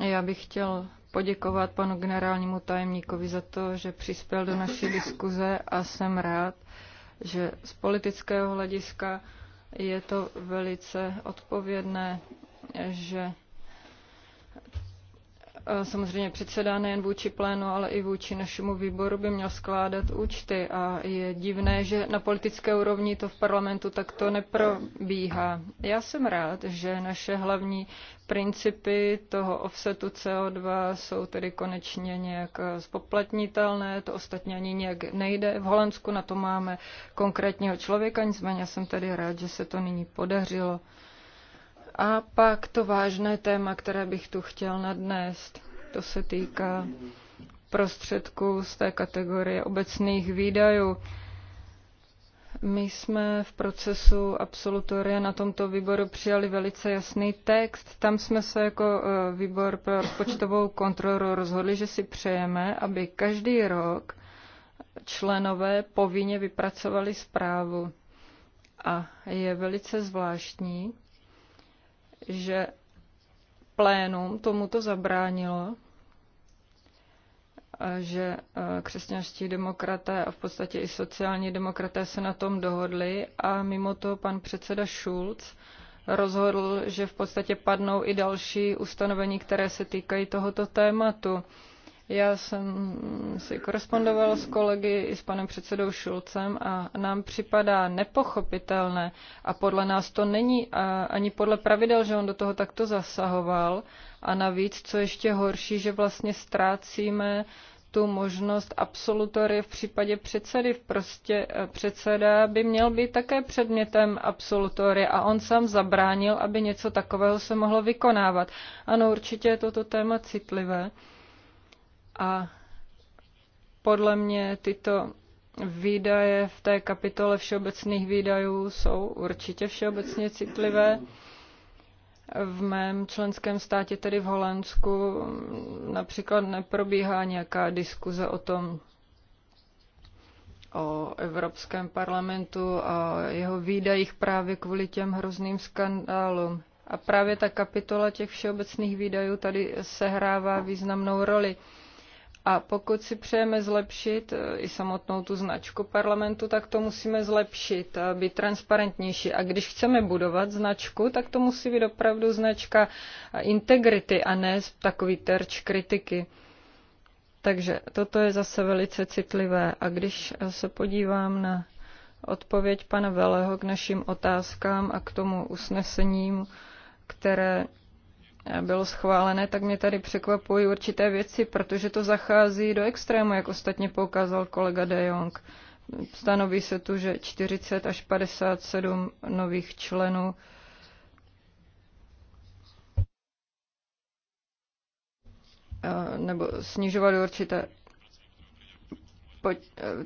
Já bych chtěl poděkovat panu generálnímu tajemníkovi za to, že přispěl do naší diskuze a jsem rád, že z politického hlediska je to velice odpovědné, že samozřejmě předseda nejen vůči plénu, ale i vůči našemu výboru by měl skládat účty a je divné, že na politické úrovni to v parlamentu takto neprobíhá. Já jsem rád, že naše hlavní principy toho offsetu CO2 jsou tedy konečně nějak spoplatnitelné, to ostatně ani nějak nejde. V Holandsku na to máme konkrétního člověka, nicméně jsem tedy rád, že se to nyní podařilo. A pak to vážné téma, které bych tu chtěl nadnést, to se týká prostředků z té kategorie obecných výdajů. My jsme v procesu absolutoria na tomto výboru přijali velice jasný text. Tam jsme se jako e, výbor pro rozpočtovou kontrolu rozhodli, že si přejeme, aby každý rok členové povinně vypracovali zprávu. A je velice zvláštní, že plénum tomuto zabránilo, že e, křesťanští demokraté a v podstatě i sociální demokraté se na tom dohodli a mimo to pan předseda Schulz rozhodl, že v podstatě padnou i další ustanovení, které se týkají tohoto tématu. Já jsem si korespondoval s kolegy i s panem předsedou Šulcem a nám připadá nepochopitelné a podle nás to není ani podle pravidel, že on do toho takto zasahoval a navíc, co ještě horší, že vlastně ztrácíme tu možnost absolutory v případě předsedy. Prostě eh, předseda by měl být také předmětem absolutory a on sám zabránil, aby něco takového se mohlo vykonávat. Ano, určitě je toto téma citlivé. A podle mě tyto výdaje v té kapitole všeobecných výdajů jsou určitě všeobecně citlivé. V mém členském státě, tedy v Holandsku, například neprobíhá nějaká diskuze o tom, o Evropském parlamentu a jeho výdajích právě kvůli těm hrozným skandálům. A právě ta kapitola těch všeobecných výdajů tady sehrává významnou roli. A pokud si přejeme zlepšit eh, i samotnou tu značku parlamentu, tak to musíme zlepšit, eh, být transparentnější. A když chceme budovat značku, tak to musí být opravdu značka eh, integrity a ne takový terč kritiky. Takže toto je zase velice citlivé. A když se podívám na odpověď pana Veleho k našim otázkám a k tomu usnesením, které bylo schválené, tak mě tady překvapují určité věci, protože to zachází do extrému, jak ostatně poukázal kolega De Jong. Stanoví se tu, že 40 až 57 nových členů nebo snižovat určité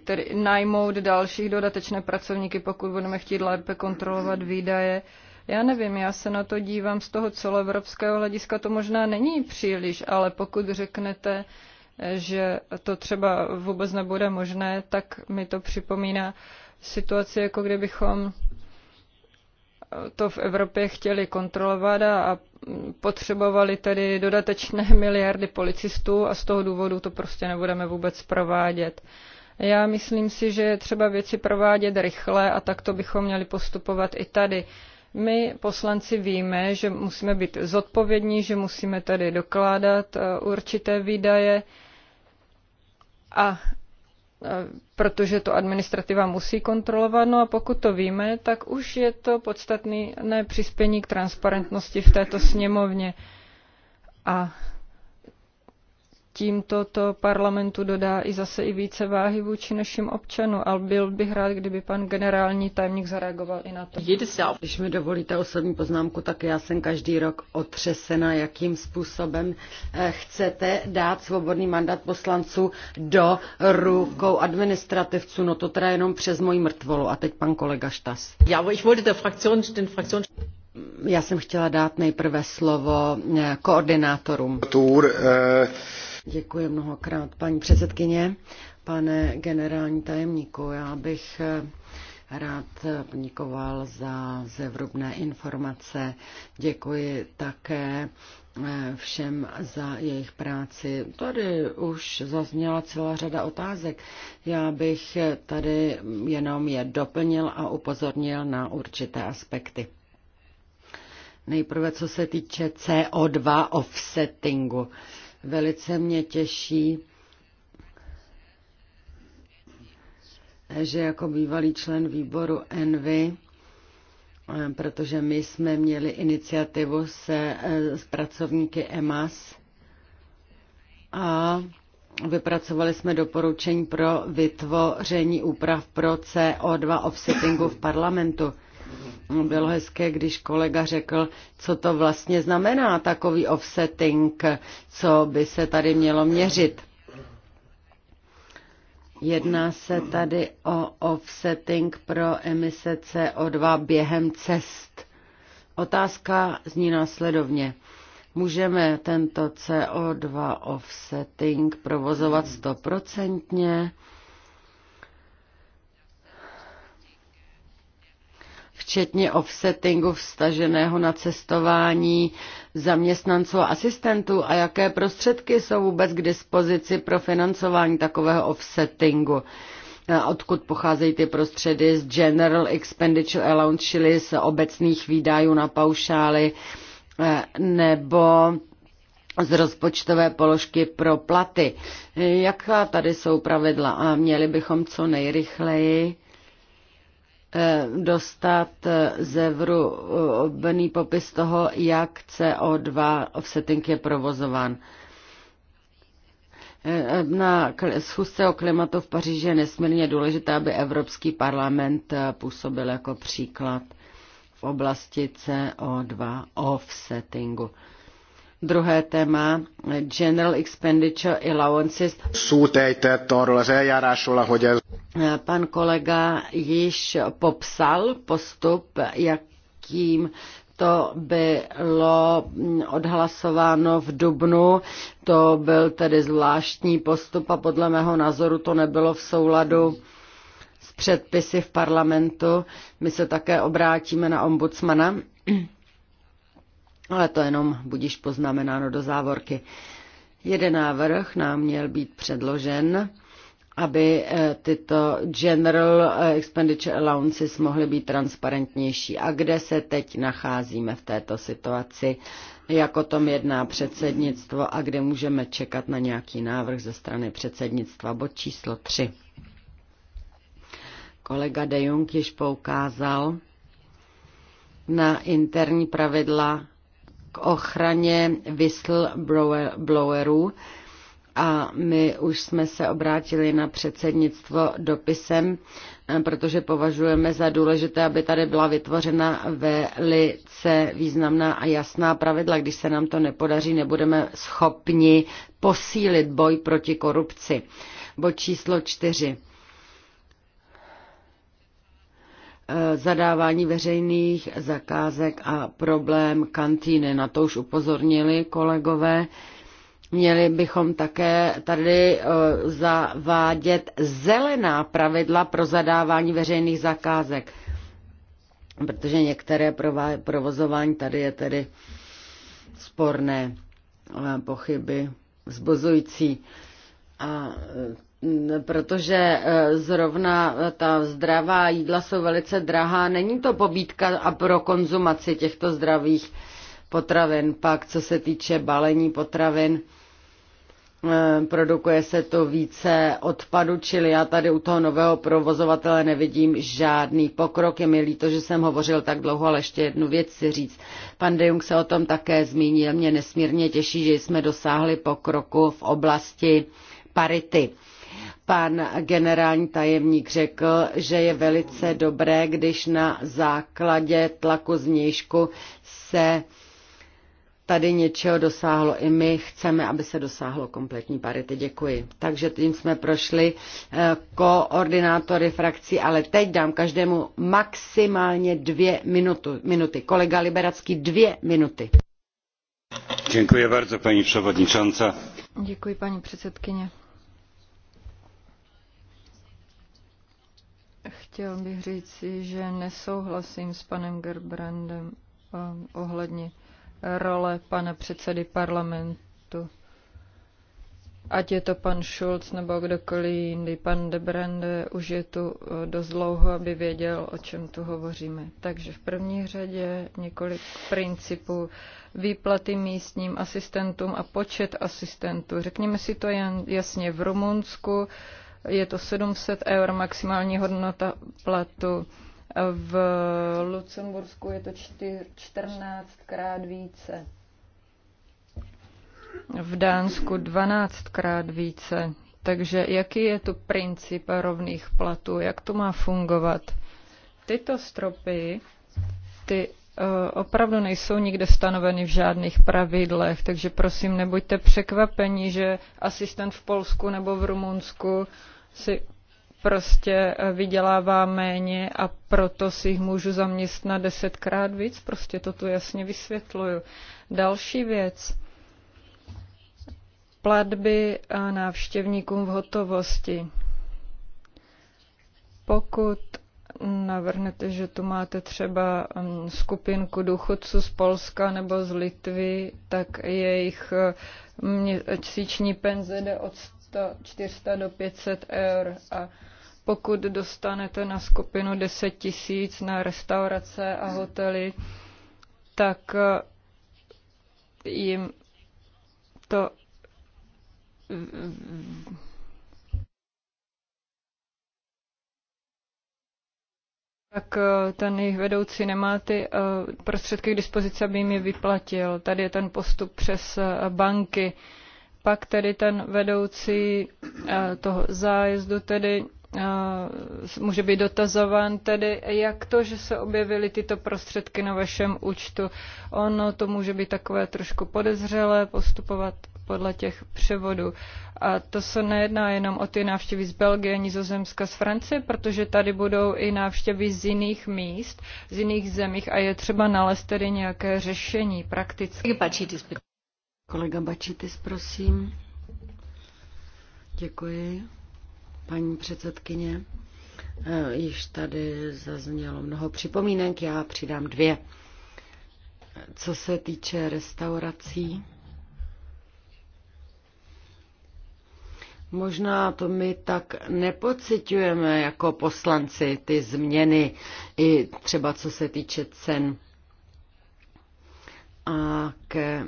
tedy najmout dalších dodatečné pracovníky, pokud budeme chtít lépe kontrolovat výdaje. Já nevím, já se na to dívám z toho celoevropského hlediska, to možná není příliš, ale pokud řeknete, že to třeba vůbec nebude možné, tak mi to připomíná situaci, jako kdybychom to v Evropě chtěli kontrolovat a potřebovali tedy dodatečné miliardy policistů a z toho důvodu to prostě nebudeme vůbec provádět. Já myslím si, že je třeba věci provádět rychle a tak to bychom měli postupovat i tady. My poslanci víme, že musíme být zodpovědní, že musíme tady dokládat eh, určité výdaje a eh, protože to administrativa musí kontrolovat. No a pokud to víme, tak už je to podstatné přispění k transparentnosti v této sněmovně. A tímto to parlamentu dodá i zase i více váhy vůči našim občanům, ale byl bych rád, kdyby pan generální tajemník zareagoval i na to. Když mi dovolíte osobní poznámku, tak já jsem každý rok otřesena, jakým způsobem eh, chcete dát svobodný mandát poslanců do rukou administrativců, no to teda jenom přes moji mrtvolu. A teď pan kolega Štas. Já, ale ich wollte der Fraktion, den Fraktion... Já jsem chtěla dát nejprve slovo eh, koordinátorům. eh... Děkuji mnohokrát, paní předsedkyně. Pane generální tajemníku, já bych eh, rád eh, poděkoval za zevrubné informace. Děkuji také eh, všem za jejich práci. Tady už zazněla celá řada otázek. Já bych tady jenom je doplnil a upozornil na určité aspekty. Nejprve co se týče CO2 offsettingu. Velice mě těší, že jako bývalý člen výboru Envy, eh, protože my jsme měli iniciativu se eh, s pracovníky EMAS a vypracovali jsme doporučení pro vytvoření úprav pro CO2 offsettingu v parlamentu. No, bylo hezké, když kolega řekl, co to vlastně znamená takový offsetting, co by se tady mělo měřit. Jedná se tady o offsetting pro emise CO2 během cest. Otázka zní následovně. Můžeme tento CO2 offsetting provozovat stoprocentně? Hmm včetně offsettingu vstaženého na cestování zaměstnanců a asistentů a jaké prostředky jsou vůbec k dispozici pro financování takového offsettingu eh, odkud pocházejí ty prostředy z General Expenditure Allowance, čili z obecných výdajů na paušály, eh, nebo z rozpočtové položky pro platy. Eh, jaká tady jsou pravidla a měli bychom co nejrychleji Eh, dostat eh, zevru eh, obvený popis toho, jak CO2 offsetting je provozován. Na schůzce o klimatu v Paříži je nesmírně důležité, aby Evropský parlament působil jako příklad v oblasti CO2 offsettingu. Druhé téma, General Expenditure Allowances. Sútejtett arról az eljárásról, ahogy ez... Pan kolega již popsal postup, jakým to bylo odhlasováno v Dubnu. To byl tedy zvláštní postup a podle mého názoru to nebylo v souladu s předpisy v parlamentu. My se také obrátíme na ombudsmana ale to jenom budíš poznamenáno do závorky. Jeden návrh nám měl být předložen, aby eh, tyto General eh, Expenditure Allowances mohly být transparentnější. A kde se teď nacházíme v této situaci, jak o tom jedná předsednictvo a kde můžeme čekat na nějaký návrh ze strany předsednictva, bod číslo 3. Kolega De Jong již poukázal na interní pravidla k ochraně whistleblowerů a my už jsme se obrátili na předsednictvo dopisem, eh, protože považujeme za důležité, aby tady byla vytvořena velice významná a jasná pravidla. Když se nám to nepodaří, nebudeme schopni posílit boj proti korupci. Bod číslo čtyři Eh, zadávání veřejných zakázek a problém kantýny. Na to už upozornili kolegové. Měli bychom také tady eh, zavádět zelená pravidla pro zadávání veřejných zakázek, protože některé provozování tady je tedy sporné, eh, pochyby vzbuzující. A protože eh, zrovna eh, ta zdravá jídla jsou velice drahá. Není to pobídka a pro konzumaci těchto zdravých potravin. Pak, co se týče balení potravin, eh, produkuje se to více odpadu, čili já tady u toho nového provozovatele nevidím žádný pokrok. Je mi líto, že jsem hovořil tak dlouho, ale ještě jednu věc si říct. Pan De Jung se o tom také zmínil. Mě nesmírně těší, že jsme dosáhli pokroku v oblasti parity Pan generální tajemník řekl, že je velice dobré, když na základě tlaku změšku se tady něčeho dosáhlo. I my chceme, aby se dosáhlo kompletní parity. Děkuji. Takže tím jsme prošli eh, koordinátory frakcí, ale teď dám každému maximálně dvě minutu, minuty. Kolega Liberacký, dvě minuty. Děkuji bardzo, pani předsedkyně. Děkuji, paní předsedkyně. Chtěl bych říci, že nesouhlasím s panem Gerbrandem um, ohledně role pana předsedy parlamentu. Ať je to pan Schulz nebo kdokoliv jindy, pan de Brande už je tu uh, dost dlouho, aby věděl, o čem tu hovoříme. Takže v první řadě několik principů výplaty místním asistentům a počet asistentů. Řekněme si to jen jasně v Rumunsku. Uh, je to 700 eur maximální hodnota platu. V Lucembursku je to 14 krát více. V Dánsku 12 krát více. Takže jaký je tu princip rovných platů? Jak to má fungovat? Tyto stropy ty Eh, opravdu nejsou nikde stanoveny v žádných pravidlech, takže prosím, nebuďte překvapeni, že asistent v Polsku nebo v Rumunsku si prostě eh, vydělává méně a proto si jich můžu zaměstnat desetkrát víc. Prostě to tu jasně vysvětluju. Další věc. Platby eh, návštěvníkům v hotovosti. Pokud navrhnete, že tu máte třeba skupinku důchodců z Polska nebo z Litvy, tak jejich měsíční penze jde od 100, 400 do 500 eur. A pokud dostanete na skupinu 10 tisíc na restaurace a hotely, tak eh, jim to tak eh, ten jejich vedoucí nemá ty eh, prostředky k dispozici, aby jim je vyplatil. Tady je ten postup přes eh, banky. Pak tedy ten vedoucí toho zájezdu tedy může být dotazován tedy, jak to, že se objevily tyto prostředky na vašem účtu. Ono to může být takové trošku podezřelé, postupovat podle těch převodů. A to se nejedná jenom o ty návštěvy z Belgie, Nizozemska, z Francie, protože tady budou i návštěvy z jiných míst, z jiných zemích a je třeba nalézt tedy nějaké řešení praktické. Kolega Bačitis, prosím. Děkuji, paní předsedkyně. E, již tady zaznělo mnoho připomínek, já přidám dvě. Co se týče restaurací, Možná to my tak nepocitujeme jako poslanci ty změny, i třeba co se týče cen a ke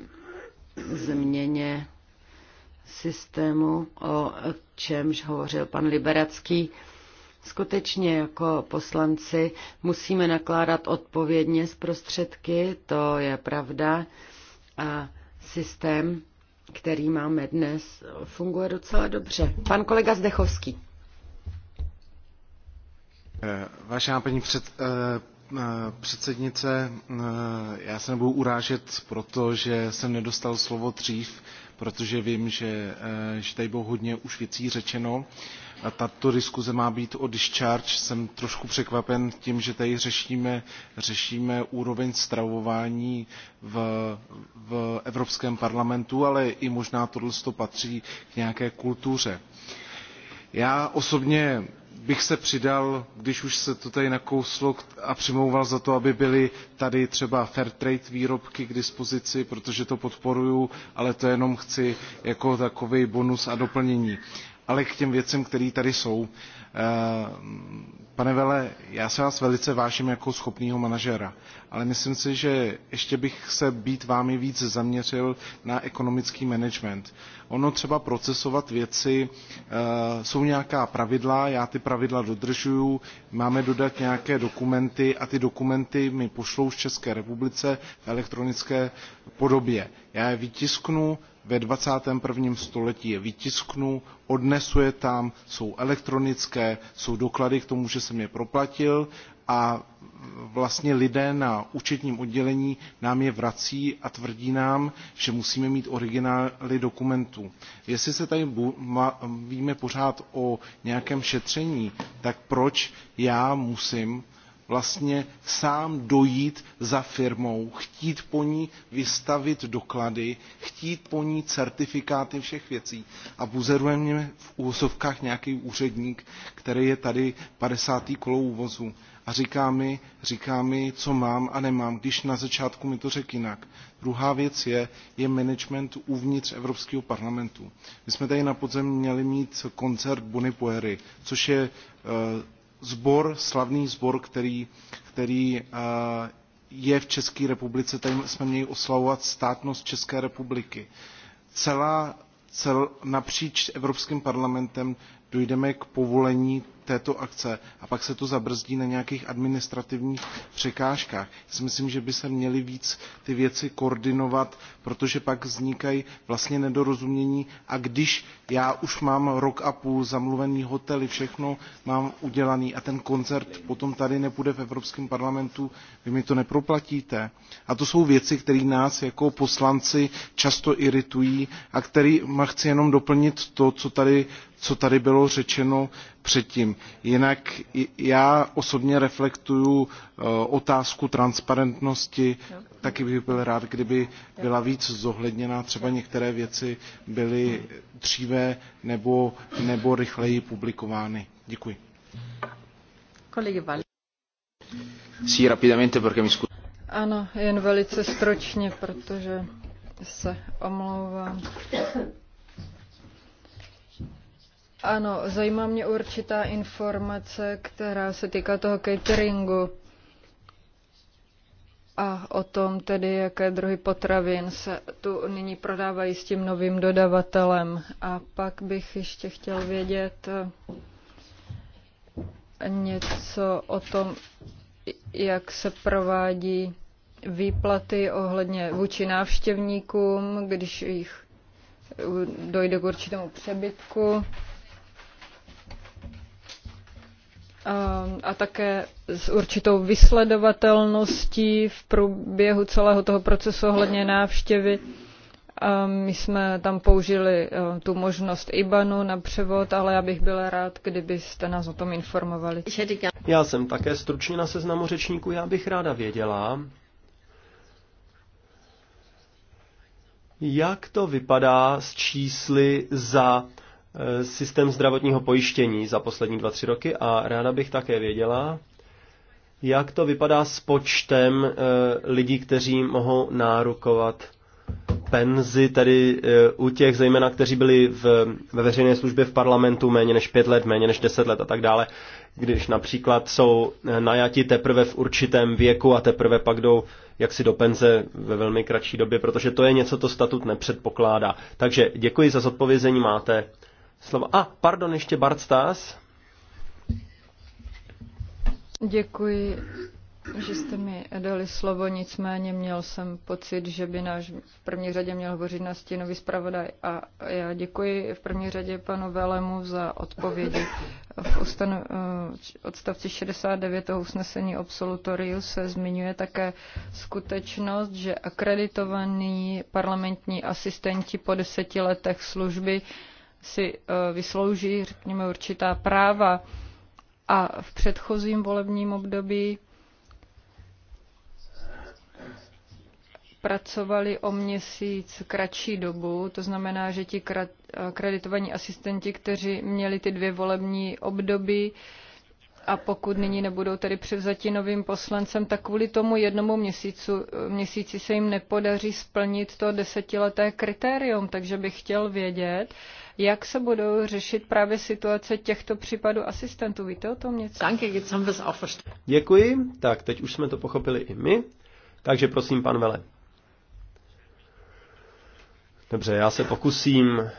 změně systému, o čemž hovořil pan Liberacký. Skutečně jako poslanci musíme nakládat odpovědně z prostředky, to je pravda, a systém který máme dnes, funguje docela dobře. Pan kolega Zdechovský. Eh, vážená paní před, eh, eh, předsednice, já se nebudu urážet, protože jsem nedostal slovo dřív, protože vím, že, že tady bylo hodně už věcí řečeno tato diskuze má být o discharge. Jsem trošku překvapen tím, že tady řešíme, řešíme úroveň stravování v, v Evropském parlamentu, ale i možná tohle patří k nějaké kultuře. Já osobně bych se přidal, když už se to tady nakouslo a přimlouval za to, aby byly tady třeba fair trade výrobky k dispozici, protože to podporuju, ale to jenom chci jako takový bonus a doplnění ale k těm věcem, které tady jsou. Eh, pane Vele, já se vás velice vážím jako schopného manažera, ale myslím si, že ještě bych se být vámi víc zaměřil na ekonomický management. Ono třeba procesovat věci, eh, jsou nějaká pravidla, já ty pravidla dodržuju, máme dodat nějaké dokumenty a ty dokumenty mi pošlou z České republice v elektronické podobě. Já je vytisknu, ve 21. století je vytisknu, odnesu je tam, jsou elektronické, jsou doklady k tomu, že jsem je proplatil a vlastně lidé na účetním oddělení nám je vrací a tvrdí nám, že musíme mít originály dokumentů. Jestli se tady víme pořád o nějakém šetření, tak proč já musím vlastně sám dojít za firmou, chtít po ní vystavit doklady, chtít po ní certifikáty všech věcí. A buzeruje mě v úvozovkách nějaký úředník, který je tady 50. kolo úvozu a říká mi, říká mi, co mám a nemám, když na začátku mi to řekl jinak. Druhá věc je, je management uvnitř Evropského parlamentu. My jsme tady na podzem měli mít koncert Bony Poery, což je eh, sbor, slavný sbor, který, který eh, je v České republice, tady jsme měli oslavovat státnost České republiky. Celá, cel, napříč Evropským parlamentem dojdeme k povolení této akce a pak se to zabrzdí na nějakých administrativních překážkách. Já si myslím, že by se měly víc ty věci koordinovat, protože pak vznikají vlastně nedorozumění a když já už mám rok a půl zamluvený hotely, všechno mám udělaný a ten koncert potom tady nepůjde v Evropském parlamentu, vy mi to neproplatíte. A to jsou věci, které nás jako poslanci často iritují a který chci jenom doplnit to, co tady, co tady bylo řečeno předtím. Jinak já osobně reflektuju eh, otázku transparentnosti, taky bych byl rád, kdyby byla víc zohledněna, třeba některé věci byly dříve nebo, nebo rychleji publikovány. Děkuji. Sí, rapidamente, porque mi Ano, jen velice stročně, protože se omlouvám. Ano, zajímá mě určitá informace, která se týká toho cateringu a o tom tedy, jaké druhy potravin se tu nyní prodávají s tím novým dodavatelem. A pak bych ještě chtěl vědět něco o tom, jak se provádí výplaty ohledně vůči návštěvníkům, když jich dojde k určitému přebytku. Ehm, a také s určitou vysledovatelností v průběhu celého toho procesu ohledně návštěvy. Ehm, my jsme tam použili ehm, tu možnost IBANu na převod, ale já bych byl rád, kdybyste nás o tom informovali. Já jsem také stručně na seznamu řečníků, já bych ráda věděla, jak to vypadá s čísly za Eh, systém zdravotního pojištění za poslední dva, tři roky a ráda bych také věděla, jak to vypadá s počtem eh, lidí, kteří mohou nárukovat penzi, tedy eh, u těch zejména, kteří byli v, ve veřejné službě v parlamentu méně než pět let, méně než deset let a tak dále, když například jsou najati teprve v určitém věku a teprve pak jdou jaksi do penze ve velmi kratší době, protože to je něco, to statut nepředpokládá. Takže děkuji za zodpovězení, máte slovo. A, pardon, ještě Bart Stas. Děkuji, že jste mi dali slovo, nicméně měl jsem pocit, že by náš v první řadě měl hovořit na stínový zpravodaj. A já děkuji v první řadě panu Velemu za odpovědi. V ustanu, eh, odstavci 69. usnesení absolutoriu se zmiňuje také skutečnost, že akreditovaní parlamentní asistenti po deseti letech služby si eh, vyslouží, řekněme, určitá práva. A v předchozím volebním období pracovali o měsíc kratší dobu, to znamená, že ti kreditovaní asistenti, kteří měli ty dvě volební období, a pokud nyní nebudou tedy převzati novým poslancem, tak kvůli tomu jednomu měsícu, měsíci se jim nepodaří splnit to desetileté kritérium. Takže bych chtěl vědět, jak se budou řešit právě situace těchto případů asistentů? Víte o tom něco? Děkuji. Tak, teď už jsme to pochopili i my. Takže prosím, pan Vele. Dobře, já se pokusím eh,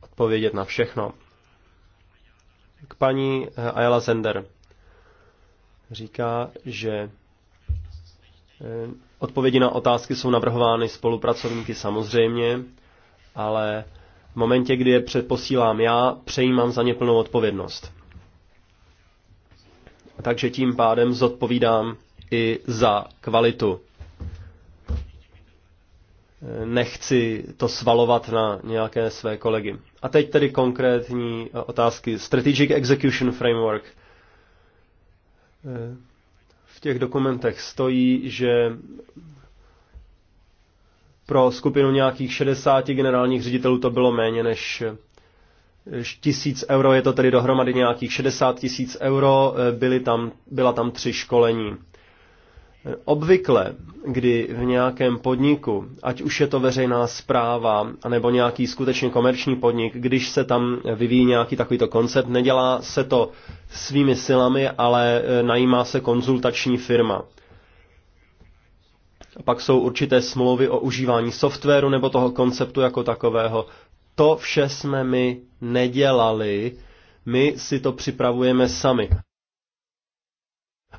odpovědět na všechno. K paní eh, Ayala Zender říká, že eh, odpovědi na otázky jsou navrhovány spolupracovníky samozřejmě, ale v momentě, kdy je předposílám já, přejímám za ně plnou odpovědnost. Takže tím pádem zodpovídám i za kvalitu. Nechci to svalovat na nějaké své kolegy. A teď tedy konkrétní otázky. Strategic Execution Framework. V těch dokumentech stojí, že pro skupinu nějakých 60 generálních ředitelů to bylo méně než tisíc euro, je to tedy dohromady nějakých 60 tisíc euro, byly tam, byla tam tři školení. Obvykle, kdy v nějakém podniku, ať už je to veřejná zpráva, nebo nějaký skutečně komerční podnik, když se tam vyvíjí nějaký takovýto koncept, nedělá se to svými silami, ale eh, najímá se konzultační firma pak jsou určité smlouvy o užívání softwaru nebo toho konceptu jako takového. To vše jsme my nedělali, my si to připravujeme sami.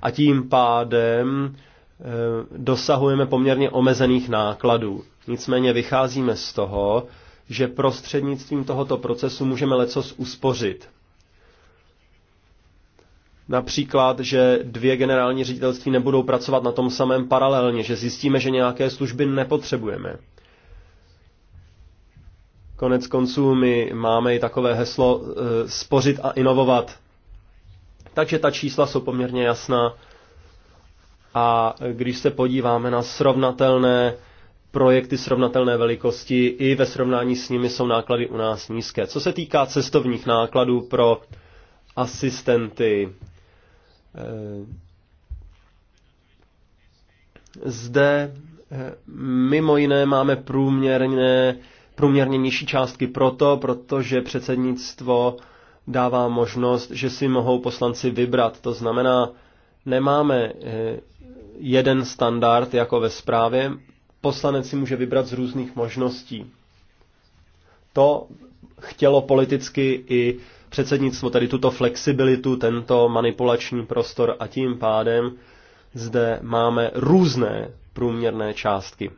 A tím pádem eh, dosahujeme poměrně omezených nákladů. Nicméně vycházíme z toho, že prostřednictvím tohoto procesu můžeme lecos uspořit. Například, že dvě generální ředitelství nebudou pracovat na tom samém paralelně, že zjistíme, že nějaké služby nepotřebujeme. Konec konců my máme i takové heslo e, spořit a inovovat. Takže ta čísla jsou poměrně jasná. A když se podíváme na srovnatelné projekty srovnatelné velikosti, i ve srovnání s nimi jsou náklady u nás nízké. Co se týká cestovních nákladů pro asistenty, Eh, zde eh, mimo jiné máme průměrně, průměrně nižší částky proto, protože předsednictvo dává možnost, že si mohou poslanci vybrat. To znamená, nemáme eh, jeden standard jako ve zprávě, poslanec si může vybrat z různých možností. To chtělo politicky i předsednictvo tedy tuto flexibilitu, tento manipulační prostor a tím pádem zde máme různé průměrné částky,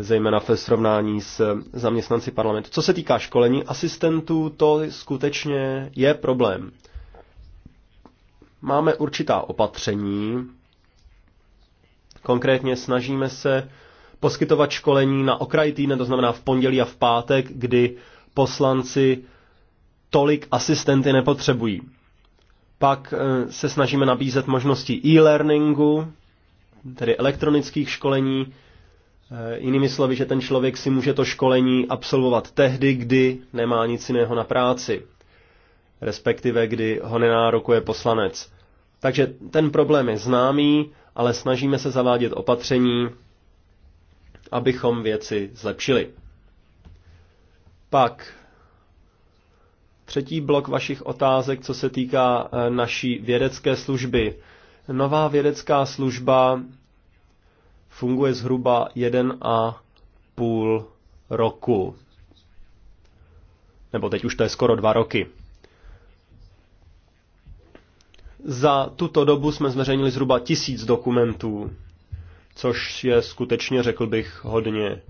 zejména ve srovnání s zaměstnanci parlamentu. Co se týká školení asistentů, to skutečně je problém. Máme určitá opatření, konkrétně snažíme se poskytovat školení na okraj týdne, to znamená v pondělí a v pátek, kdy poslanci tolik asistenty nepotřebují. Pak eh, se snažíme nabízet možnosti e-learningu, tedy elektronických školení. Eh, jinými slovy, že ten člověk si může to školení absolvovat tehdy, kdy nemá nic jiného na práci, respektive kdy ho nenárokuje poslanec. Takže ten problém je známý, ale snažíme se zavádět opatření, abychom věci zlepšili. Pak Třetí blok vašich otázek, co se týká eh, naší vědecké služby. Nová vědecká služba funguje zhruba jeden a půl roku. Nebo teď už to je skoro dva roky. Za tuto dobu jsme zveřejnili zhruba tisíc dokumentů, což je skutečně, řekl bych, hodně.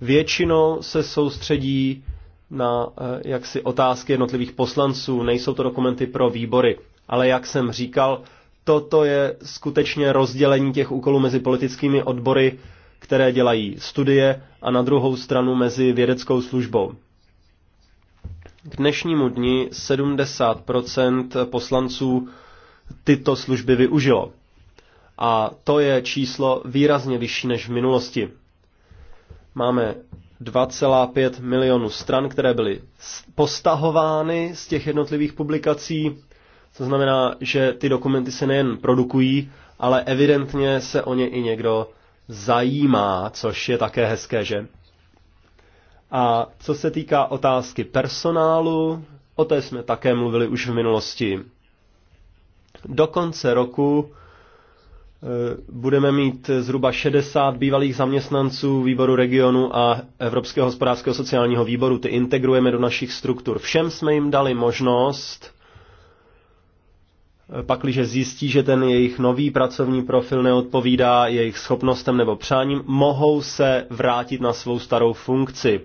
Většinou se soustředí na eh, jaksi otázky jednotlivých poslanců, nejsou to dokumenty pro výbory. Ale jak jsem říkal, toto je skutečně rozdělení těch úkolů mezi politickými odbory, které dělají studie a na druhou stranu mezi vědeckou službou. K dnešnímu dni 70% poslanců tyto služby využilo. A to je číslo výrazně vyšší než v minulosti. Máme 2,5 milionů stran, které byly postahovány z těch jednotlivých publikací. To znamená, že ty dokumenty se nejen produkují, ale evidentně se o ně i někdo zajímá, což je také hezké, že? A co se týká otázky personálu, o té jsme také mluvili už v minulosti. Do konce roku Eh, budeme mít zhruba 60 bývalých zaměstnanců výboru regionu a Evropského hospodářského sociálního výboru. Ty integrujeme do našich struktur. Všem jsme jim dali možnost, eh, pakliže zjistí, že ten jejich nový pracovní profil neodpovídá jejich schopnostem nebo přáním, mohou se vrátit na svou starou funkci.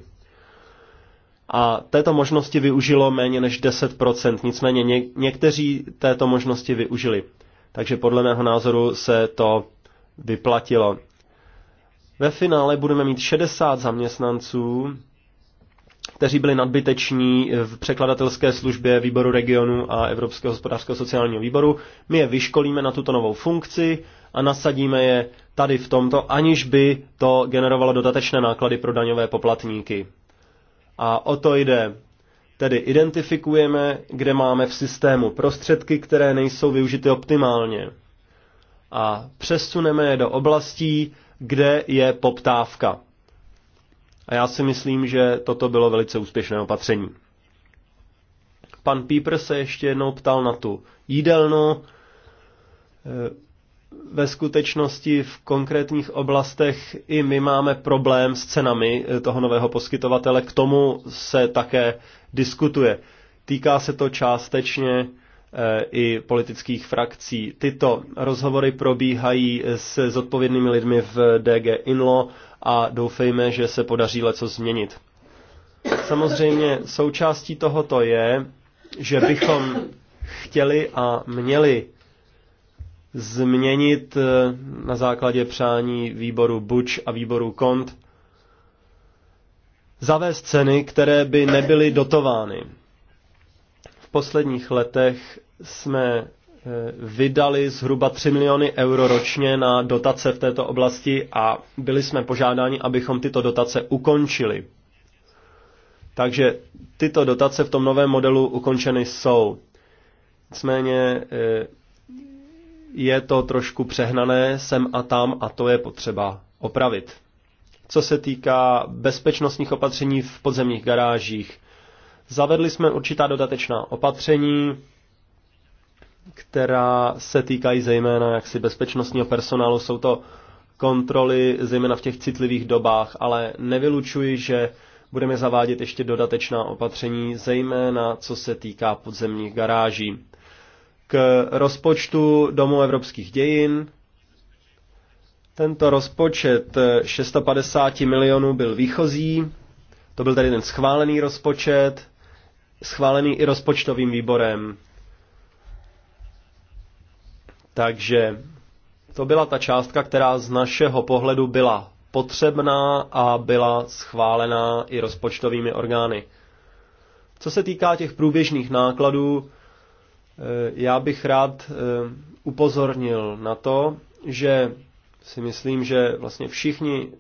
A této možnosti využilo méně než 10%, nicméně někteří této možnosti využili. Takže podle mého názoru se to vyplatilo. Ve finále budeme mít 60 zaměstnanců, kteří byli nadbyteční v překladatelské službě výboru regionu a Evropského hospodářského sociálního výboru. My je vyškolíme na tuto novou funkci a nasadíme je tady v tomto, aniž by to generovalo dodatečné náklady pro daňové poplatníky. A o to jde. Tedy identifikujeme, kde máme v systému prostředky, které nejsou využity optimálně. A přesuneme je do oblastí, kde je poptávka. A já si myslím, že toto bylo velice úspěšné opatření. Pan Pípr se ještě jednou ptal na tu jídelnu. E, ve skutečnosti v konkrétních oblastech i my máme problém s cenami e, toho nového poskytovatele. K tomu se také diskutuje. Týká se to částečně eh, i politických frakcí. Tyto rozhovory probíhají s zodpovědnými lidmi v DG Inlo a doufejme, že se podaří leco změnit. Samozřejmě součástí tohoto je, že bychom chtěli a měli změnit eh, na základě přání výboru Buč a výboru Kont zavést ceny, které by nebyly dotovány. V posledních letech jsme eh, vydali zhruba 3 miliony euro ročně na dotace v této oblasti a byli jsme požádáni, abychom tyto dotace ukončili. Takže tyto dotace v tom novém modelu ukončeny jsou. Nicméně eh, je to trošku přehnané sem a tam a to je potřeba opravit co se týká bezpečnostních opatření v podzemních garážích. Zavedli jsme určitá dodatečná opatření, která se týkají zejména jaksi bezpečnostního personálu. Jsou to kontroly zejména v těch citlivých dobách, ale nevylučuji, že budeme zavádět ještě dodatečná opatření, zejména co se týká podzemních garáží. K rozpočtu Domu evropských dějin tento rozpočet 650 eh, milionů byl výchozí, to byl tady ten schválený rozpočet, schválený i rozpočtovým výborem. Takže to byla ta částka, která z našeho pohledu byla potřebná a byla schválená i rozpočtovými orgány. Co se týká těch průběžných nákladů, eh, já bych rád eh, upozornil na to, že si myslím, že vlastně všichni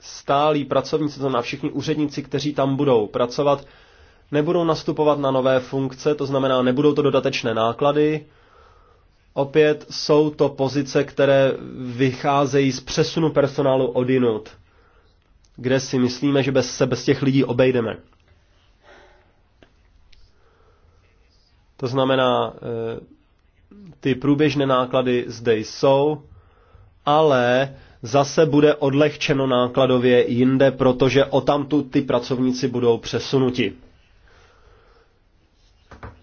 stálí pracovníci, to znamená všichni úředníci, kteří tam budou pracovat, nebudou nastupovat na nové funkce, to znamená, nebudou to dodatečné náklady. Opět jsou to pozice, které vycházejí z přesunu personálu odinut, kde si myslíme, že bez se bez těch lidí obejdeme. To znamená, eh, ty průběžné náklady zde jsou, ale zase bude odlehčeno nákladově jinde, protože o tamtu ty pracovníci budou přesunuti.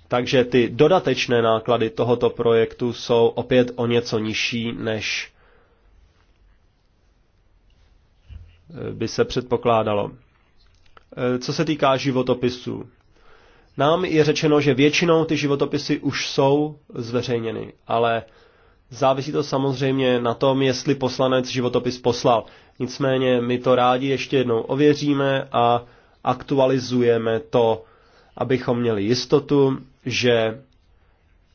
Takže ty dodatečné náklady tohoto projektu jsou opět o něco nižší, než by se předpokládalo. Co se týká životopisů, nám je řečeno, že většinou ty životopisy už jsou zveřejněny, ale Závisí to samozřejmě na tom, jestli poslanec životopis poslal. Nicméně my to rádi ještě jednou ověříme a aktualizujeme to, abychom měli jistotu, že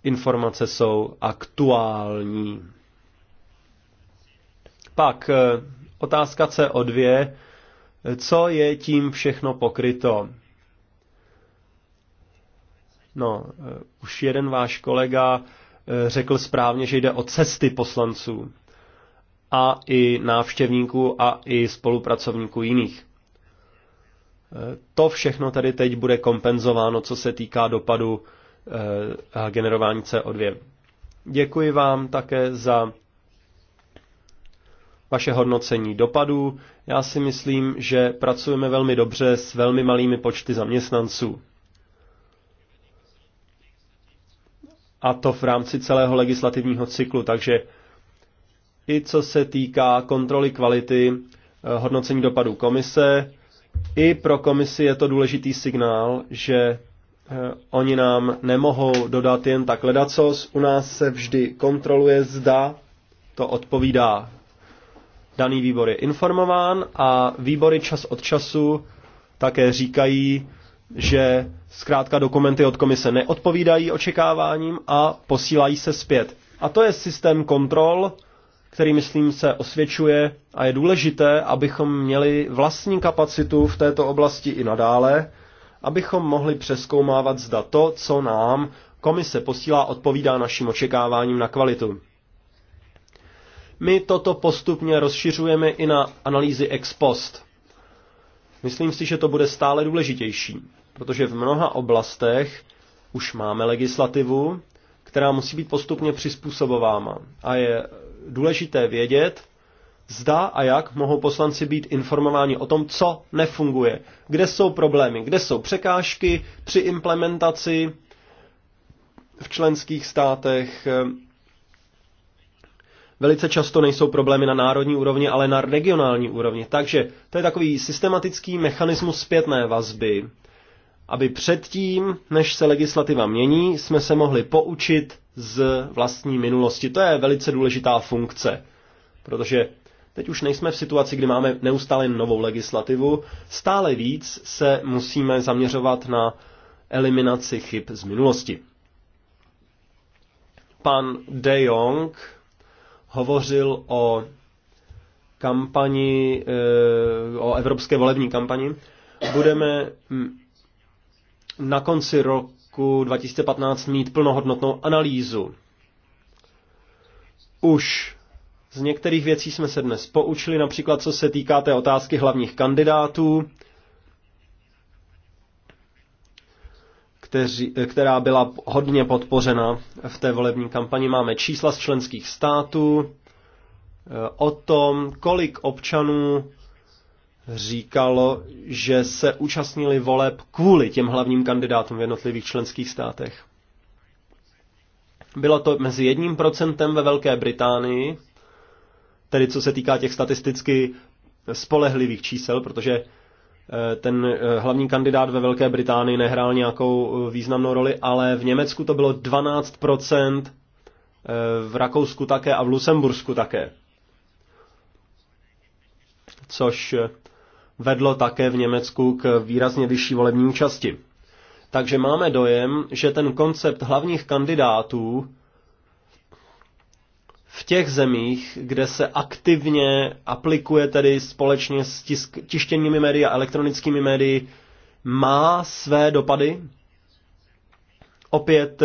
informace jsou aktuální. Pak eh, otázka CO2. Co je tím všechno pokryto? No, eh, už jeden váš kolega Eh, řekl správně, že jde o cesty poslanců a i návštěvníků a i spolupracovníků jiných. Eh, to všechno tady teď bude kompenzováno, co se týká dopadu eh, a generování CO2. Děkuji vám také za vaše hodnocení dopadů. Já si myslím, že pracujeme velmi dobře s velmi malými počty zaměstnanců. a to v rámci celého legislativního cyklu. Takže i co se týká kontroly kvality, eh, hodnocení dopadů komise, i pro komisi je to důležitý signál, že eh, oni nám nemohou dodat jen tak ledacos. U nás se vždy kontroluje, zda to odpovídá. Daný výbor je informován a výbory čas od času také říkají, že zkrátka dokumenty od komise neodpovídají očekáváním a posílají se zpět. A to je systém kontrol, který, myslím, se osvědčuje a je důležité, abychom měli vlastní kapacitu v této oblasti i nadále, abychom mohli přeskoumávat zda to, co nám komise posílá, odpovídá našim očekáváním na kvalitu. My toto postupně rozšiřujeme i na analýzy ex post. Myslím si, že to bude stále důležitější protože v mnoha oblastech už máme legislativu, která musí být postupně přizpůsobována. A je důležité vědět, zda a jak mohou poslanci být informováni o tom, co nefunguje, kde jsou problémy, kde jsou překážky při implementaci v členských státech. Velice často nejsou problémy na národní úrovni, ale na regionální úrovni. Takže to je takový systematický mechanismus zpětné vazby, aby předtím, než se legislativa mění, jsme se mohli poučit z vlastní minulosti. To je velice důležitá funkce, protože teď už nejsme v situaci, kdy máme neustále novou legislativu, stále víc se musíme zaměřovat na eliminaci chyb z minulosti. Pan De Jong hovořil o kampani, eh, o evropské volební kampani. Budeme mm, na konci roku 2015 mít plnohodnotnou analýzu. Už z některých věcí jsme se dnes poučili, například co se týká té otázky hlavních kandidátů, kteří, která byla hodně podpořena v té volební kampani. Máme čísla z členských států eh, o tom, kolik občanů říkalo, že se účastnili voleb kvůli těm hlavním kandidátům v jednotlivých členských státech. Bylo to mezi jedním procentem ve Velké Británii, tedy co se týká těch statisticky spolehlivých čísel, protože eh, ten eh, hlavní kandidát ve Velké Británii nehrál nějakou eh, významnou roli, ale v Německu to bylo 12%, v Rakousku také a v Lucembursku také. Což vedlo také v Německu k výrazně vyšší volební účasti. Takže máme dojem, že ten koncept hlavních kandidátů v těch zemích, kde se aktivně aplikuje tedy společně s tisk, tištěnými médii a elektronickými médii, má své dopady. Opět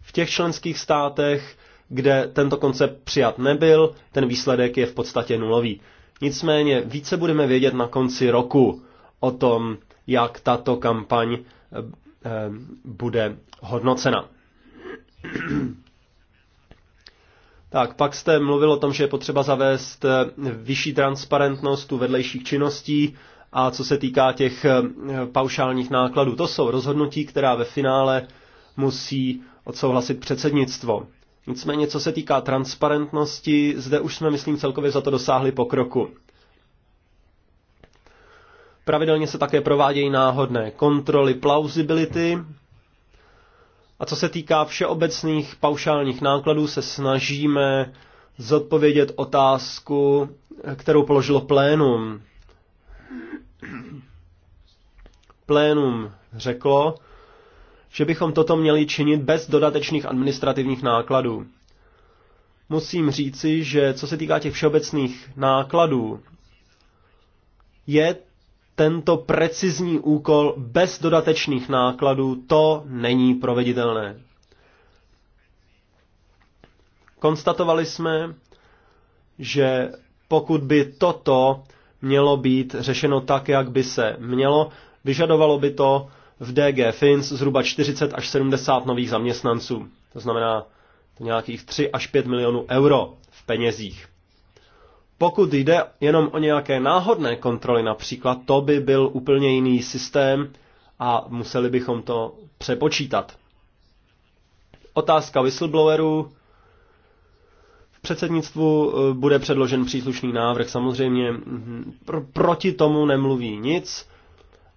v těch členských státech, kde tento koncept přijat nebyl, ten výsledek je v podstatě nulový. Nicméně více budeme vědět na konci roku o tom, jak tato kampaň eh, eh, bude hodnocena. Tak, pak jste mluvil o tom, že je potřeba zavést eh, vyšší transparentnost u vedlejších činností a co se týká těch paušálních nákladů. To jsou rozhodnutí, která ve finále musí odsouhlasit předsednictvo. Nicméně, co se týká transparentnosti, zde už jsme, myslím, celkově za to dosáhli pokroku. Pravidelně se také provádějí náhodné kontroly plausibility. A co se týká všeobecných paušálních nákladů, se snažíme zodpovědět otázku, kterou položilo plénum. Plénum řeklo, že bychom toto měli činit bez dodatečných administrativních nákladů. Musím říci, že co se týká těch všeobecných nákladů, je tento precizní úkol bez dodatečných nákladů, to není proveditelné. Konstatovali jsme, že pokud by toto mělo být řešeno tak, jak by se mělo, vyžadovalo by to v DG Fins zhruba 40 až 70 nových zaměstnanců. To znamená to nějakých 3 až 5 milionů euro v penězích. Pokud jde jenom o nějaké náhodné kontroly například, to by byl úplně jiný systém a museli bychom to přepočítat. Otázka whistleblowerů. V předsednictvu eh, bude předložen příslušný návrh. Samozřejmě mm, proti tomu nemluví nic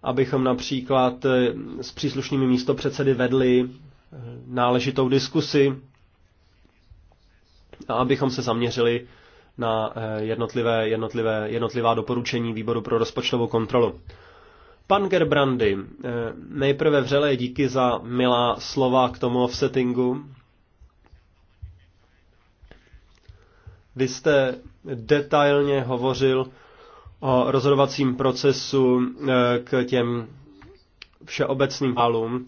abychom například eh, s příslušnými místopředsedy vedli eh, náležitou diskusi a abychom se zaměřili na eh, jednotlivé, jednotlivé, jednotlivá doporučení výboru pro rozpočtovou kontrolu. Pan Gerbrandy, nejprve vřelé díky za milá slova k tomu offsettingu. Vy jste detailně hovořil o rozhodovacím procesu e, k těm všeobecným válům,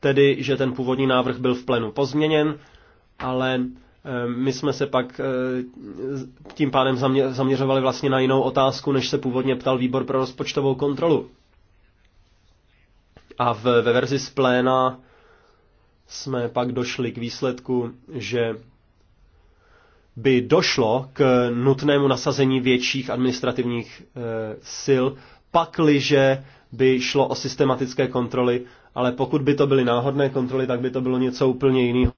tedy že ten původní návrh byl v plenu pozměněn, ale e, my jsme se pak e, tím pádem zaměřovali vlastně na jinou otázku, než se původně ptal výbor pro rozpočtovou kontrolu. A v, ve verzi z pléna jsme pak došli k výsledku, že by došlo k nutnému nasazení větších administrativních eh, sil, pakliže by šlo o systematické kontroly, ale pokud by to byly náhodné kontroly, tak by to bylo něco úplně jiného.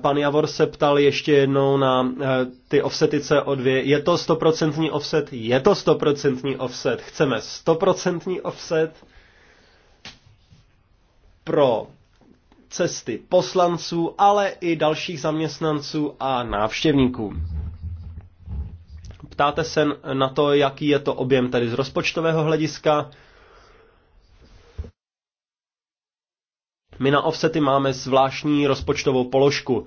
Pan Javor se ptal ještě jednou na eh, ty offsety CO2. Je to stoprocentní offset? Je to stoprocentní offset. Chceme stoprocentní offset pro cesty poslanců, ale i dalších zaměstnanců a návštěvníků. Ptáte se na to, jaký je to objem tady z rozpočtového hlediska. My na offsety máme zvláštní rozpočtovou položku.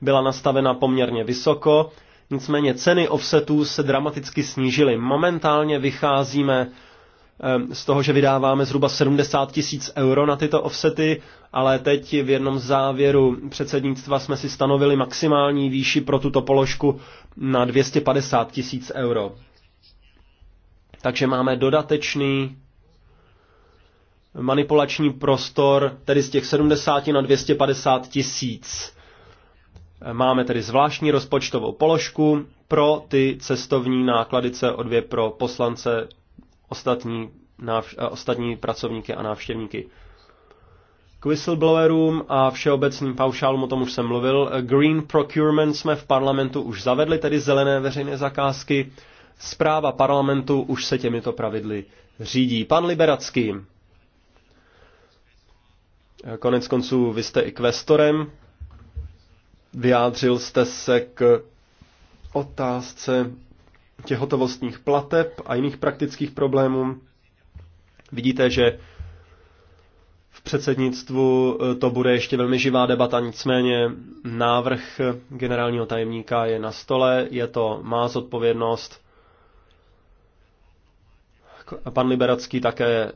Byla nastavena poměrně vysoko, nicméně ceny offsetů se dramaticky snížily. Momentálně vycházíme eh, z toho, že vydáváme zhruba 70 tisíc euro na tyto offsety, ale teď v jednom závěru předsednictva jsme si stanovili maximální výši pro tuto položku na 250 tisíc euro. Takže máme dodatečný manipulační prostor, tedy z těch 70 na 250 tisíc. Máme tedy zvláštní rozpočtovou položku pro ty cestovní náklady CO2 pro poslance, ostatní, návš- eh, ostatní pracovníky a návštěvníky. K whistleblowerům a všeobecným paušálům, o tom už jsem mluvil. Green procurement jsme v parlamentu už zavedli, tedy zelené veřejné zakázky. Zpráva parlamentu už se těmito pravidly řídí. Pan Liberacký. Konec konců vy jste i kvestorem. Vyjádřil jste se k otázce těhotovostních plateb a jiných praktických problémů. Vidíte, že předsednictvu e, to bude ještě velmi živá debata, nicméně návrh generálního tajemníka je na stole, je to má zodpovědnost. Pan Liberacký také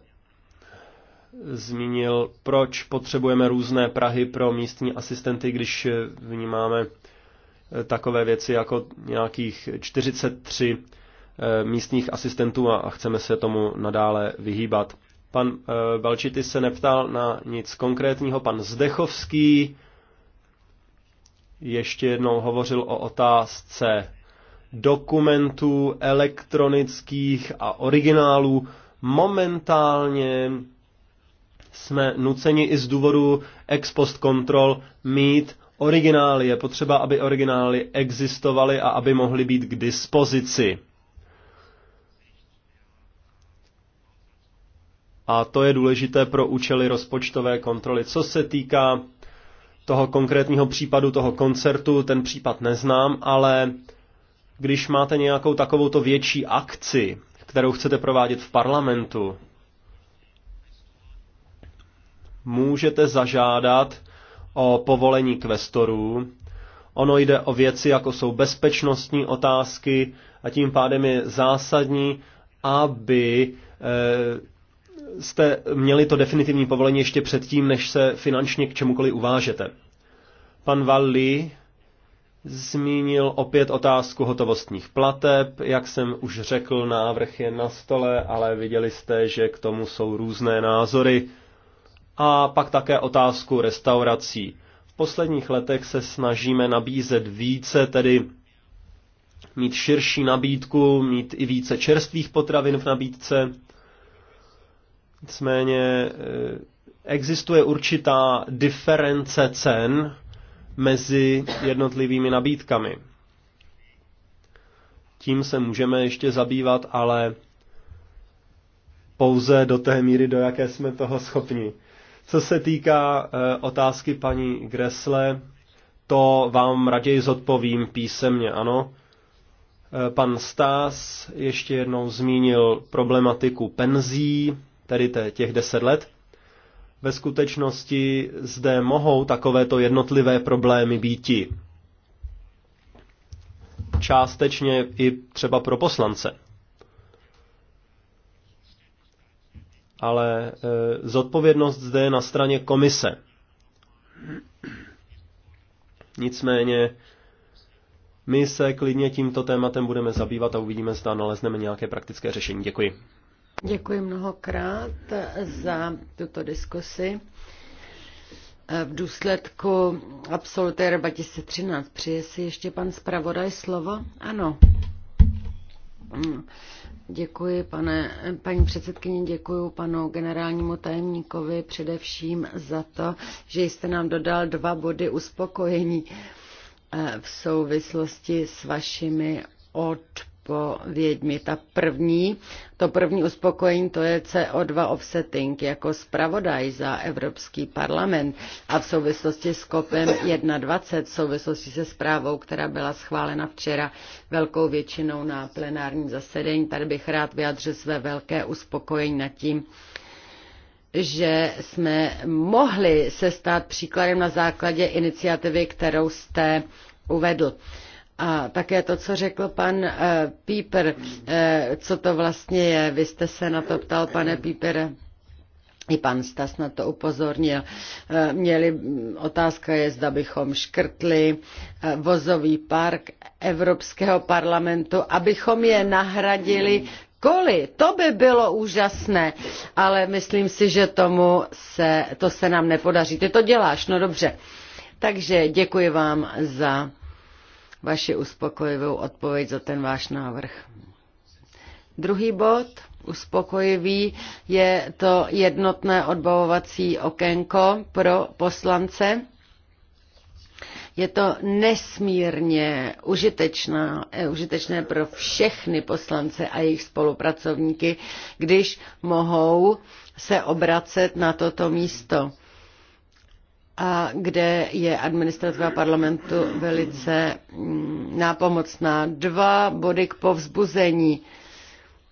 zmínil, proč potřebujeme různé Prahy pro místní asistenty, když vnímáme e, takové věci jako nějakých 43 e, místních asistentů a chceme se tomu nadále vyhýbat. Pan eh, Balčity se neptal na nic konkrétního. Pan Zdechovský ještě jednou hovořil o otázce dokumentů elektronických a originálů. Momentálně jsme nuceni i z důvodu ex post kontrol mít originály. Je potřeba, aby originály existovaly a aby mohly být k dispozici. a to je důležité pro účely rozpočtové kontroly. Co se týká toho konkrétního případu, toho koncertu, ten případ neznám, ale když máte nějakou takovouto větší akci, kterou chcete provádět v parlamentu, můžete zažádat o povolení kvestorů. Ono jde o věci, jako jsou bezpečnostní otázky a tím pádem je zásadní, aby eh, jste měli to definitivní povolení ještě předtím, než se finančně k čemukoliv uvážete. Pan Valli zmínil opět otázku hotovostních plateb. Jak jsem už řekl, návrh je na stole, ale viděli jste, že k tomu jsou různé názory. A pak také otázku restaurací. V posledních letech se snažíme nabízet více, tedy mít širší nabídku, mít i více čerstvých potravin v nabídce, Nicméně eh, existuje určitá diference cen mezi jednotlivými nabídkami. Tím se můžeme ještě zabývat, ale pouze do té míry, do jaké jsme toho schopni. Co se týká eh, otázky paní Gresle, to vám raději zodpovím písemně, ano. Eh, pan Stás ještě jednou zmínil problematiku penzí tedy těch deset let, ve skutečnosti zde mohou takovéto jednotlivé problémy býti. Částečně i třeba pro poslance. Ale e, zodpovědnost zde je na straně komise. Nicméně my se klidně tímto tématem budeme zabývat a uvidíme, zda nalezneme nějaké praktické řešení. Děkuji. Děkuji mnohokrát za tuto diskusi. V důsledku absolutéra 2013 přije si ještě pan zpravodaj slovo? Ano. Děkuji, pane, paní předsedkyně, děkuji panu generálnímu tajemníkovi především za to, že jste nám dodal dva body uspokojení v souvislosti s vašimi odpověďmi po vědmi. Ta první, to první uspokojení, to je CO2 offsetting jako zpravodaj za Evropský parlament a v souvislosti s COPem 21, v souvislosti se zprávou, která byla schválena včera velkou většinou na plenárním zasedení. Tady bych rád vyjadřil své velké uspokojení nad tím, že jsme mohli se stát příkladem na základě iniciativy, kterou jste uvedl. A také to, co řekl pan uh, eh, Píper, uh, eh, co to vlastně je, vy jste se na to ptal, pane Píper. I pan Stas na to upozornil. Eh, měli, otázka je, zda bychom škrtli vozový park Evropského parlamentu, abychom je nahradili koli. To by bylo úžasné, ale myslím si, že tomu se, to se nám nepodaří. Ty to děláš, no dobře. Takže děkuji vám za vaši uspokojivou odpověď za ten váš návrh. Druhý bod, uspokojivý, je to jednotné odbavovací okénko pro poslance. Je to nesmírně užitečná, eh, užitečné pro všechny poslance a jejich spolupracovníky, když mohou se obracet na toto místo a kde je administrativa parlamentu velice mm, nápomocná. Dva body k povzbuzení.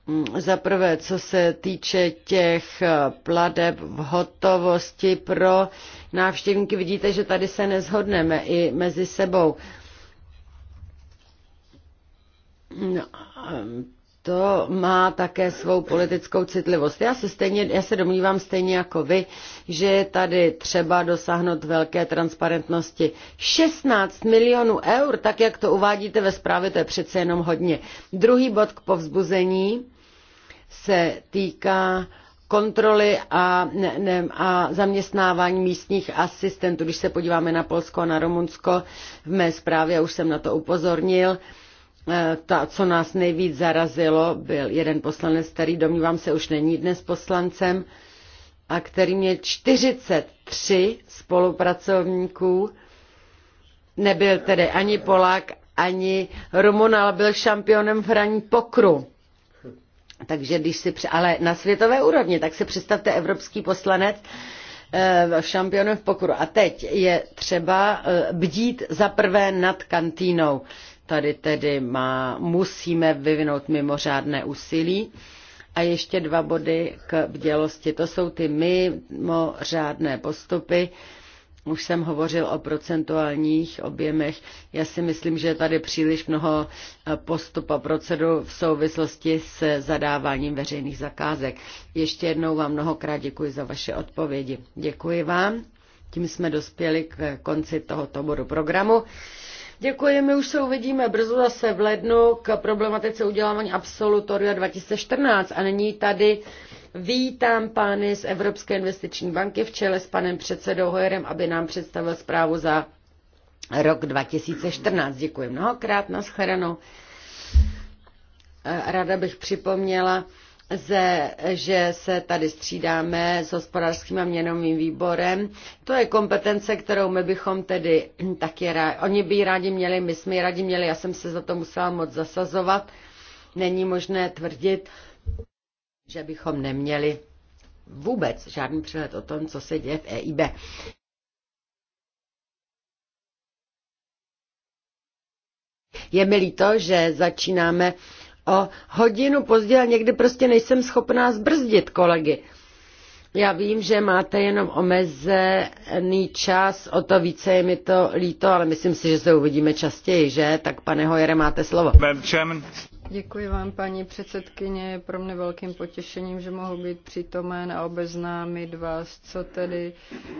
Mm, za prvé, co se týče těch eh, pladeb v hotovosti pro návštěvníky, vidíte, že tady se nezhodneme i mezi sebou. No, eh, to má také svou politickou citlivost. Já se, stejně, já se domnívám stejně jako vy, že je tady třeba dosáhnout velké transparentnosti. 16 milionů eur, tak jak to uvádíte ve zprávě, to je přece jenom hodně. Druhý bod k povzbuzení se týká kontroly a, ne, ne, a zaměstnávání místních asistentů. Když se podíváme na Polsko a na Rumunsko, v mé zprávě už jsem na to upozornil, Eh, ta, co nás nejvíc zarazilo, byl jeden poslanec, který domnívám se už není dnes poslancem, a který měl 43 spolupracovníků. Nebyl tedy ani Polák, ani Rumun, ale byl šampionem v hraní pokru. Takže když si, ale na světové úrovni, tak si představte evropský poslanec, eh, šampionem v pokru. A teď je třeba eh, bdít za prvé nad kantýnou. Tady tedy má, musíme vyvinout mimořádné úsilí. A ještě dva body k bdělosti. To jsou ty mimořádné postupy. Už jsem hovořil o procentuálních objemech. Já si myslím, že je tady příliš mnoho eh, postup a v souvislosti s zadáváním veřejných zakázek. Ještě jednou vám mnohokrát děkuji za vaše odpovědi. Děkuji vám. Tím jsme dospěli k konci tohoto bodu programu my už se uvidíme brzo zase v lednu k problematice udělávání absolutoria 2014 a není tady Vítám pány z Evropské investiční banky v čele s panem předsedou hoyerem aby nám představil zprávu za rok 2014. Děkuji mnohokrát, nashledanou. Eh, Rada bych připomněla, ze, že se tady střídáme s hospodářským a měnovým výborem. To je kompetence, kterou my bychom tedy taky rádi, oni by ji rádi měli, my jsme ji rádi měli, já jsem se za to musela moc zasazovat. Není možné tvrdit, že bychom neměli vůbec žádný přehled o tom, co se děje v EIB. Je mi líto, že začínáme o hodinu pozdě a někdy prostě nejsem schopná zbrzdit kolegy. Já vím, že máte jenom omezený čas, o to více je mi to líto, ale myslím si, že se uvidíme častěji, že? Tak pane Hojere, máte slovo. Děkuji vám, paní předsedkyně. Je pro mě velkým potěšením, že mohu být přítomen a obeznámit vás, co tedy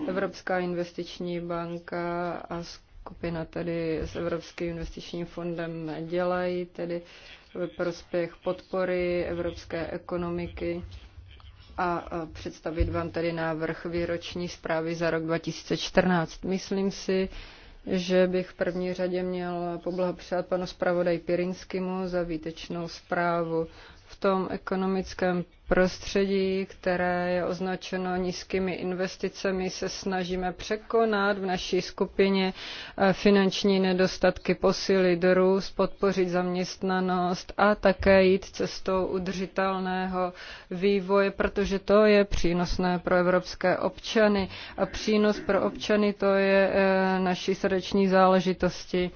Evropská investiční banka a skupina tedy s Evropským investičním fondem dělají, tedy uh, ve prospěch podpory evropské ekonomiky a představit vám tady návrh výroční zprávy za rok 2014. Myslím si, že bych v první řadě měl poblahopřát panu zpravodaj Pirinskému za výtečnou zprávu. V tom ekonomickém prostředí, které je označeno nízkými investicemi, se snažíme překonat v naší skupině eh, finanční nedostatky, posílit růst, podpořit zaměstnanost a také jít cestou udržitelného vývoje, protože to je přínosné pro evropské občany a přínos pro občany to je eh, naší srdeční záležitosti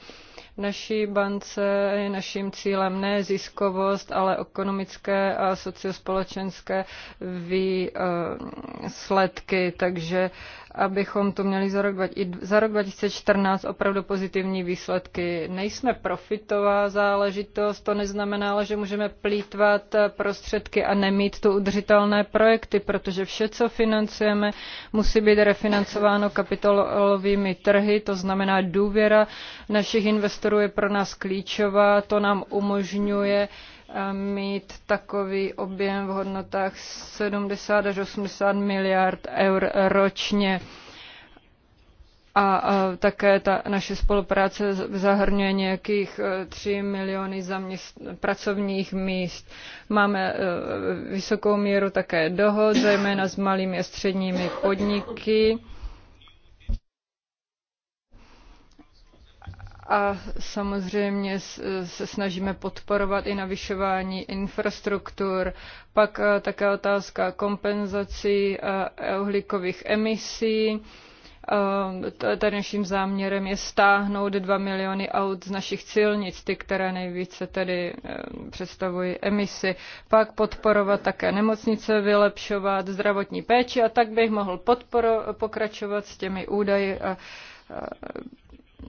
naší bance je naším cílem ne ziskovost, ale ekonomické a sociospolečenské výsledky, takže abychom to měli za rok, i za rok 2014 opravdu pozitivní výsledky. Nejsme profitová záležitost, to neznamená, ale že můžeme plítvat prostředky a nemít tu udržitelné projekty, protože vše, co financujeme, musí být refinancováno kapitolovými trhy, to znamená důvěra našich investorů je pro nás klíčová, to nám umožňuje uh, mít takový objem v hodnotách 70 až 80 miliard eur ročně. A, a také ta naše spolupráce zahrnuje nějakých 3 e, miliony zaměst, pracovních míst. Máme e, vysokou míru také dohod, zejména s malými a středními podniky a samozřejmě se snažíme podporovat i navyšování infrastruktur. Pak eh, také otázka kompenzací eh, uhlíkových emisí. Eh, tady naším záměrem je stáhnout 2 miliony aut z našich silnic, ty, které nejvíce tedy představují emisy. Pak podporovat také nemocnice, vylepšovat zdravotní péči a tak bych mohl podporo, pokračovat s těmi údaji a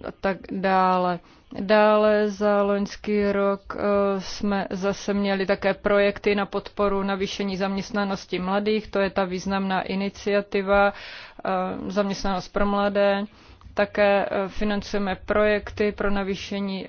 a tak dále. Dále za loňský rok eh, jsme zase měli také projekty na podporu navýšení zaměstnanosti mladých, to je ta významná iniciativa eh, Zaměstnanost pro mladé. Také eh, financujeme projekty pro navýšení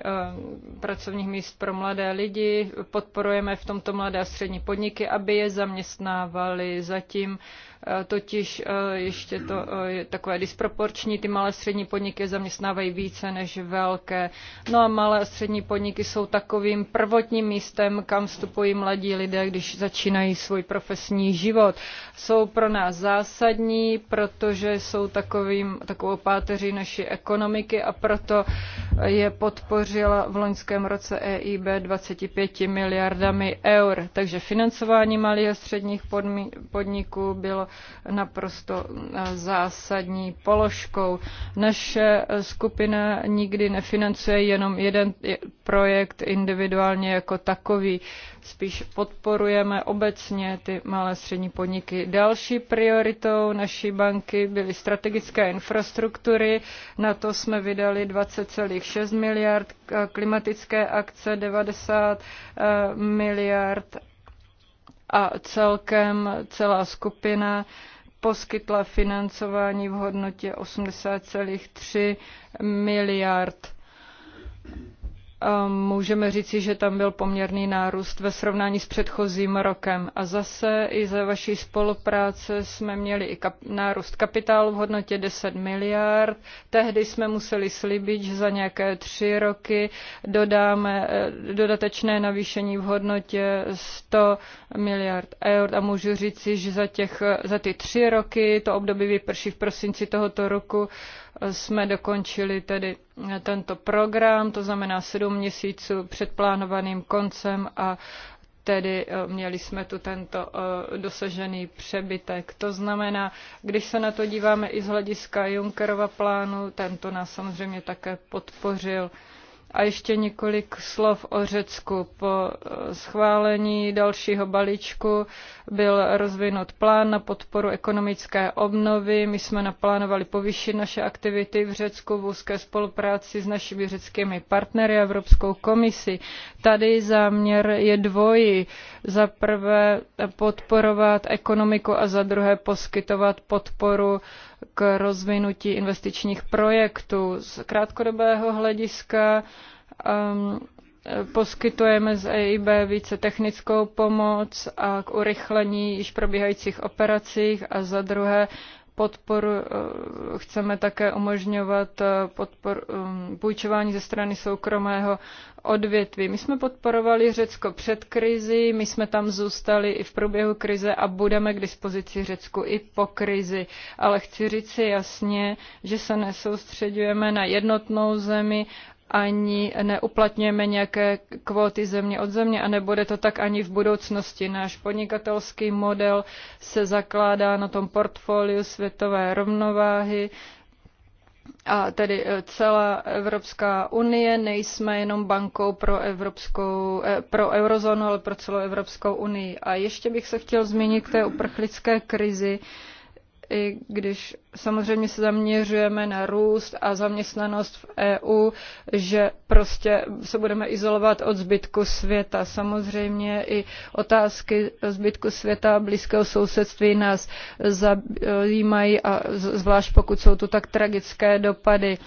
pracovních míst pro mladé lidi, podporujeme v tomto mladé a střední podniky, aby je zaměstnávali. Zatím Eh, totiž eh, ještě to eh, je takové disproporční, ty malé střední podniky zaměstnávají více než velké. No a malé a střední podniky jsou takovým prvotním místem, kam vstupují mladí lidé, když začínají svůj profesní život. Jsou pro nás zásadní, protože jsou takovým, takovou páteří naší ekonomiky a proto je podpořila v loňském roce EIB 25 miliardami eur. Takže financování malých a středních podniků bylo naprosto eh, zásadní položkou. Naše skupina nikdy nefinancuje jenom jeden projekt individuálně jako takový. Spíš podporujeme obecně ty malé a střední podniky. Další prioritou naší banky byly strategické infrastruktury. Na to jsme vydali 20, 6 miliard, eh, klimatické akce 90 eh, miliard a celkem celá skupina poskytla financování v hodnotě 80,3 miliard můžeme říci, že tam byl poměrný nárůst ve srovnání s předchozím rokem. A zase i za vaší spolupráce jsme měli i kap- nárůst kapitálu v hodnotě 10 miliard. Tehdy jsme museli slibit, že za nějaké tři roky dodáme eh, dodatečné navýšení v hodnotě 100 miliard eur. A můžu říci, že za, těch, za ty tři roky, to období vyprší v prosinci tohoto roku, jsme dokončili tedy tento program, to znamená sedm měsíců před plánovaným koncem a tedy eh, měli jsme tu tento eh, dosažený přebytek. To znamená, když se na to díváme i z hlediska Junckerova plánu, tento nás samozřejmě také podpořil. A ještě několik slov o Řecku. Po eh, schválení dalšího balíčku byl rozvinut plán na podporu ekonomické obnovy. My jsme naplánovali povýšit naše aktivity v Řecku v úzké spolupráci s našimi řeckými partnery a Evropskou komisi. Tady záměr je dvojí. Za prvé podporovat ekonomiku a za druhé poskytovat podporu k rozvinutí investičních projektů. Z krátkodobého hlediska um, poskytujeme z EIB více technickou pomoc a k urychlení již probíhajících operacích a za druhé podporu, eh, chceme také umožňovat eh, podpor, um, půjčování ze strany soukromého odvětví. My jsme podporovali Řecko před krizi, my jsme tam zůstali i v průběhu krize a budeme k dispozici Řecku i po krizi. Ale chci říct si jasně, že se nesoustředujeme na jednotnou zemi, ani neuplatňujeme nějaké kvóty země od země a nebude to tak ani v budoucnosti. Náš podnikatelský model se zakládá na tom portfoliu světové rovnováhy, a tedy e, celá Evropská unie, nejsme jenom bankou pro, evropskou, e, pro eurozónu, ale pro celou Evropskou unii. A ještě bych se chtěl zmínit k té uprchlické krizi i když samozřejmě se zaměřujeme na růst a zaměstnanost v EU, že prostě se budeme izolovat od zbytku světa. Samozřejmě i otázky zbytku světa a blízkého sousedství nás zajímají, a zvlášť pokud jsou tu tak tragické dopady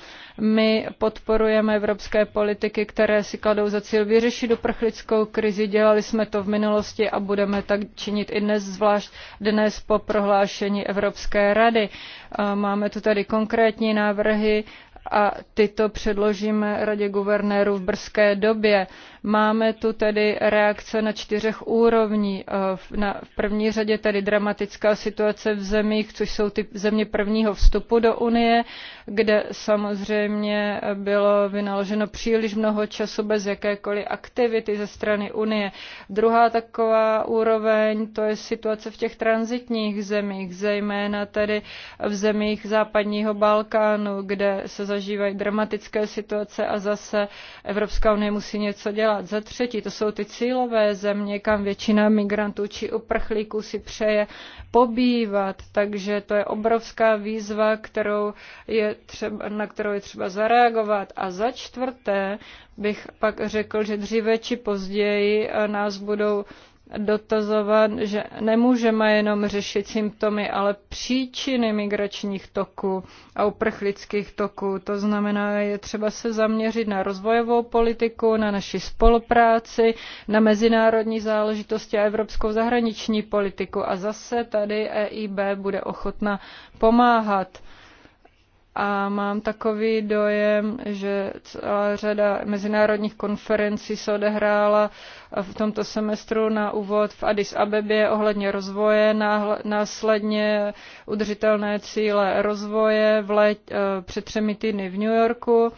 my podporujeme evropské politiky, které si kladou za cíl vyřešit uprchlickou krizi. Dělali jsme to v minulosti a budeme tak činit i dnes, zvlášť dnes po prohlášení Evropské rady. Máme tu tady konkrétní návrhy a tyto předložíme Radě guvernérů v brzké době. Máme tu tedy reakce na čtyřech úrovní. Eh, na, v první řadě tedy dramatická situace v zemích, což jsou ty země prvního vstupu do Unie, kde samozřejmě bylo vynaloženo příliš mnoho času bez jakékoliv aktivity ze strany Unie. Druhá taková úroveň, to je situace v těch transitních zemích, zejména tedy v zemích západního Balkánu, kde se zažívají dramatické situace a zase Evropská unie musí něco dělat dělat Za třetí, to jsou ty cílové země, kam většina migrantů či uprchlíků si přeje pobývat, takže to je obrovská výzva, kterou je třeba, na kterou je třeba zareagovat. A za čtvrté bych pak řekl, že dříve či později eh, nás budou dotazovat, že nemůžeme jenom řešit symptomy, ale příčiny migračních toků a uprchlických toků. To znamená, je třeba se zaměřit na rozvojovou politiku, na naši spolupráci, na mezinárodní záležitosti a evropskou zahraniční politiku. A zase tady EIB bude ochotna pomáhat a mám takový dojem, že celá řada mezinárodních konferencí se odehrála v tomto semestru na úvod v Addis Abebě ohledně rozvoje, následně udržitelné cíle rozvoje v let, eh, před třemi týdny v New Yorku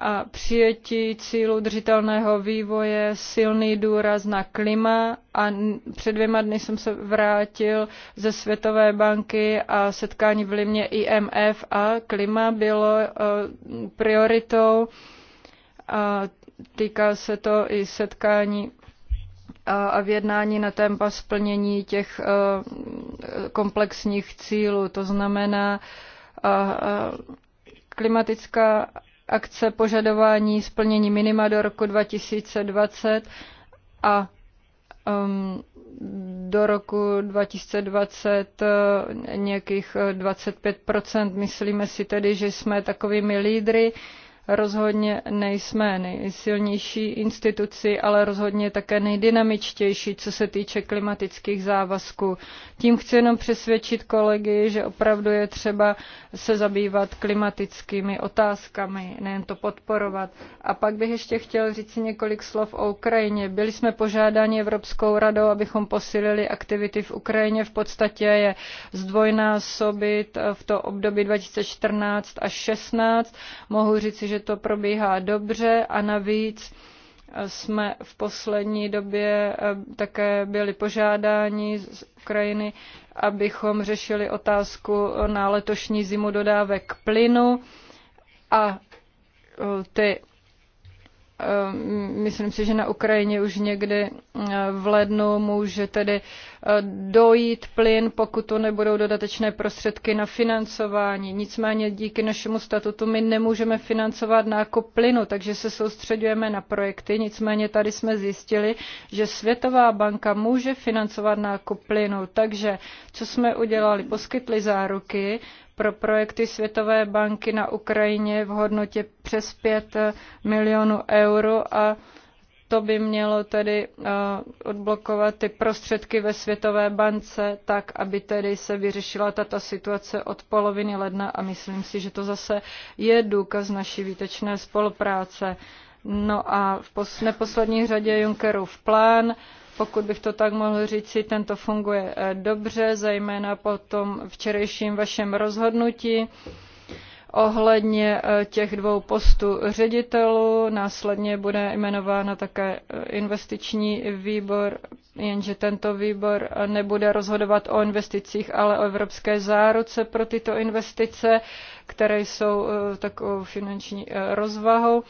a přijetí cílu držitelného vývoje, silný důraz na klima a před dvěma dny jsem se vrátil ze Světové banky a setkání v Limě IMF a klima bylo eh, prioritou a týká se to i setkání eh, a v jednání na tempa splnění těch eh, komplexních cílů. To znamená, klimatická akce požadování splnění minima do roku 2020 a um, do roku 2020 eh, nějakých 25 eh, Myslíme si tedy, že jsme takovými lídry. Uh, Rozhodně nejsme nejsilnější instituci, ale rozhodně také nejdynamičtější, co se týče klimatických závazků. Tím chci jenom přesvědčit kolegy, že opravdu je třeba se zabývat klimatickými otázkami, nejen to podporovat. A pak bych ještě chtěl říct několik slov o Ukrajině. Byli jsme požádáni Evropskou radou, abychom posílili aktivity v Ukrajině. V podstatě je zdvojnásobit v to období 2014 až 16. Mohu říct, že že to probíhá dobře a navíc eh, jsme v poslední době eh, také byli požádáni z Ukrajiny, abychom řešili otázku eh, na letošní zimu dodávek plynu a ty Ehm, myslím si, že na Ukrajině už někdy eh, v lednu může tedy eh, dojít plyn, pokud to nebudou dodatečné prostředky na financování. Nicméně díky našemu statutu my nemůžeme financovat nákup plynu, takže se soustředujeme na projekty. Nicméně tady jsme zjistili, že Světová banka může financovat nákup plynu. Takže co jsme udělali? Poskytli záruky pro projekty Světové banky na Ukrajině v hodnotě přes 5 milionů euro a to by mělo tedy eh, odblokovat ty prostředky ve Světové bance tak, aby tedy se vyřešila tato situace od poloviny ledna a myslím si, že to zase je důkaz naší výtečné spolupráce. No a v neposlední řadě Junckerův plán pokud bych to tak mohl říci, tento funguje eh, dobře, zejména po tom včerejším vašem rozhodnutí ohledně eh, těch dvou postů ředitelů. Následně bude jmenována také eh, investiční výbor, jenže tento výbor nebude rozhodovat o investicích, ale o evropské záruce pro tyto investice, které jsou takovou finanční rozvahou.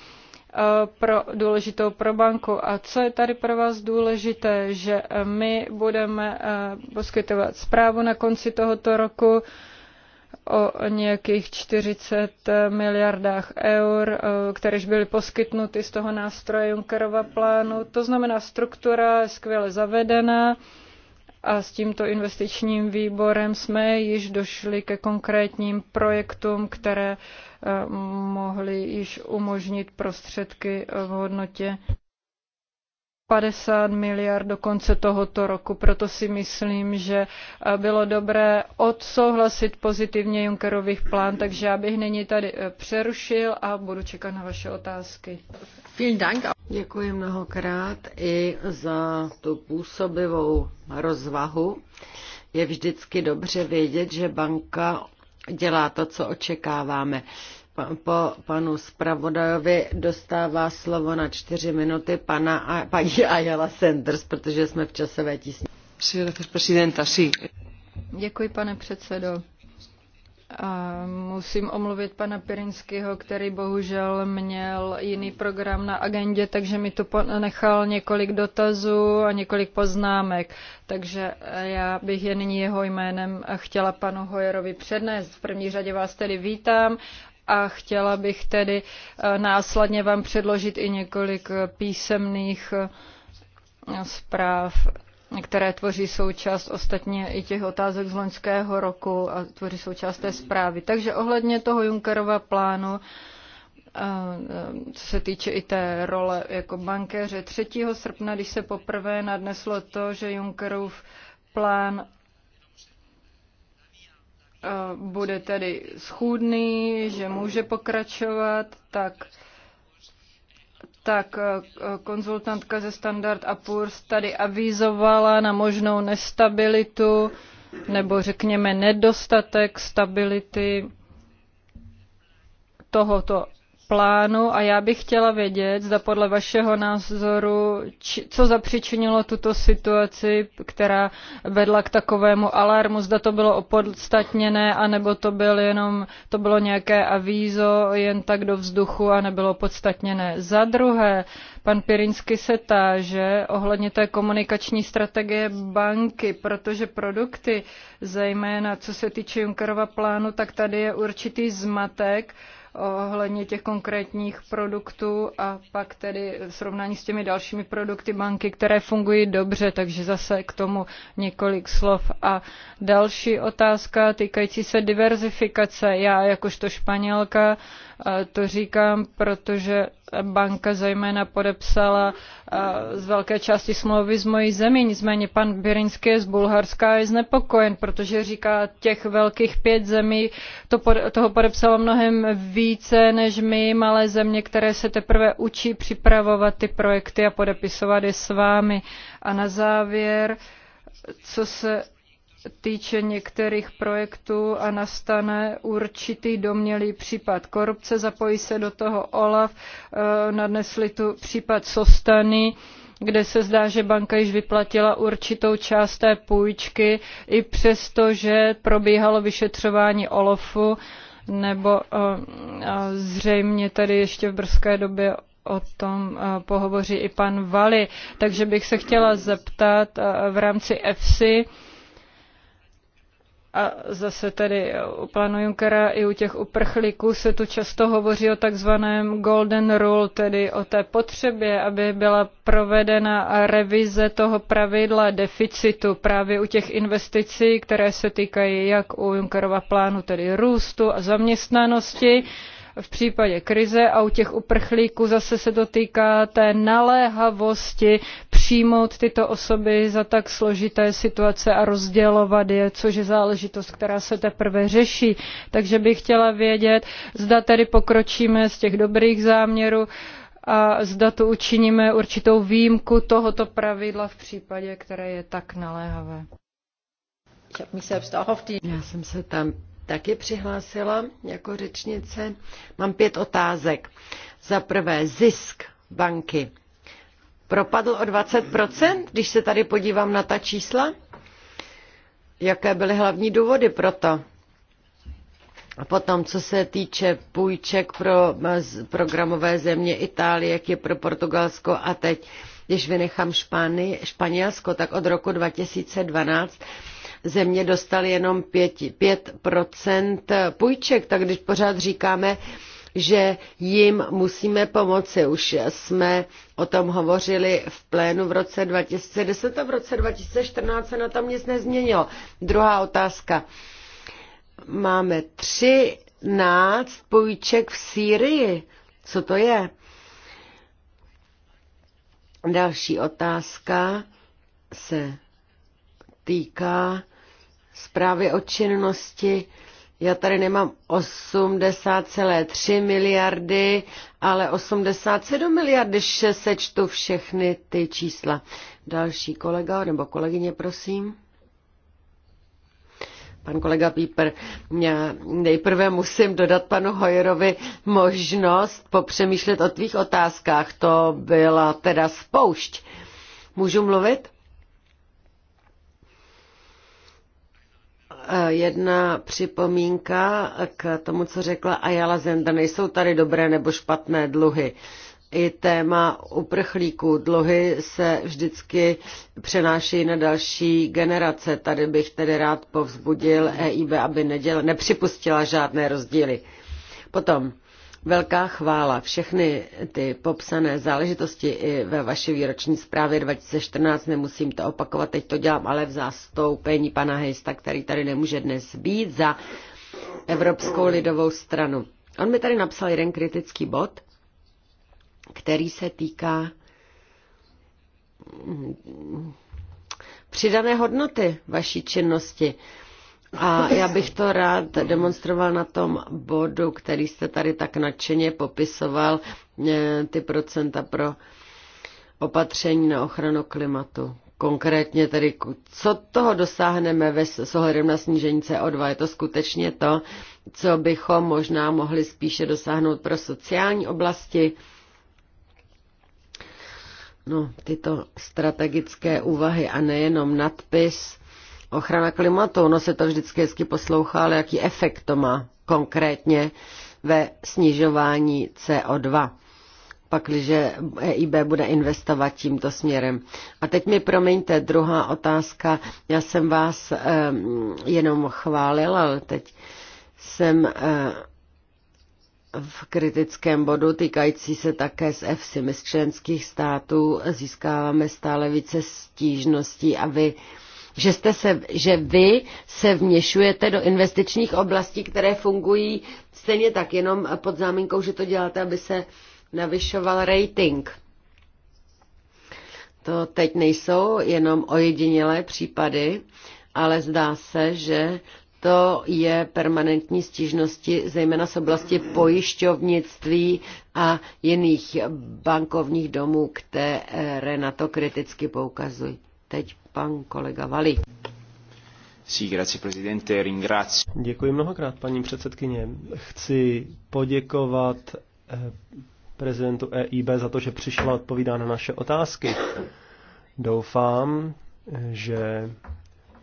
Eh, pro, důležitou pro banku. A co je tady pro vás důležité, že my budeme eh, poskytovat zprávu na konci tohoto roku o nějakých 40 miliardách eur, eh, kteréž byly poskytnuty z toho nástroje Junckerova plánu. To znamená, struktura je skvěle zavedená a s tímto investičním výborem jsme již došli ke konkrétním projektům, které eh, mohly již umožnit prostředky eh, v hodnotě 50 miliard do konce tohoto roku. Proto si myslím, že eh, bylo dobré odsouhlasit pozitivně Junckerových plán, takže já bych nyní tady eh, přerušil a budu čekat na vaše otázky. Děkuji mnohokrát i za tu působivou rozvahu. Je vždycky dobře vědět, že banka dělá to, co očekáváme po panu zpravodajovi dostává slovo na čtyři minuty pana a, paní Ayala Sanders, protože jsme v časové tísni. Děkuji, pane předsedo. A musím omluvit pana Pirinského, který bohužel měl jiný program na agendě, takže mi tu nechal několik dotazů a několik poznámek. Takže já bych je nyní jeho jménem chtěla panu Hojerovi přednést. V první řadě vás tedy vítám a chtěla bych tedy eh, následně vám předložit i několik eh, písemných eh, zpráv které tvoří součást ostatně i těch otázek z loňského roku a tvoří součást té zprávy. Takže ohledně toho Junckerova plánu, co se týče i té role jako bankéře, 3. srpna, když se poprvé nadneslo to, že Junckerův plán bude tedy schůdný, že může pokračovat, tak tak eh, konzultantka ze Standard Poor's tady avizovala na možnou nestabilitu nebo řekněme nedostatek stability tohoto plánu a já bych chtěla vědět, zda podle vašeho názoru, či, co zapřičinilo tuto situaci, která vedla k takovému alarmu, zda to bylo opodstatněné, anebo to, byl jenom, to bylo nějaké avízo jen tak do vzduchu a nebylo podstatněné. Za druhé, pan Pirinsky se táže ohledně té komunikační strategie banky, protože produkty, zejména co se týče Junckerova plánu, tak tady je určitý zmatek, ohledně těch konkrétních produktů a pak tedy srovnání s těmi dalšími produkty banky, které fungují dobře, takže zase k tomu několik slov. A další otázka týkající se diverzifikace. Já jakožto Španělka Eh, to říkám, protože banka zejména podepsala eh, z velké části smlouvy z mojí zemí, nicméně pan Birinsky z Bulharska je znepokojen, protože říká, těch velkých pět zemí to, toho podepsalo mnohem více než my, malé země, které se teprve učí připravovat ty projekty a podepisovat je s vámi. A na závěr, co se týče některých projektů a nastane určitý domělý případ korupce, zapojí se do toho OLAF, eh, nadnesli tu případ Sostany, kde se zdá, že banka již vyplatila určitou část té půjčky, i přesto, že probíhalo vyšetřování OLAFu, nebo eh, zřejmě tady ještě v brzké době o tom eh, pohovoří i pan Vali. Takže bych se chtěla zeptat v rámci EFSI, a zase tedy u pana Junckera i u těch uprchlíků se tu často hovoří o takzvaném golden rule, tedy o té potřebě, aby byla provedena revize toho pravidla deficitu právě u těch investicí, které se týkají jak u Junckerova plánu, tedy růstu a zaměstnanosti, v případě krize a u těch uprchlíků zase se dotýká té naléhavosti přijmout tyto osoby za tak složité situace a rozdělovat je, což je záležitost, která se teprve řeší. Takže bych chtěla vědět, zda tedy pokročíme z těch dobrých záměrů a zda tu učiníme určitou výjimku tohoto pravidla v případě, které je tak naléhavé. Já jsem se tam taky přihlásila jako řečnice. Mám pět otázek. Za prvé, zisk banky propadl o 20%, když se tady podívám na ta čísla? Jaké byly hlavní důvody pro to? A potom, co se týče půjček pro programové země Itálie, jak je pro Portugalsko a teď, když vynechám Španělsko, tak od roku 2012 země dostaly jenom 5, 5% půjček, tak když pořád říkáme, že jim musíme pomoci. Už jsme o tom hovořili v plénu v roce 2010 a v roce 2014 se na tom nic nezměnilo. Druhá otázka. Máme 13 půjček v Sýrii. Co to je? Další otázka se týká zprávy o činnosti. Já tady nemám 80,3 miliardy, ale 87 miliardy že sečtu všechny ty čísla. Další kolega nebo kolegyně, prosím. Pan kolega Píper, já nejprve musím dodat panu Hojerovi možnost popřemýšlet o tvých otázkách. To byla teda spoušť. Můžu mluvit? Eh, jedna připomínka k tomu, co řekla Ayala Zenda. Nejsou tady dobré nebo špatné dluhy. I téma uprchlíků dluhy se vždycky přenáší na další generace. Tady bych tedy rád povzbudil EIB, aby neděl, nepřipustila žádné rozdíly. Potom Velká chvála. Všechny ty popsané záležitosti i ve vaší výroční zprávě 2014, nemusím to opakovat, teď to dělám, ale v zastoupení pana Hejsta, který tady nemůže dnes být za Evropskou lidovou stranu. On mi tady napsal jeden kritický bod, který se týká mm, přidané hodnoty vaší činnosti. A já bych to rád demonstroval na tom bodu, který jste tady tak nadšeně popisoval, eh, ty procenta pro opatření na ochranu klimatu. Konkrétně tedy, co toho dosáhneme ve, s ohledem na snížení CO2? Je to skutečně to, co bychom možná mohli spíše dosáhnout pro sociální oblasti? No, tyto strategické úvahy a nejenom nadpis Ochrana klimatu, ono se to vždycky hezky poslouchá, ale jaký efekt to má konkrétně ve snižování CO2 pakliže EIB bude investovat tímto směrem. A teď mi promiňte, druhá otázka. Já jsem vás eh, jenom chválila, ale teď jsem eh, v kritickém bodu týkající se také z EFSI. My z členských států získáváme stále více stížností a vy eh, že, jste se, že vy se vměšujete do investičních oblastí, které fungují stejně tak, jenom pod záminkou, že to děláte, aby se navyšoval rating. To teď nejsou jenom ojedinělé případy, ale zdá se, že to je permanentní stížnosti, zejména z oblasti pojišťovnictví a jiných bankovních domů, které na to kriticky poukazují. Teď pan kolega Vali. Děkuji mnohokrát, paní předsedkyně. Chci poděkovat eh, prezidentu EIB za to, že přišla odpovídá na naše otázky. Doufám, eh, že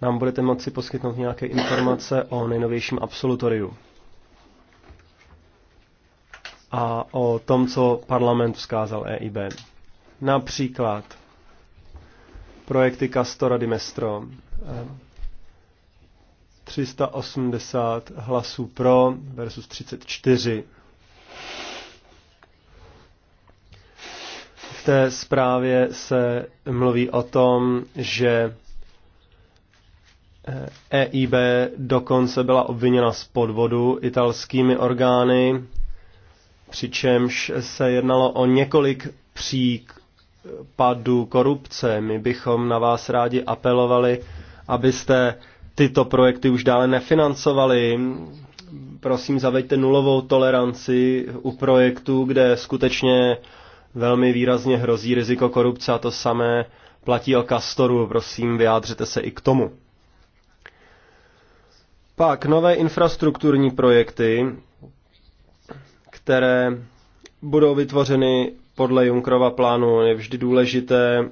nám budete moci poskytnout nějaké informace o nejnovějším absolutoriu a o tom, co parlament vzkázal EIB. Například projekty Castora di Mestro. 380 hlasů pro versus 34. V té zprávě se mluví o tom, že EIB eh, e dokonce byla obviněna z podvodu italskými orgány, přičemž se jednalo o několik příkladů padu korupce. My bychom na vás rádi apelovali, abyste tyto projekty už dále nefinancovali. Prosím, zaveďte nulovou toleranci u projektů, kde skutečně velmi výrazně hrozí riziko korupce a to samé platí o Kastoru. Prosím, vyjádřete se i k tomu. Pak nové infrastrukturní projekty, které budou vytvořeny podle Junkrova plánu je vždy důležité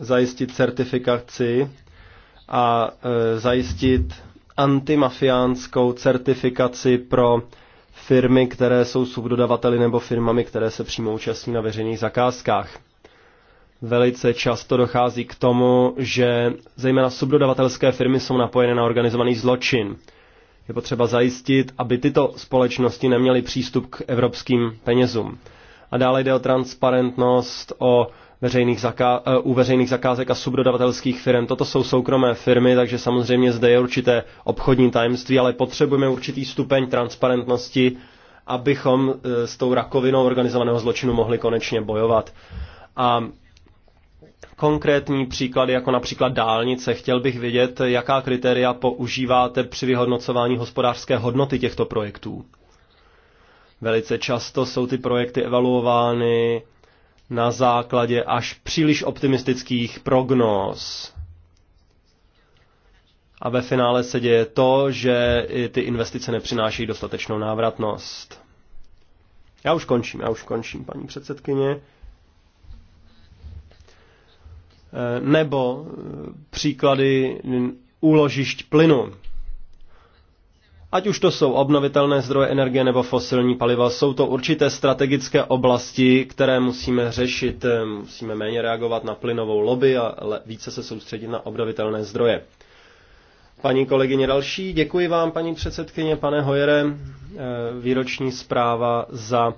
zajistit certifikaci a e, zajistit antimafiánskou certifikaci pro firmy, které jsou subdodavateli nebo firmami, které se přímo účastní na veřejných zakázkách. Velice často dochází k tomu, že zejména subdodavatelské firmy jsou napojené na organizovaný zločin. Je potřeba zajistit, aby tyto společnosti neměly přístup k evropským penězům. A dále jde o transparentnost, o veřejných zaká- e, u veřejných zakázek a subdodavatelských firm. Toto jsou soukromé firmy, takže samozřejmě zde je určité obchodní tajemství, ale potřebujeme určitý stupeň transparentnosti, abychom e, s tou rakovinou organizovaného zločinu mohli konečně bojovat. A konkrétní příklady, jako například dálnice, chtěl bych vidět jaká kritéria používáte při vyhodnocování hospodářské hodnoty těchto projektů. Velice často jsou ty projekty evaluovány na základě až příliš optimistických prognóz. A ve finále se děje to, že i ty investice nepřináší dostatečnou návratnost. Já už končím, já už končím, paní předsedkyně. Eh, nebo eh, příklady úložišť plynu. Ať už to jsou obnovitelné zdroje energie nebo fosilní paliva, jsou to určité strategické oblasti, které musíme řešit. Eh, musíme méně reagovat na plynovou lobby a více se soustředit na obnovitelné zdroje. Paní kolegyně další, děkuji vám, paní předsedkyně, pane Hojere, eh, výroční zpráva za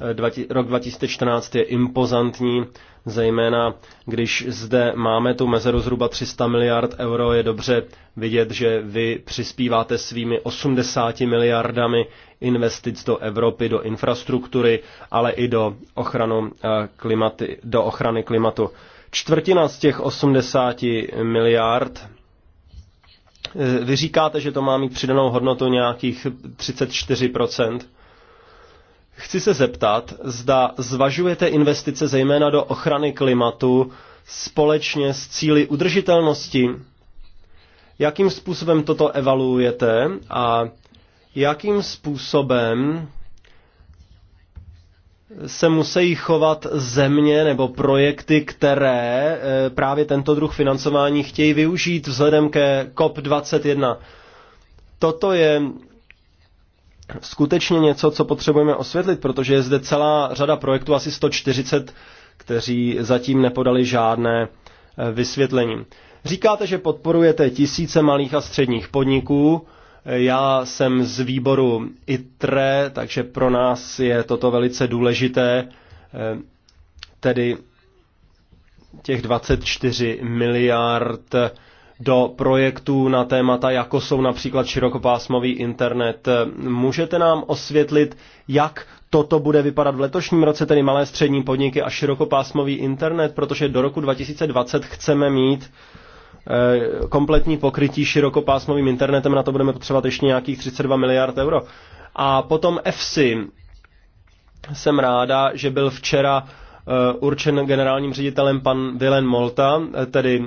Eh, rok 2014 je impozantní, zejména když zde máme tu mezeru zhruba 300 miliard euro, je dobře vidět, že vy přispíváte svými 80 miliardami investic do Evropy, do infrastruktury, ale i do, ochranu eh, klimaty, do ochrany klimatu. Čtvrtina z těch 80 miliard eh, vy říkáte, že to má mít přidanou hodnotu nějakých 34 Chci se zeptat, zda zvažujete investice zejména do ochrany klimatu společně s cíly udržitelnosti? Jakým způsobem toto evaluujete a jakým způsobem se musí chovat země nebo projekty, které eh, právě tento druh financování chtějí využít vzhledem ke COP21. Toto je skutečně něco, co potřebujeme osvětlit, protože je zde celá řada projektů, asi 140, kteří zatím nepodali žádné eh, vysvětlení. Říkáte, že podporujete tisíce malých a středních podniků. Eh, já jsem z výboru ITRE, takže pro nás je toto velice důležité, eh, tedy těch 24 miliard do projektů na témata, jako jsou například širokopásmový internet. Můžete nám osvětlit, jak toto bude vypadat v letošním roce, tedy malé střední podniky a širokopásmový internet, protože do roku 2020 chceme mít eh, kompletní pokrytí širokopásmovým internetem, na to budeme potřebovat ještě nějakých 32 miliard euro. A potom FSI. Jsem ráda, že byl včera Eh, určen generálním ředitelem pan Dylan Molta, eh, tedy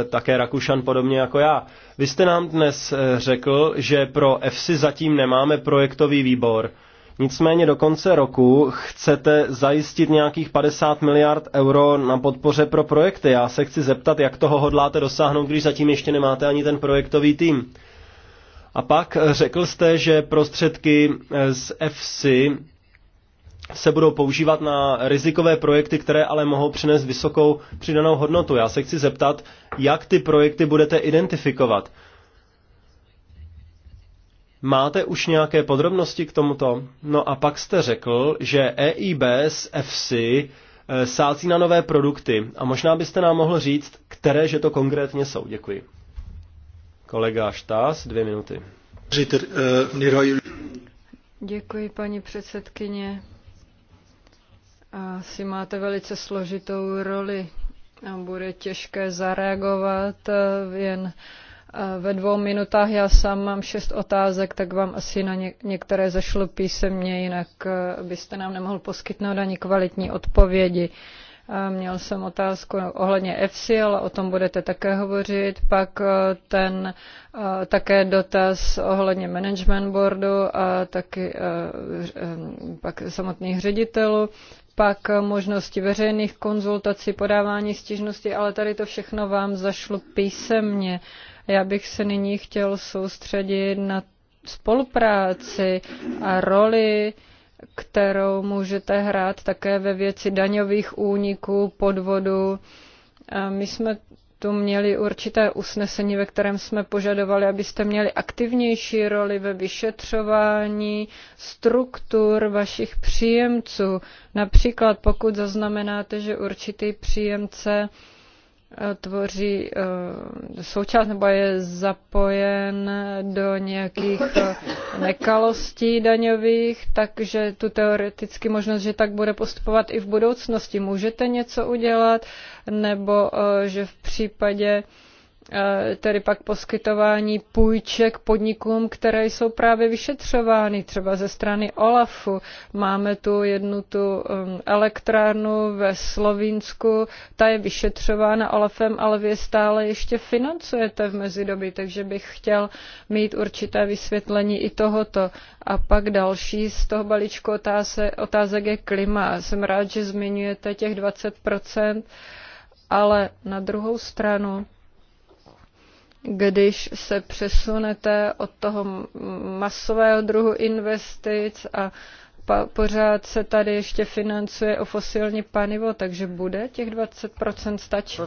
eh, také Rakušan podobně jako já. Vy jste nám dnes řekl, že pro EFSI zatím nemáme projektový výbor. Nicméně do konce roku chcete zajistit nějakých 50 miliard euro na podpoře pro projekty. Já se chci zeptat, jak toho hodláte dosáhnout, když zatím ještě nemáte ani ten projektový tým. A pak řekl jste, že prostředky z FC se budou používat na rizikové projekty, které ale mohou přinést vysokou přidanou hodnotu. Já se chci zeptat, jak ty projekty budete identifikovat. Máte už nějaké podrobnosti k tomuto? No a pak jste řekl, že EIB s FC eh, sází na nové produkty. A možná byste nám mohl říct, které že to konkrétně jsou. Děkuji. Kolega Štás, dvě minuty. Eh, Děkuji, paní předsedkyně. Asi máte velice složitou roli a bude těžké zareagovat eh, jen eh, ve dvou minutách. Já sám mám šest otázek, tak vám asi na některé zašlo písemně, jinak eh, byste nám nemohl poskytnout ani kvalitní odpovědi. Měl jsem otázku ohledně EFSI, ale o tom budete také hovořit. Pak ten také dotaz ohledně management boardu a taky pak samotných ředitelů pak možnosti veřejných konzultací, podávání stížnosti, ale tady to všechno vám zašlo písemně. Já bych se nyní chtěl soustředit na spolupráci a roli kterou můžete hrát také ve věci daňových úniků, podvodu. My jsme tu měli určité usnesení, ve kterém jsme požadovali, abyste měli aktivnější roli ve vyšetřování struktur vašich příjemců. Například pokud zaznamenáte, že určitý příjemce uh, Eh, tvoří eh, součást nebo je zapojen do nějakých eh, nekalostí daňových, takže tu teoreticky možnost, že tak bude postupovat i v budoucnosti, můžete něco udělat, nebo že v případě Eh, tedy pak poskytování půjček podnikům, které jsou právě vyšetřovány, třeba ze strany OLAFu. Máme tu jednu tu elektrárnu ve Slovinsku, ta je vyšetřována OLAFem, ale vy je stále ještě financujete v mezidobí, takže bych chtěl mít určité vysvětlení i tohoto. A pak další z toho balíčku otázek je klima. Jsem rád, že zmiňujete těch 20%, ale na druhou stranu když se přesunete od toho masového druhu investic a pořád se tady ještě financuje o fosilní panivo, takže bude těch 20% stačit?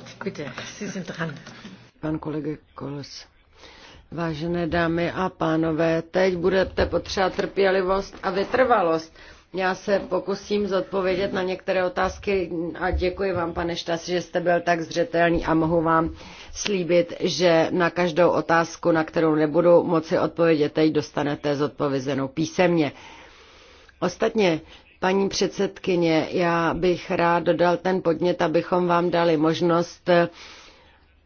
Pan kolega Koles. Vážené dámy a pánové, teď budete potřebovat trpělivost a vytrvalost. Já se pokusím zodpovědět na některé otázky a děkuji vám, pane Štas, že jste byl tak zřetelný a mohu vám slíbit, že na každou otázku, na kterou nebudu moci odpovědět, teď dostanete zodpovězenou písemně. Ostatně, paní předsedkyně, já bych rád dodal ten podnět, abychom vám dali možnost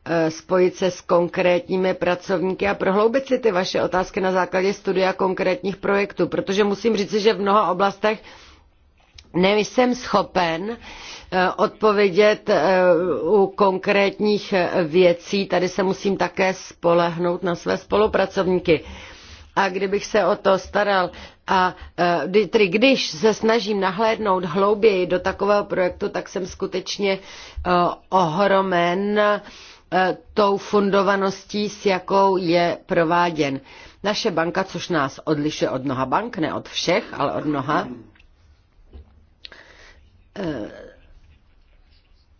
Eh, spojit se s konkrétními pracovníky a prohloubit si ty vaše otázky na základě studia konkrétních projektů, protože musím říct, že v mnoha oblastech nejsem schopen eh, odpovědět eh, u konkrétních věcí. Tady se musím také spolehnout na své spolupracovníky. A kdybych se o to staral a tedy když se snažím nahlédnout hlouběji do takového projektu, tak jsem skutečně ohromen E, tou fundovaností, s jakou je prováděn. Naše banka, což nás odlišuje od mnoha bank, ne od všech, ale od mnoha, e,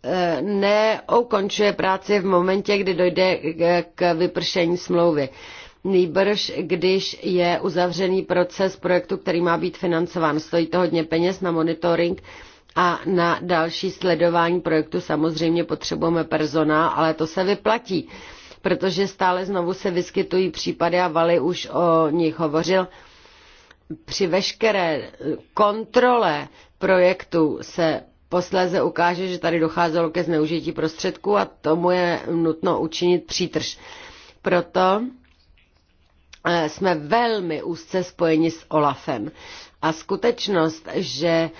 e, neukončuje práci v momentě, kdy dojde k vypršení smlouvy. Nýbrž, když je uzavřený proces projektu, který má být financován. Stojí to hodně peněz na monitoring a na další sledování projektu samozřejmě potřebujeme personál, ale to se vyplatí, protože stále znovu se vyskytují případy a Vali už o nich hovořil. Při veškeré kontrole projektu se posléze ukáže, že tady docházelo ke zneužití prostředků a tomu je nutno učinit přítrž. Proto eh, jsme velmi úzce spojeni s OLAFem. A skutečnost, že e,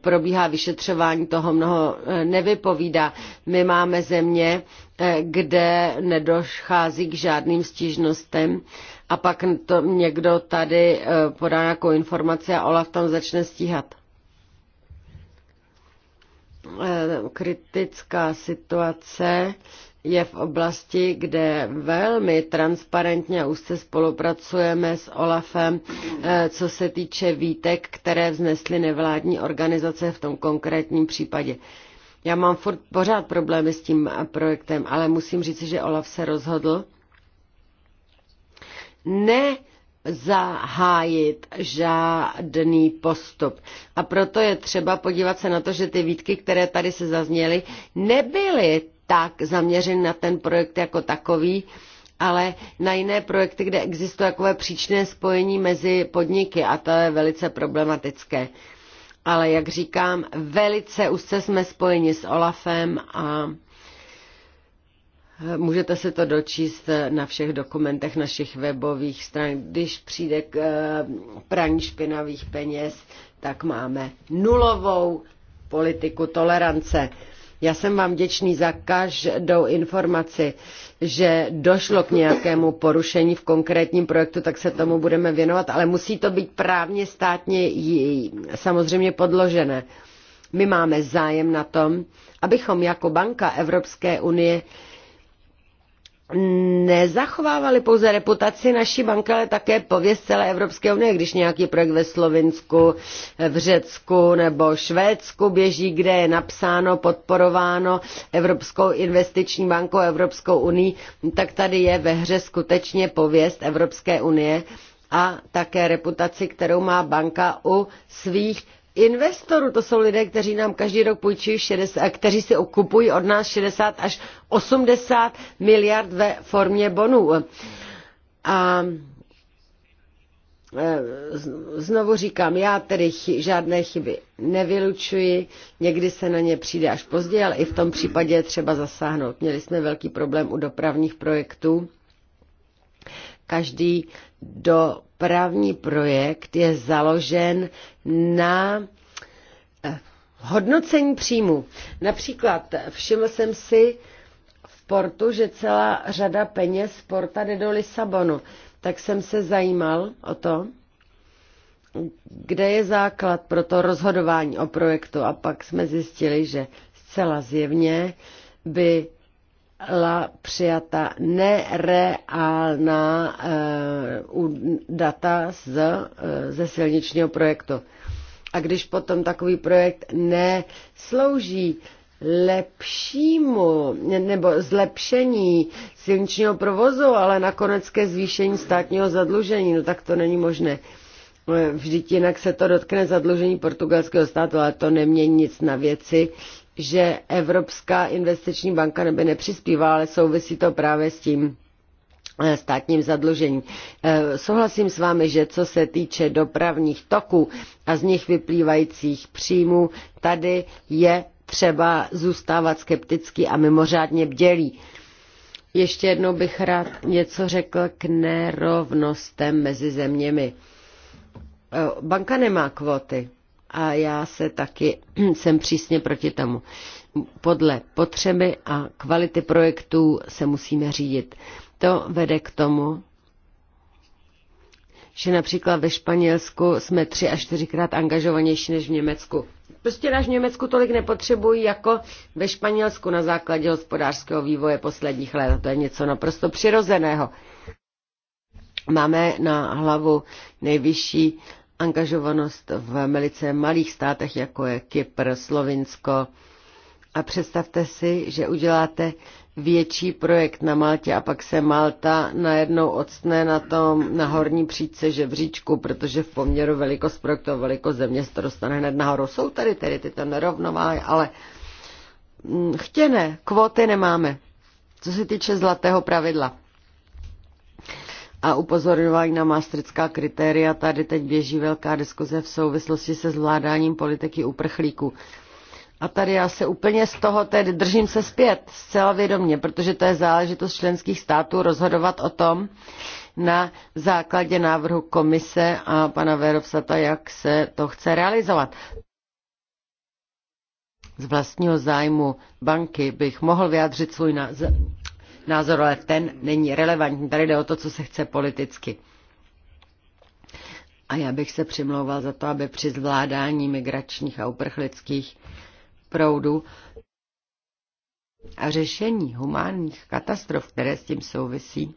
probíhá vyšetřování, toho mnoho e, nevypovídá. My máme země, e, kde nedochází k žádným stížnostem a pak to někdo tady podá nějakou informaci a Olaf tam začne stíhat. Kritická situace je v oblasti, kde velmi transparentně a úzce spolupracujeme s OLAFem, eh, co se týče výtek, které vznesly nevládní organizace v tom konkrétním případě. Já mám furt, pořád problémy s tím projektem, ale musím říct, že OLAF se rozhodl ne zahájit žádný postup. A proto je třeba podívat se na to, že ty výtky, které tady se zazněly, nebyly tak zaměřen na ten projekt jako takový, ale na jiné projekty, kde existuje takové příčné spojení mezi podniky a to je velice problematické. Ale jak říkám, velice úzce jsme spojeni s Olafem a Můžete se to dočíst na všech dokumentech našich webových stran. Když přijde k eh, praní špinavých peněz, tak máme nulovou politiku tolerance. Já jsem vám děčný za každou informaci, že došlo k nějakému porušení v konkrétním projektu, tak se tomu budeme věnovat, ale musí to být právně státně samozřejmě podložené. My máme zájem na tom, abychom jako banka Evropské unie nezachovávali pouze reputaci naší banky, ale také pověst celé Evropské unie, když nějaký projekt ve Slovensku, v Řecku nebo Švédsku běží, kde je napsáno, podporováno Evropskou investiční bankou, Evropskou unii, tak tady je ve hře skutečně pověst Evropské unie a také reputaci, kterou má banka u svých investorů, to jsou lidé, kteří nám každý rok půjčují, 60, kteří si kupují od nás 60 až 80 miliard ve formě bonů. A e, znovu říkám, já tedy chy, žádné chyby nevylučuji, někdy se na ně přijde až později, ale i v tom případě je třeba zasáhnout. Měli jsme velký problém u dopravních projektů. Každý do právní projekt je založen na eh, hodnocení příjmu. Například všiml jsem si v portu, že celá řada peněz z porta jde do Lisabonu. Tak jsem se zajímal o to, kde je základ pro to rozhodování o projektu. A pak jsme zjistili, že zcela zjevně by byla přijata nereálná eh, data z, eh, ze silničního projektu. A když potom takový projekt neslouží lepšímu nebo zlepšení silničního provozu, ale nakonec ke zvýšení státního zadlužení, no tak to není možné. Eh, vždyť jinak se to dotkne zadlužení portugalského státu, ale to nemění nic na věci, že Evropská investiční banka neby nepřispívá, ale souvisí to právě s tím eh, státním zadlužení. Eh, souhlasím s vámi, že co se týče dopravních toků a z nich vyplývajících příjmů, tady je třeba zůstávat skeptický a mimořádně bdělý. Ještě jednou bych rád něco řekl k nerovnostem mezi zeměmi. Eh, banka nemá kvóty a já se taky jsem přísně proti tomu. Podle potřeby a kvality projektů se musíme řídit. To vede k tomu, že například ve Španělsku jsme tři až čtyřikrát angažovanější než v Německu. Prostě náš v Německu tolik nepotřebují jako ve Španělsku na základě hospodářského vývoje posledních let. to je něco naprosto přirozeného. Máme na hlavu nejvyšší angažovanost v velice malých státech, jako je Kypr, Slovinsko. A představte si, že uděláte větší projekt na Maltě a pak se Malta najednou odstne na tom na horní příčce žebříčku, protože v poměru velikost projektu a velikost země se to dostane hned nahoru. Jsou tady tedy tyto nerovnováhy, ale mm, chtěné, kvóty nemáme. Co se týče zlatého pravidla a upozorňování na maastrická kritéria. Tady teď běží velká diskuze v souvislosti se zvládáním politiky uprchlíků. A tady já se úplně z toho tedy držím se zpět, zcela vědomně, protože to je záležitost členských států rozhodovat o tom na základě návrhu komise a pana Verovsata, jak se to chce realizovat. Z vlastního zájmu banky bych mohl vyjádřit svůj názor názor, ale ten není relevantní. Tady jde o to, co se chce politicky. A já bych se přimlouval za to, aby při zvládání migračních a uprchlických proudů a řešení humánních katastrof, které s tím souvisí,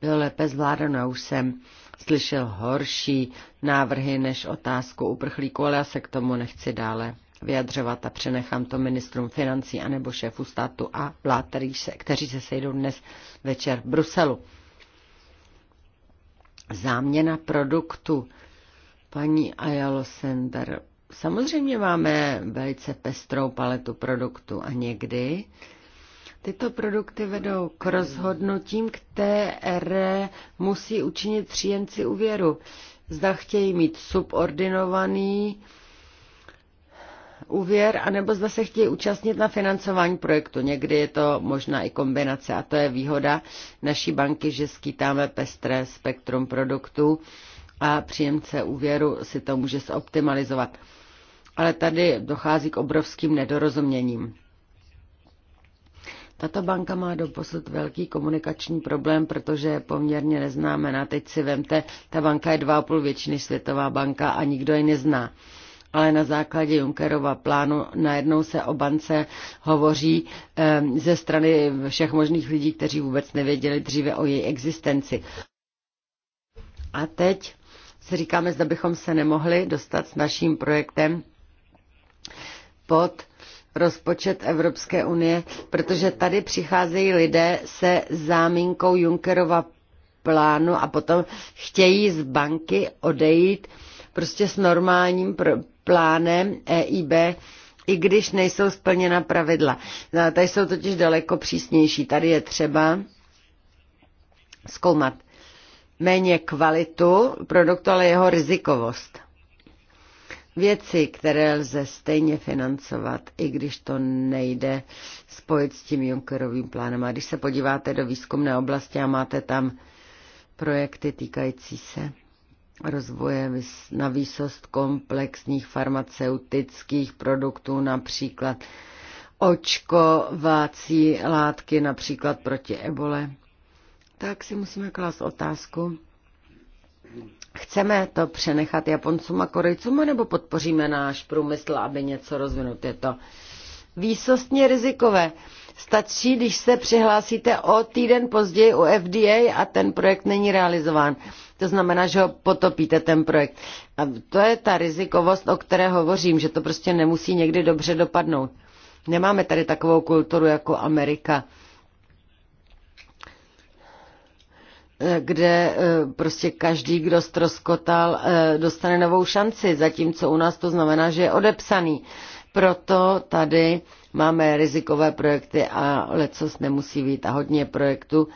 bylo lépe zvládáno. Už jsem slyšel horší návrhy než otázku uprchlíků, ale já se k tomu nechci dále vyjadřovat a přenechám to ministrům financí anebo šéfu státu a vlád, kteří se sejdou dnes večer v Bruselu. Záměna produktu. Paní Ayalo Sender, samozřejmě máme velice pestrou paletu produktů a někdy Tyto produkty vedou k rozhodnutím, které musí učinit příjemci úvěru. Zda chtějí mít subordinovaný úvěr, anebo zda se chtějí účastnit na financování projektu. Někdy je to možná i kombinace a to je výhoda naší banky, že skýtáme pestré spektrum produktů a příjemce úvěru si to může zoptimalizovat. Ale tady dochází k obrovským nedorozuměním. Tato banka má doposud velký komunikační problém, protože je poměrně neznámená. Teď si vemte, ta banka je dva a půl většiny světová banka a nikdo ji nezná ale na základě Junckerova plánu najednou se o bance hovoří eh, ze strany všech možných lidí, kteří vůbec nevěděli dříve o její existenci. A teď si říkáme, zda bychom se nemohli dostat s naším projektem pod rozpočet Evropské unie, protože tady přicházejí lidé se zámínkou Junckerova plánu a potom chtějí z banky odejít prostě s normálním pro plánem EIB, i když nejsou splněna pravidla. No, tady jsou totiž daleko přísnější. Tady je třeba zkoumat méně kvalitu produktu, ale jeho rizikovost. Věci, které lze stejně financovat, i když to nejde spojit s tím Junckerovým plánem. A když se podíváte do výzkumné oblasti a máte tam projekty týkající se rozvoje na výsost komplexních farmaceutických produktů, například očkovací látky, například proti ebole, tak si musíme klást otázku, chceme to přenechat Japoncům a Korejcům, nebo podpoříme náš průmysl, aby něco rozvinout? Je to výsostně rizikové. Stačí, když se přihlásíte o týden později u FDA a ten projekt není realizován to znamená, že ho potopíte ten projekt. A to je ta rizikovost, o které hovořím, že to prostě nemusí někdy dobře dopadnout. Nemáme tady takovou kulturu jako Amerika, kde eh, prostě každý, kdo ztroskotal, eh, dostane novou šanci, zatímco u nás to znamená, že je odepsaný. Proto tady máme rizikové projekty a lecos nemusí být a hodně projektů,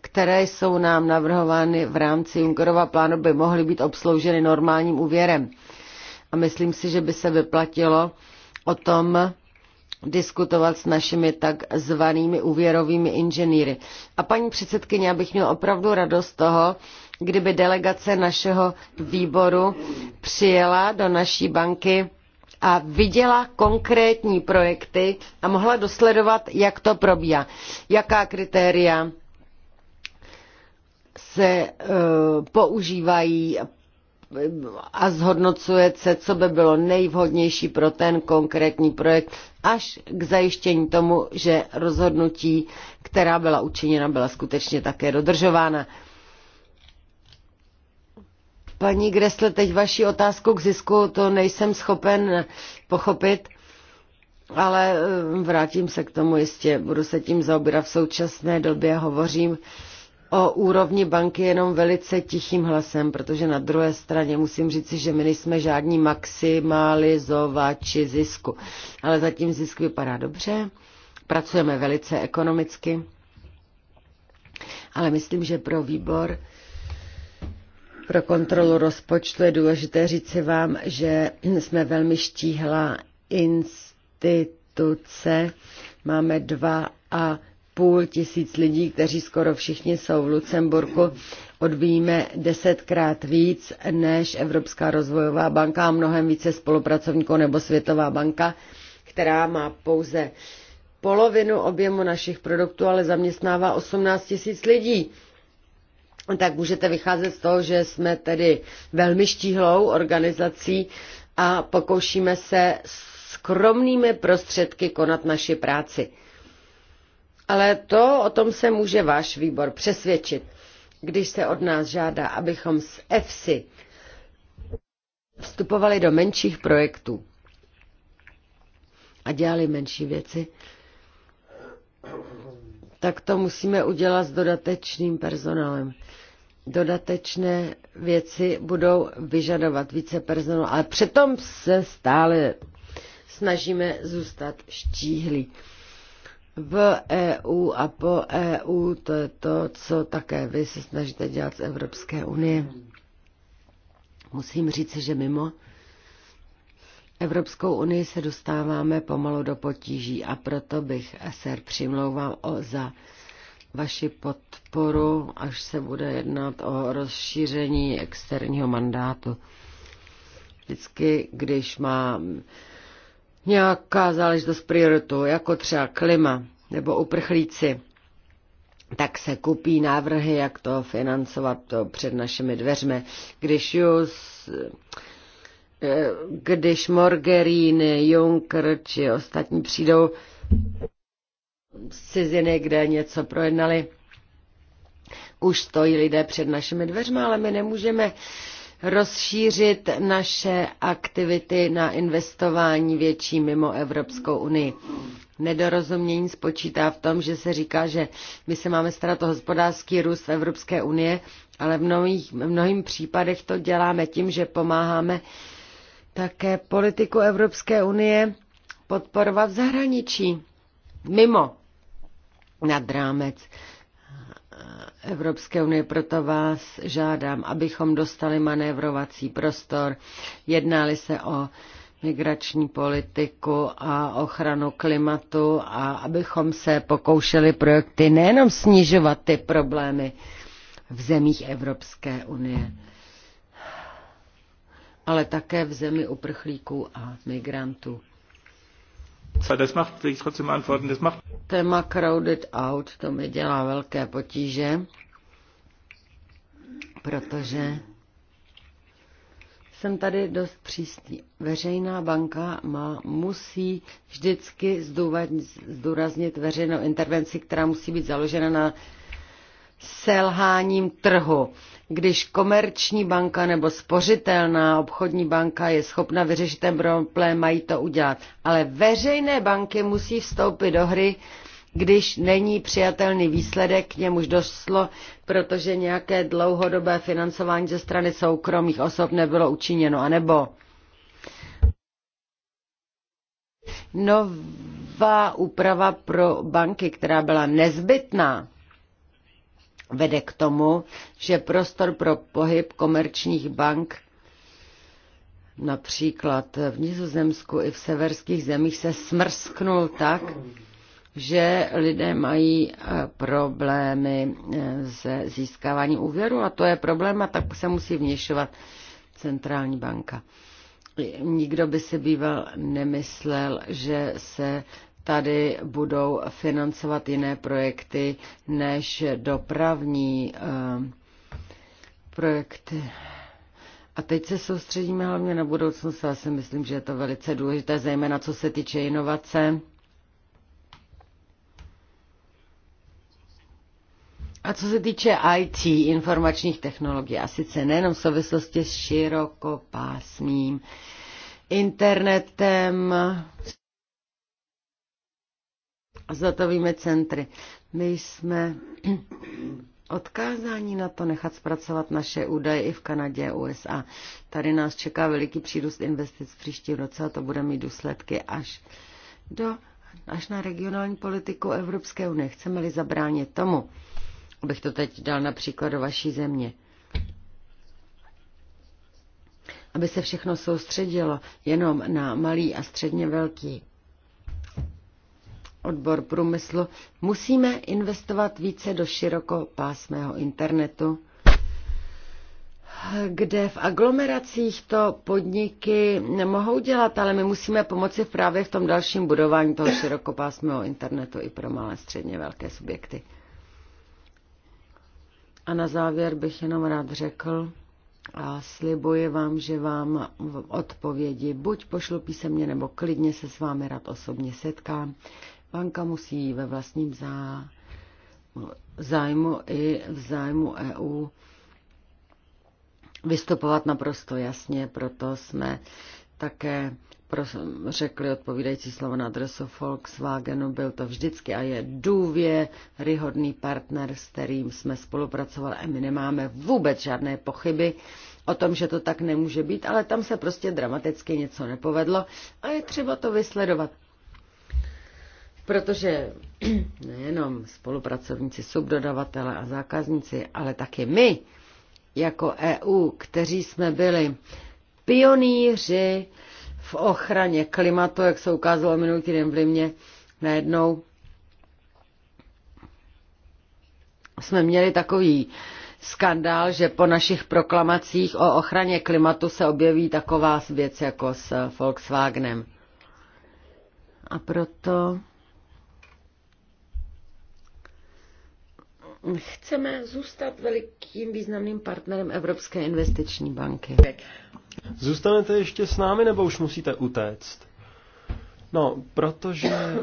které jsou nám navrhovány v rámci Junckerova plánu, by mohly být obslouženy normálním úvěrem. A myslím si, že by se vyplatilo o tom diskutovat s našimi takzvanými úvěrovými inženýry. A paní předsedkyně, abych měl opravdu radost toho, kdyby delegace našeho výboru přijela do naší banky a viděla konkrétní projekty a mohla dosledovat, jak to probíhá, jaká kritéria se eh, používají a zhodnocuje se, co by bylo nejvhodnější pro ten konkrétní projekt, až k zajištění tomu, že rozhodnutí, která byla učiněna, byla skutečně také dodržována. Paní Gresle, teď vaši otázku k zisku, to nejsem schopen pochopit, ale eh, vrátím se k tomu jistě, budu se tím zaobírat v současné době, hovořím o úrovni banky jenom velice tichým hlasem, protože na druhé straně musím říci, že my nejsme žádní maximalizovači zisku. Ale zatím zisk vypadá dobře, pracujeme velice ekonomicky, ale myslím, že pro výbor pro kontrolu rozpočtu je důležité říci vám, že jsme velmi štíhla instituce. Máme dva a půl tisíc lidí, kteří skoro všichni jsou v Lucemburku, odbíjíme desetkrát víc než Evropská rozvojová banka a mnohem více spolupracovníků nebo Světová banka, která má pouze polovinu objemu našich produktů, ale zaměstnává 18 tisíc lidí. Tak můžete vycházet z toho, že jsme tedy velmi štíhlou organizací a pokoušíme se skromnými prostředky konat naši práci. Ale to o tom se může váš výbor přesvědčit, když se od nás žádá, abychom z EFSI vstupovali do menších projektů a dělali menší věci, tak to musíme udělat s dodatečným personálem. Dodatečné věci budou vyžadovat více personálu, ale přitom se stále snažíme zůstat štíhlí v EU a po EU, to je to, co také vy se snažíte dělat z Evropské unie. Musím říct, že mimo Evropskou unii se dostáváme pomalu do potíží a proto bych SR přimlouval o za vaši podporu, až se bude jednat o rozšíření externího mandátu. Vždycky, když mám nějaká záležitost prioritu, jako třeba klima nebo uprchlíci, tak se kupí návrhy, jak to financovat to před našimi dveřmi. Když Jus, eh, když Morgerini, Juncker či ostatní přijdou z ciziny, kde něco projednali, už stojí lidé před našimi dveřmi, ale my nemůžeme rozšířit naše aktivity na investování větší mimo Evropskou unii. Nedorozumění spočítá v tom, že se říká, že my se máme starat o hospodářský růst v Evropské unie, ale v mnohých, v mnohým případech to děláme tím, že pomáháme také politiku Evropské unie podporovat v zahraničí, mimo nad rámec Evropské unie, proto vás žádám, abychom dostali manévrovací prostor, jednali se o migrační politiku a ochranu klimatu a abychom se pokoušeli projekty nejenom snižovat ty problémy v zemích Evropské unie, ale také v zemi uprchlíků a migrantů. Téma crowded out, to mi dělá velké potíže, protože jsem tady dost přísný. Veřejná banka má, musí vždycky zdůraznit veřejnou intervenci, která musí být založena na selháním trhu když komerční banka nebo spořitelná obchodní banka je schopna vyřešit ten problém, mají to udělat. Ale veřejné banky musí vstoupit do hry, když není přijatelný výsledek, k němuž došlo, protože nějaké dlouhodobé financování ze strany soukromých osob nebylo učiněno, anebo nová úprava pro banky, která byla nezbytná, vede k tomu, že prostor pro pohyb komerčních bank například v Nizozemsku i v severských zemích se smrsknul tak, že lidé mají eh, problémy eh, se získáváním úvěru a to je problém a tak se musí vněšovat centrální banka. Nikdo by si býval nemyslel, že se tady budou financovat jiné projekty než dopravní eh, projekty. A teď se soustředíme hlavně na budoucnost. Já si myslím, že je to velice důležité, zejména co se týče inovace. A co se týče IT, informačních technologií, a sice nejenom v souvislosti s širokopásným internetem, s centry. My jsme odkázání na to nechat zpracovat naše údaje i v Kanadě a USA. Tady nás čeká veliký přírůst investic v příštím roce a to bude mít důsledky až do až na regionální politiku Evropské unie. Chceme-li zabránit tomu, abych to teď dal například do vaší země, aby se všechno soustředilo jenom na malý a středně velký odbor průmyslu, musíme investovat více do širokopásmého internetu, kde v aglomeracích to podniky nemohou dělat, ale my musíme pomoci právě v tom dalším budování toho širokopásmého internetu i pro malé, středně velké subjekty. A na závěr bych jenom rád řekl, a slibuji vám, že vám v odpovědi buď pošlu písemně, nebo klidně se s vámi rád osobně setkám. Banka musí ve vlastním zá, zájmu i v zájmu EU vystupovat naprosto jasně, proto jsme také řekli odpovídající slovo na adresu Volkswagenu, byl to vždycky a je důvěryhodný partner, s kterým jsme spolupracovali a my nemáme vůbec žádné pochyby o tom, že to tak nemůže být, ale tam se prostě dramaticky něco nepovedlo a je třeba to vysledovat. Protože nejenom spolupracovníci, subdodavatele a zákazníci, ale taky my, jako EU, kteří jsme byli pionýři v ochraně klimatu, jak se ukázalo minulý týden v Limě, najednou jsme měli takový skandál, že po našich proklamacích o ochraně klimatu se objeví taková věc jako s Volkswagenem. A proto chceme zůstat velikým významným partnerem Evropské investiční banky. Zůstanete ještě s námi, nebo už musíte utéct? No, protože eh,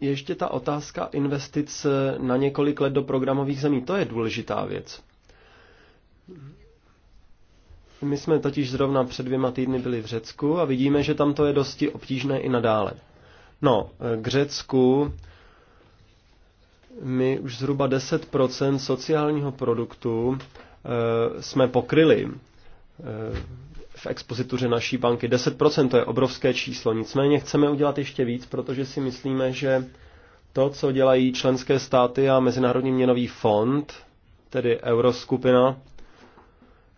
ještě ta otázka investic eh, na několik let do programových zemí, to je důležitá věc. My jsme totiž zrovna před dvěma týdny byli v Řecku a vidíme, že tam to je dosti obtížné i nadále. No, eh, k Řecku my už zhruba 10% sociálního produktu eh, jsme pokryli eh, v expozituře naší banky. 10% to je obrovské číslo, nicméně chceme udělat ještě víc, protože si myslíme, že to, co dělají členské státy a Mezinárodní měnový fond, tedy euroskupina,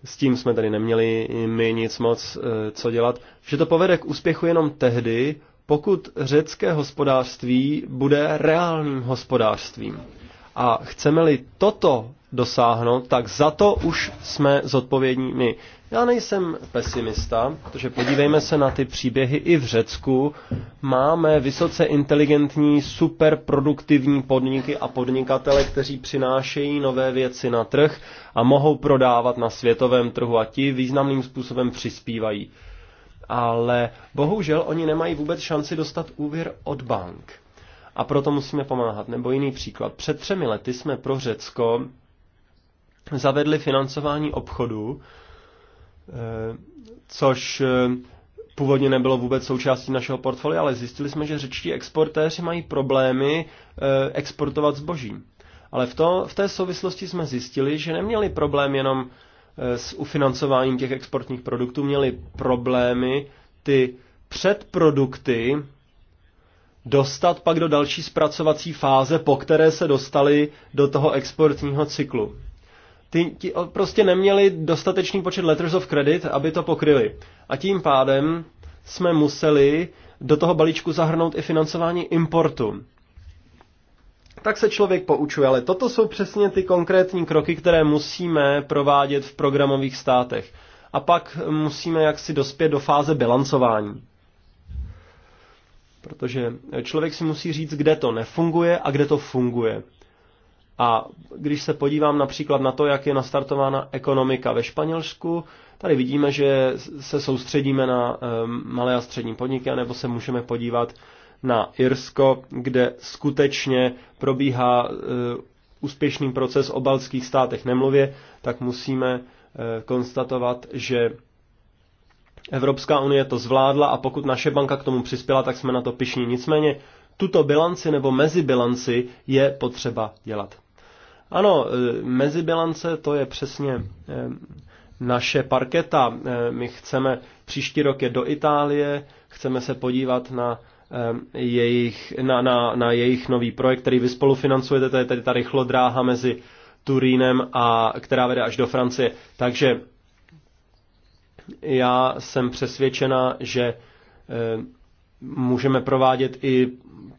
s tím jsme tady neměli my nic moc eh, co dělat, že to povede k úspěchu jenom tehdy, pokud řecké hospodářství bude reálným hospodářstvím. A chceme-li toto dosáhnout, tak za to už jsme zodpovědní my. Já nejsem pesimista, protože podívejme se na ty příběhy i v Řecku. Máme vysoce inteligentní, superproduktivní podniky a podnikatele, kteří přinášejí nové věci na trh a mohou prodávat na světovém trhu a ti významným způsobem přispívají ale bohužel oni nemají vůbec šanci dostat úvěr od bank. A proto musíme pomáhat. Nebo jiný příklad. Před třemi lety jsme pro Řecko zavedli financování obchodu, eh, což eh, původně nebylo vůbec součástí našeho portfolia, ale zjistili jsme, že řečtí exportéři mají problémy eh, exportovat zboží. Ale v, to, v té souvislosti jsme zjistili, že neměli problém jenom Eh, s ufinancováním těch exportních produktů měli problémy ty předprodukty dostat pak do další zpracovací fáze, po které se dostali do toho exportního cyklu. Ty, ty prostě neměli dostatečný počet letters of credit, aby to pokryli. A tím pádem jsme museli do toho balíčku zahrnout i financování importu tak se člověk poučuje, ale toto jsou přesně ty konkrétní kroky, které musíme provádět v programových státech. A pak musíme jaksi dospět do fáze bilancování. Protože člověk si musí říct, kde to nefunguje a kde to funguje. A když se podívám například na to, jak je nastartována ekonomika ve Španělsku, tady vidíme, že se soustředíme na eh, malé a střední podniky, anebo se můžeme podívat na Irsko, kde skutečně probíhá e, úspěšný proces o baltských státech nemluvě, tak musíme e, konstatovat, že Evropská unie to zvládla a pokud naše banka k tomu přispěla, tak jsme na to pišní. Nicméně tuto bilanci nebo mezibilanci je potřeba dělat. Ano, e, mezibilance to je přesně naše parketa. My chceme, příští rok je do Itálie, chceme se podívat na Ehm, jejich, na, na, na jejich nový projekt, který vy spolufinancujete, to je tedy ta rychlodráha mezi Turínem a která vede až do Francie. Takže já jsem přesvědčena, že ehm, můžeme provádět i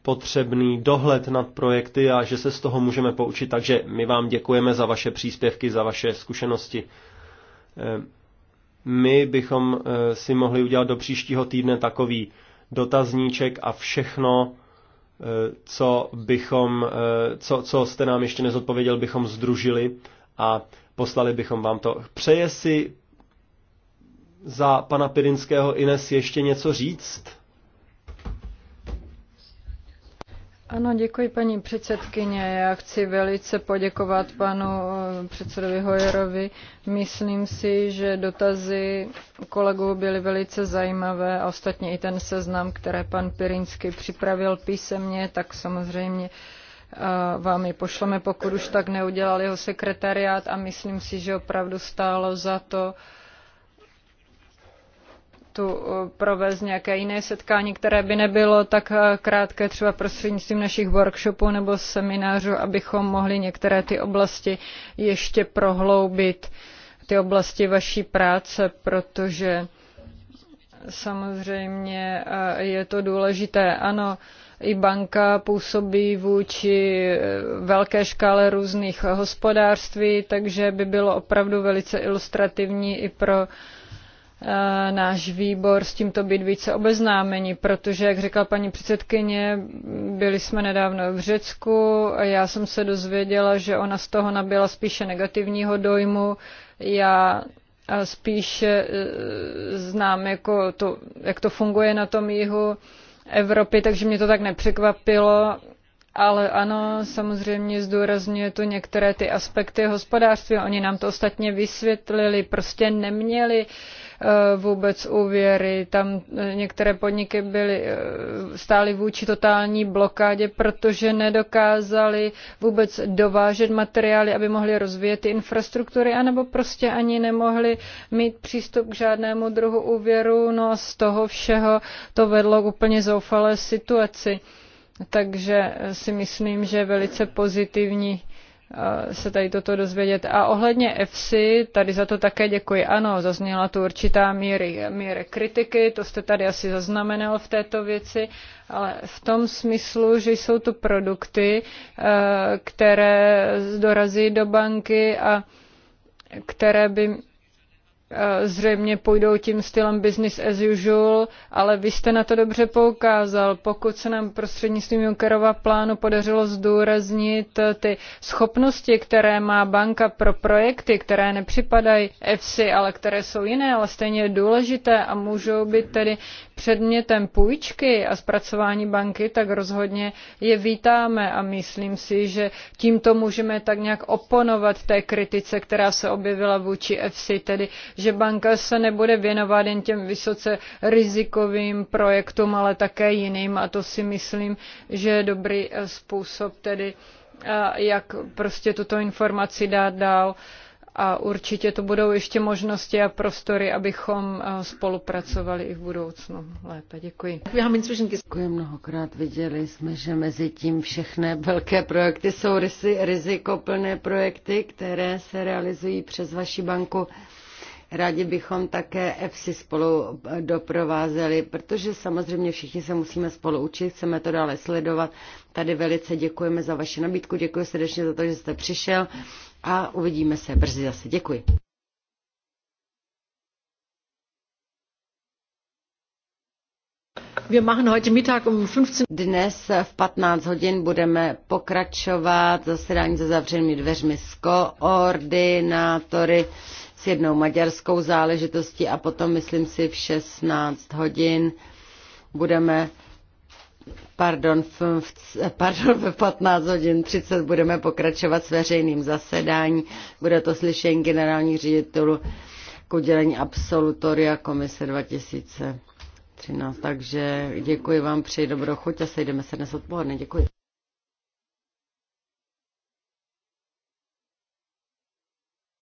potřebný dohled nad projekty a že se z toho můžeme poučit. Takže my vám děkujeme za vaše příspěvky, za vaše zkušenosti. Ehm, my bychom eh, si mohli udělat do příštího týdne takový dotazníček a všechno, eh, co bychom, eh, co, co jste nám ještě nezodpověděl, bychom združili a poslali bychom vám to. Přeje si za pana Pirinského Ines ještě něco říct? Ano, děkuji paní předsedkyně. Já chci velice poděkovat panu eh, předsedovi Hojerovi. Myslím si, že dotazy kolegů byly velice zajímavé a ostatně i ten seznam, které pan Pirinsky připravil písemně, tak samozřejmě eh, vám je pošleme, pokud už tak neudělal jeho sekretariát a myslím si, že opravdu stálo za to uh, tu eh, provést nějaké jiné setkání, které by nebylo tak eh, krátké třeba prostřednictvím našich workshopů nebo seminářů, abychom mohli některé ty oblasti ještě prohloubit, ty oblasti vaší práce, protože samozřejmě eh, je to důležité. Ano, i banka působí vůči velké škále různých hospodářství, takže by bylo opravdu velice ilustrativní i pro uh, Eh, náš výbor s tímto být více obeznámeni, protože, jak řekla paní předsedkyně, byli jsme nedávno v Řecku a já jsem se dozvěděla, že ona z toho nabyla spíše negativního dojmu. Já eh, spíše eh, znám, jako to, jak to funguje na tom jihu Evropy, takže mě to tak nepřekvapilo. Ale ano, samozřejmě zdůrazňuje to některé ty aspekty hospodářství. Oni nám to ostatně vysvětlili, prostě neměli uh, Eh, vůbec úvěry. Tam eh, některé podniky byly, eh, stály vůči totální blokádě, protože nedokázali vůbec dovážet materiály, aby mohli rozvíjet ty infrastruktury, anebo prostě ani nemohli mít přístup k žádnému druhu úvěru. No a z toho všeho to vedlo k úplně zoufalé situaci. Takže si myslím, že je velice pozitivní Eh, se tady toto dozvědět. A ohledně EFSI, tady za to také děkuji. Ano, zazněla tu určitá míry, míry kritiky, to jste tady asi zaznamenal v této věci, ale v tom smyslu, že jsou tu produkty, eh, které dorazí do banky a které by Eh, zřejmě půjdou tím stylem business as usual, ale vy jste na to dobře poukázal. Pokud se nám prostřednictvím Junckerova plánu podařilo zdůraznit eh, ty schopnosti, které má banka pro projekty, které nepřipadají EFSI, ale které jsou jiné, ale stejně důležité a můžou být tedy předmětem půjčky a zpracování banky, tak rozhodně je vítáme a myslím si, že tímto můžeme tak nějak oponovat té kritice, která se objevila vůči EFSI, tedy že banka se nebude věnovat jen těm vysoce rizikovým projektům, ale také jiným a to si myslím, že je dobrý eh, způsob tedy eh, jak prostě tuto informaci dát dál. Uh, a určitě to budou ještě možnosti a prostory, abychom eh, spolupracovali i v budoucnu lépe. Děkuji. Děkuji mnohokrát. Viděli jsme, že mezi tím všechny velké projekty jsou rizikoplné projekty, které se realizují přes vaši banku. Rádi bychom také EFSI spolu eh, doprovázeli, protože samozřejmě všichni se musíme spolu učit, chceme to dále sledovat. Tady velice děkujeme za vaši nabídku, děkuji srdečně za to, že jste přišel a uvidíme se brzy zase. Děkuji. Um Dnes v 15 hodin budeme pokračovat zasedání za zavřenými dveřmi s koordinátory s jednou maďarskou záležitostí a potom, myslím si, v 16 hodin budeme Pardon v, pardon, v 15 hodin 30 budeme pokračovat s veřejným zasedání. Bude to slyšení generálních ředitelů k udělení absolutoria komise 2013. Takže děkuji vám, přeji dobrou chuť a sejdeme se dnes odpoledne. Děkuji.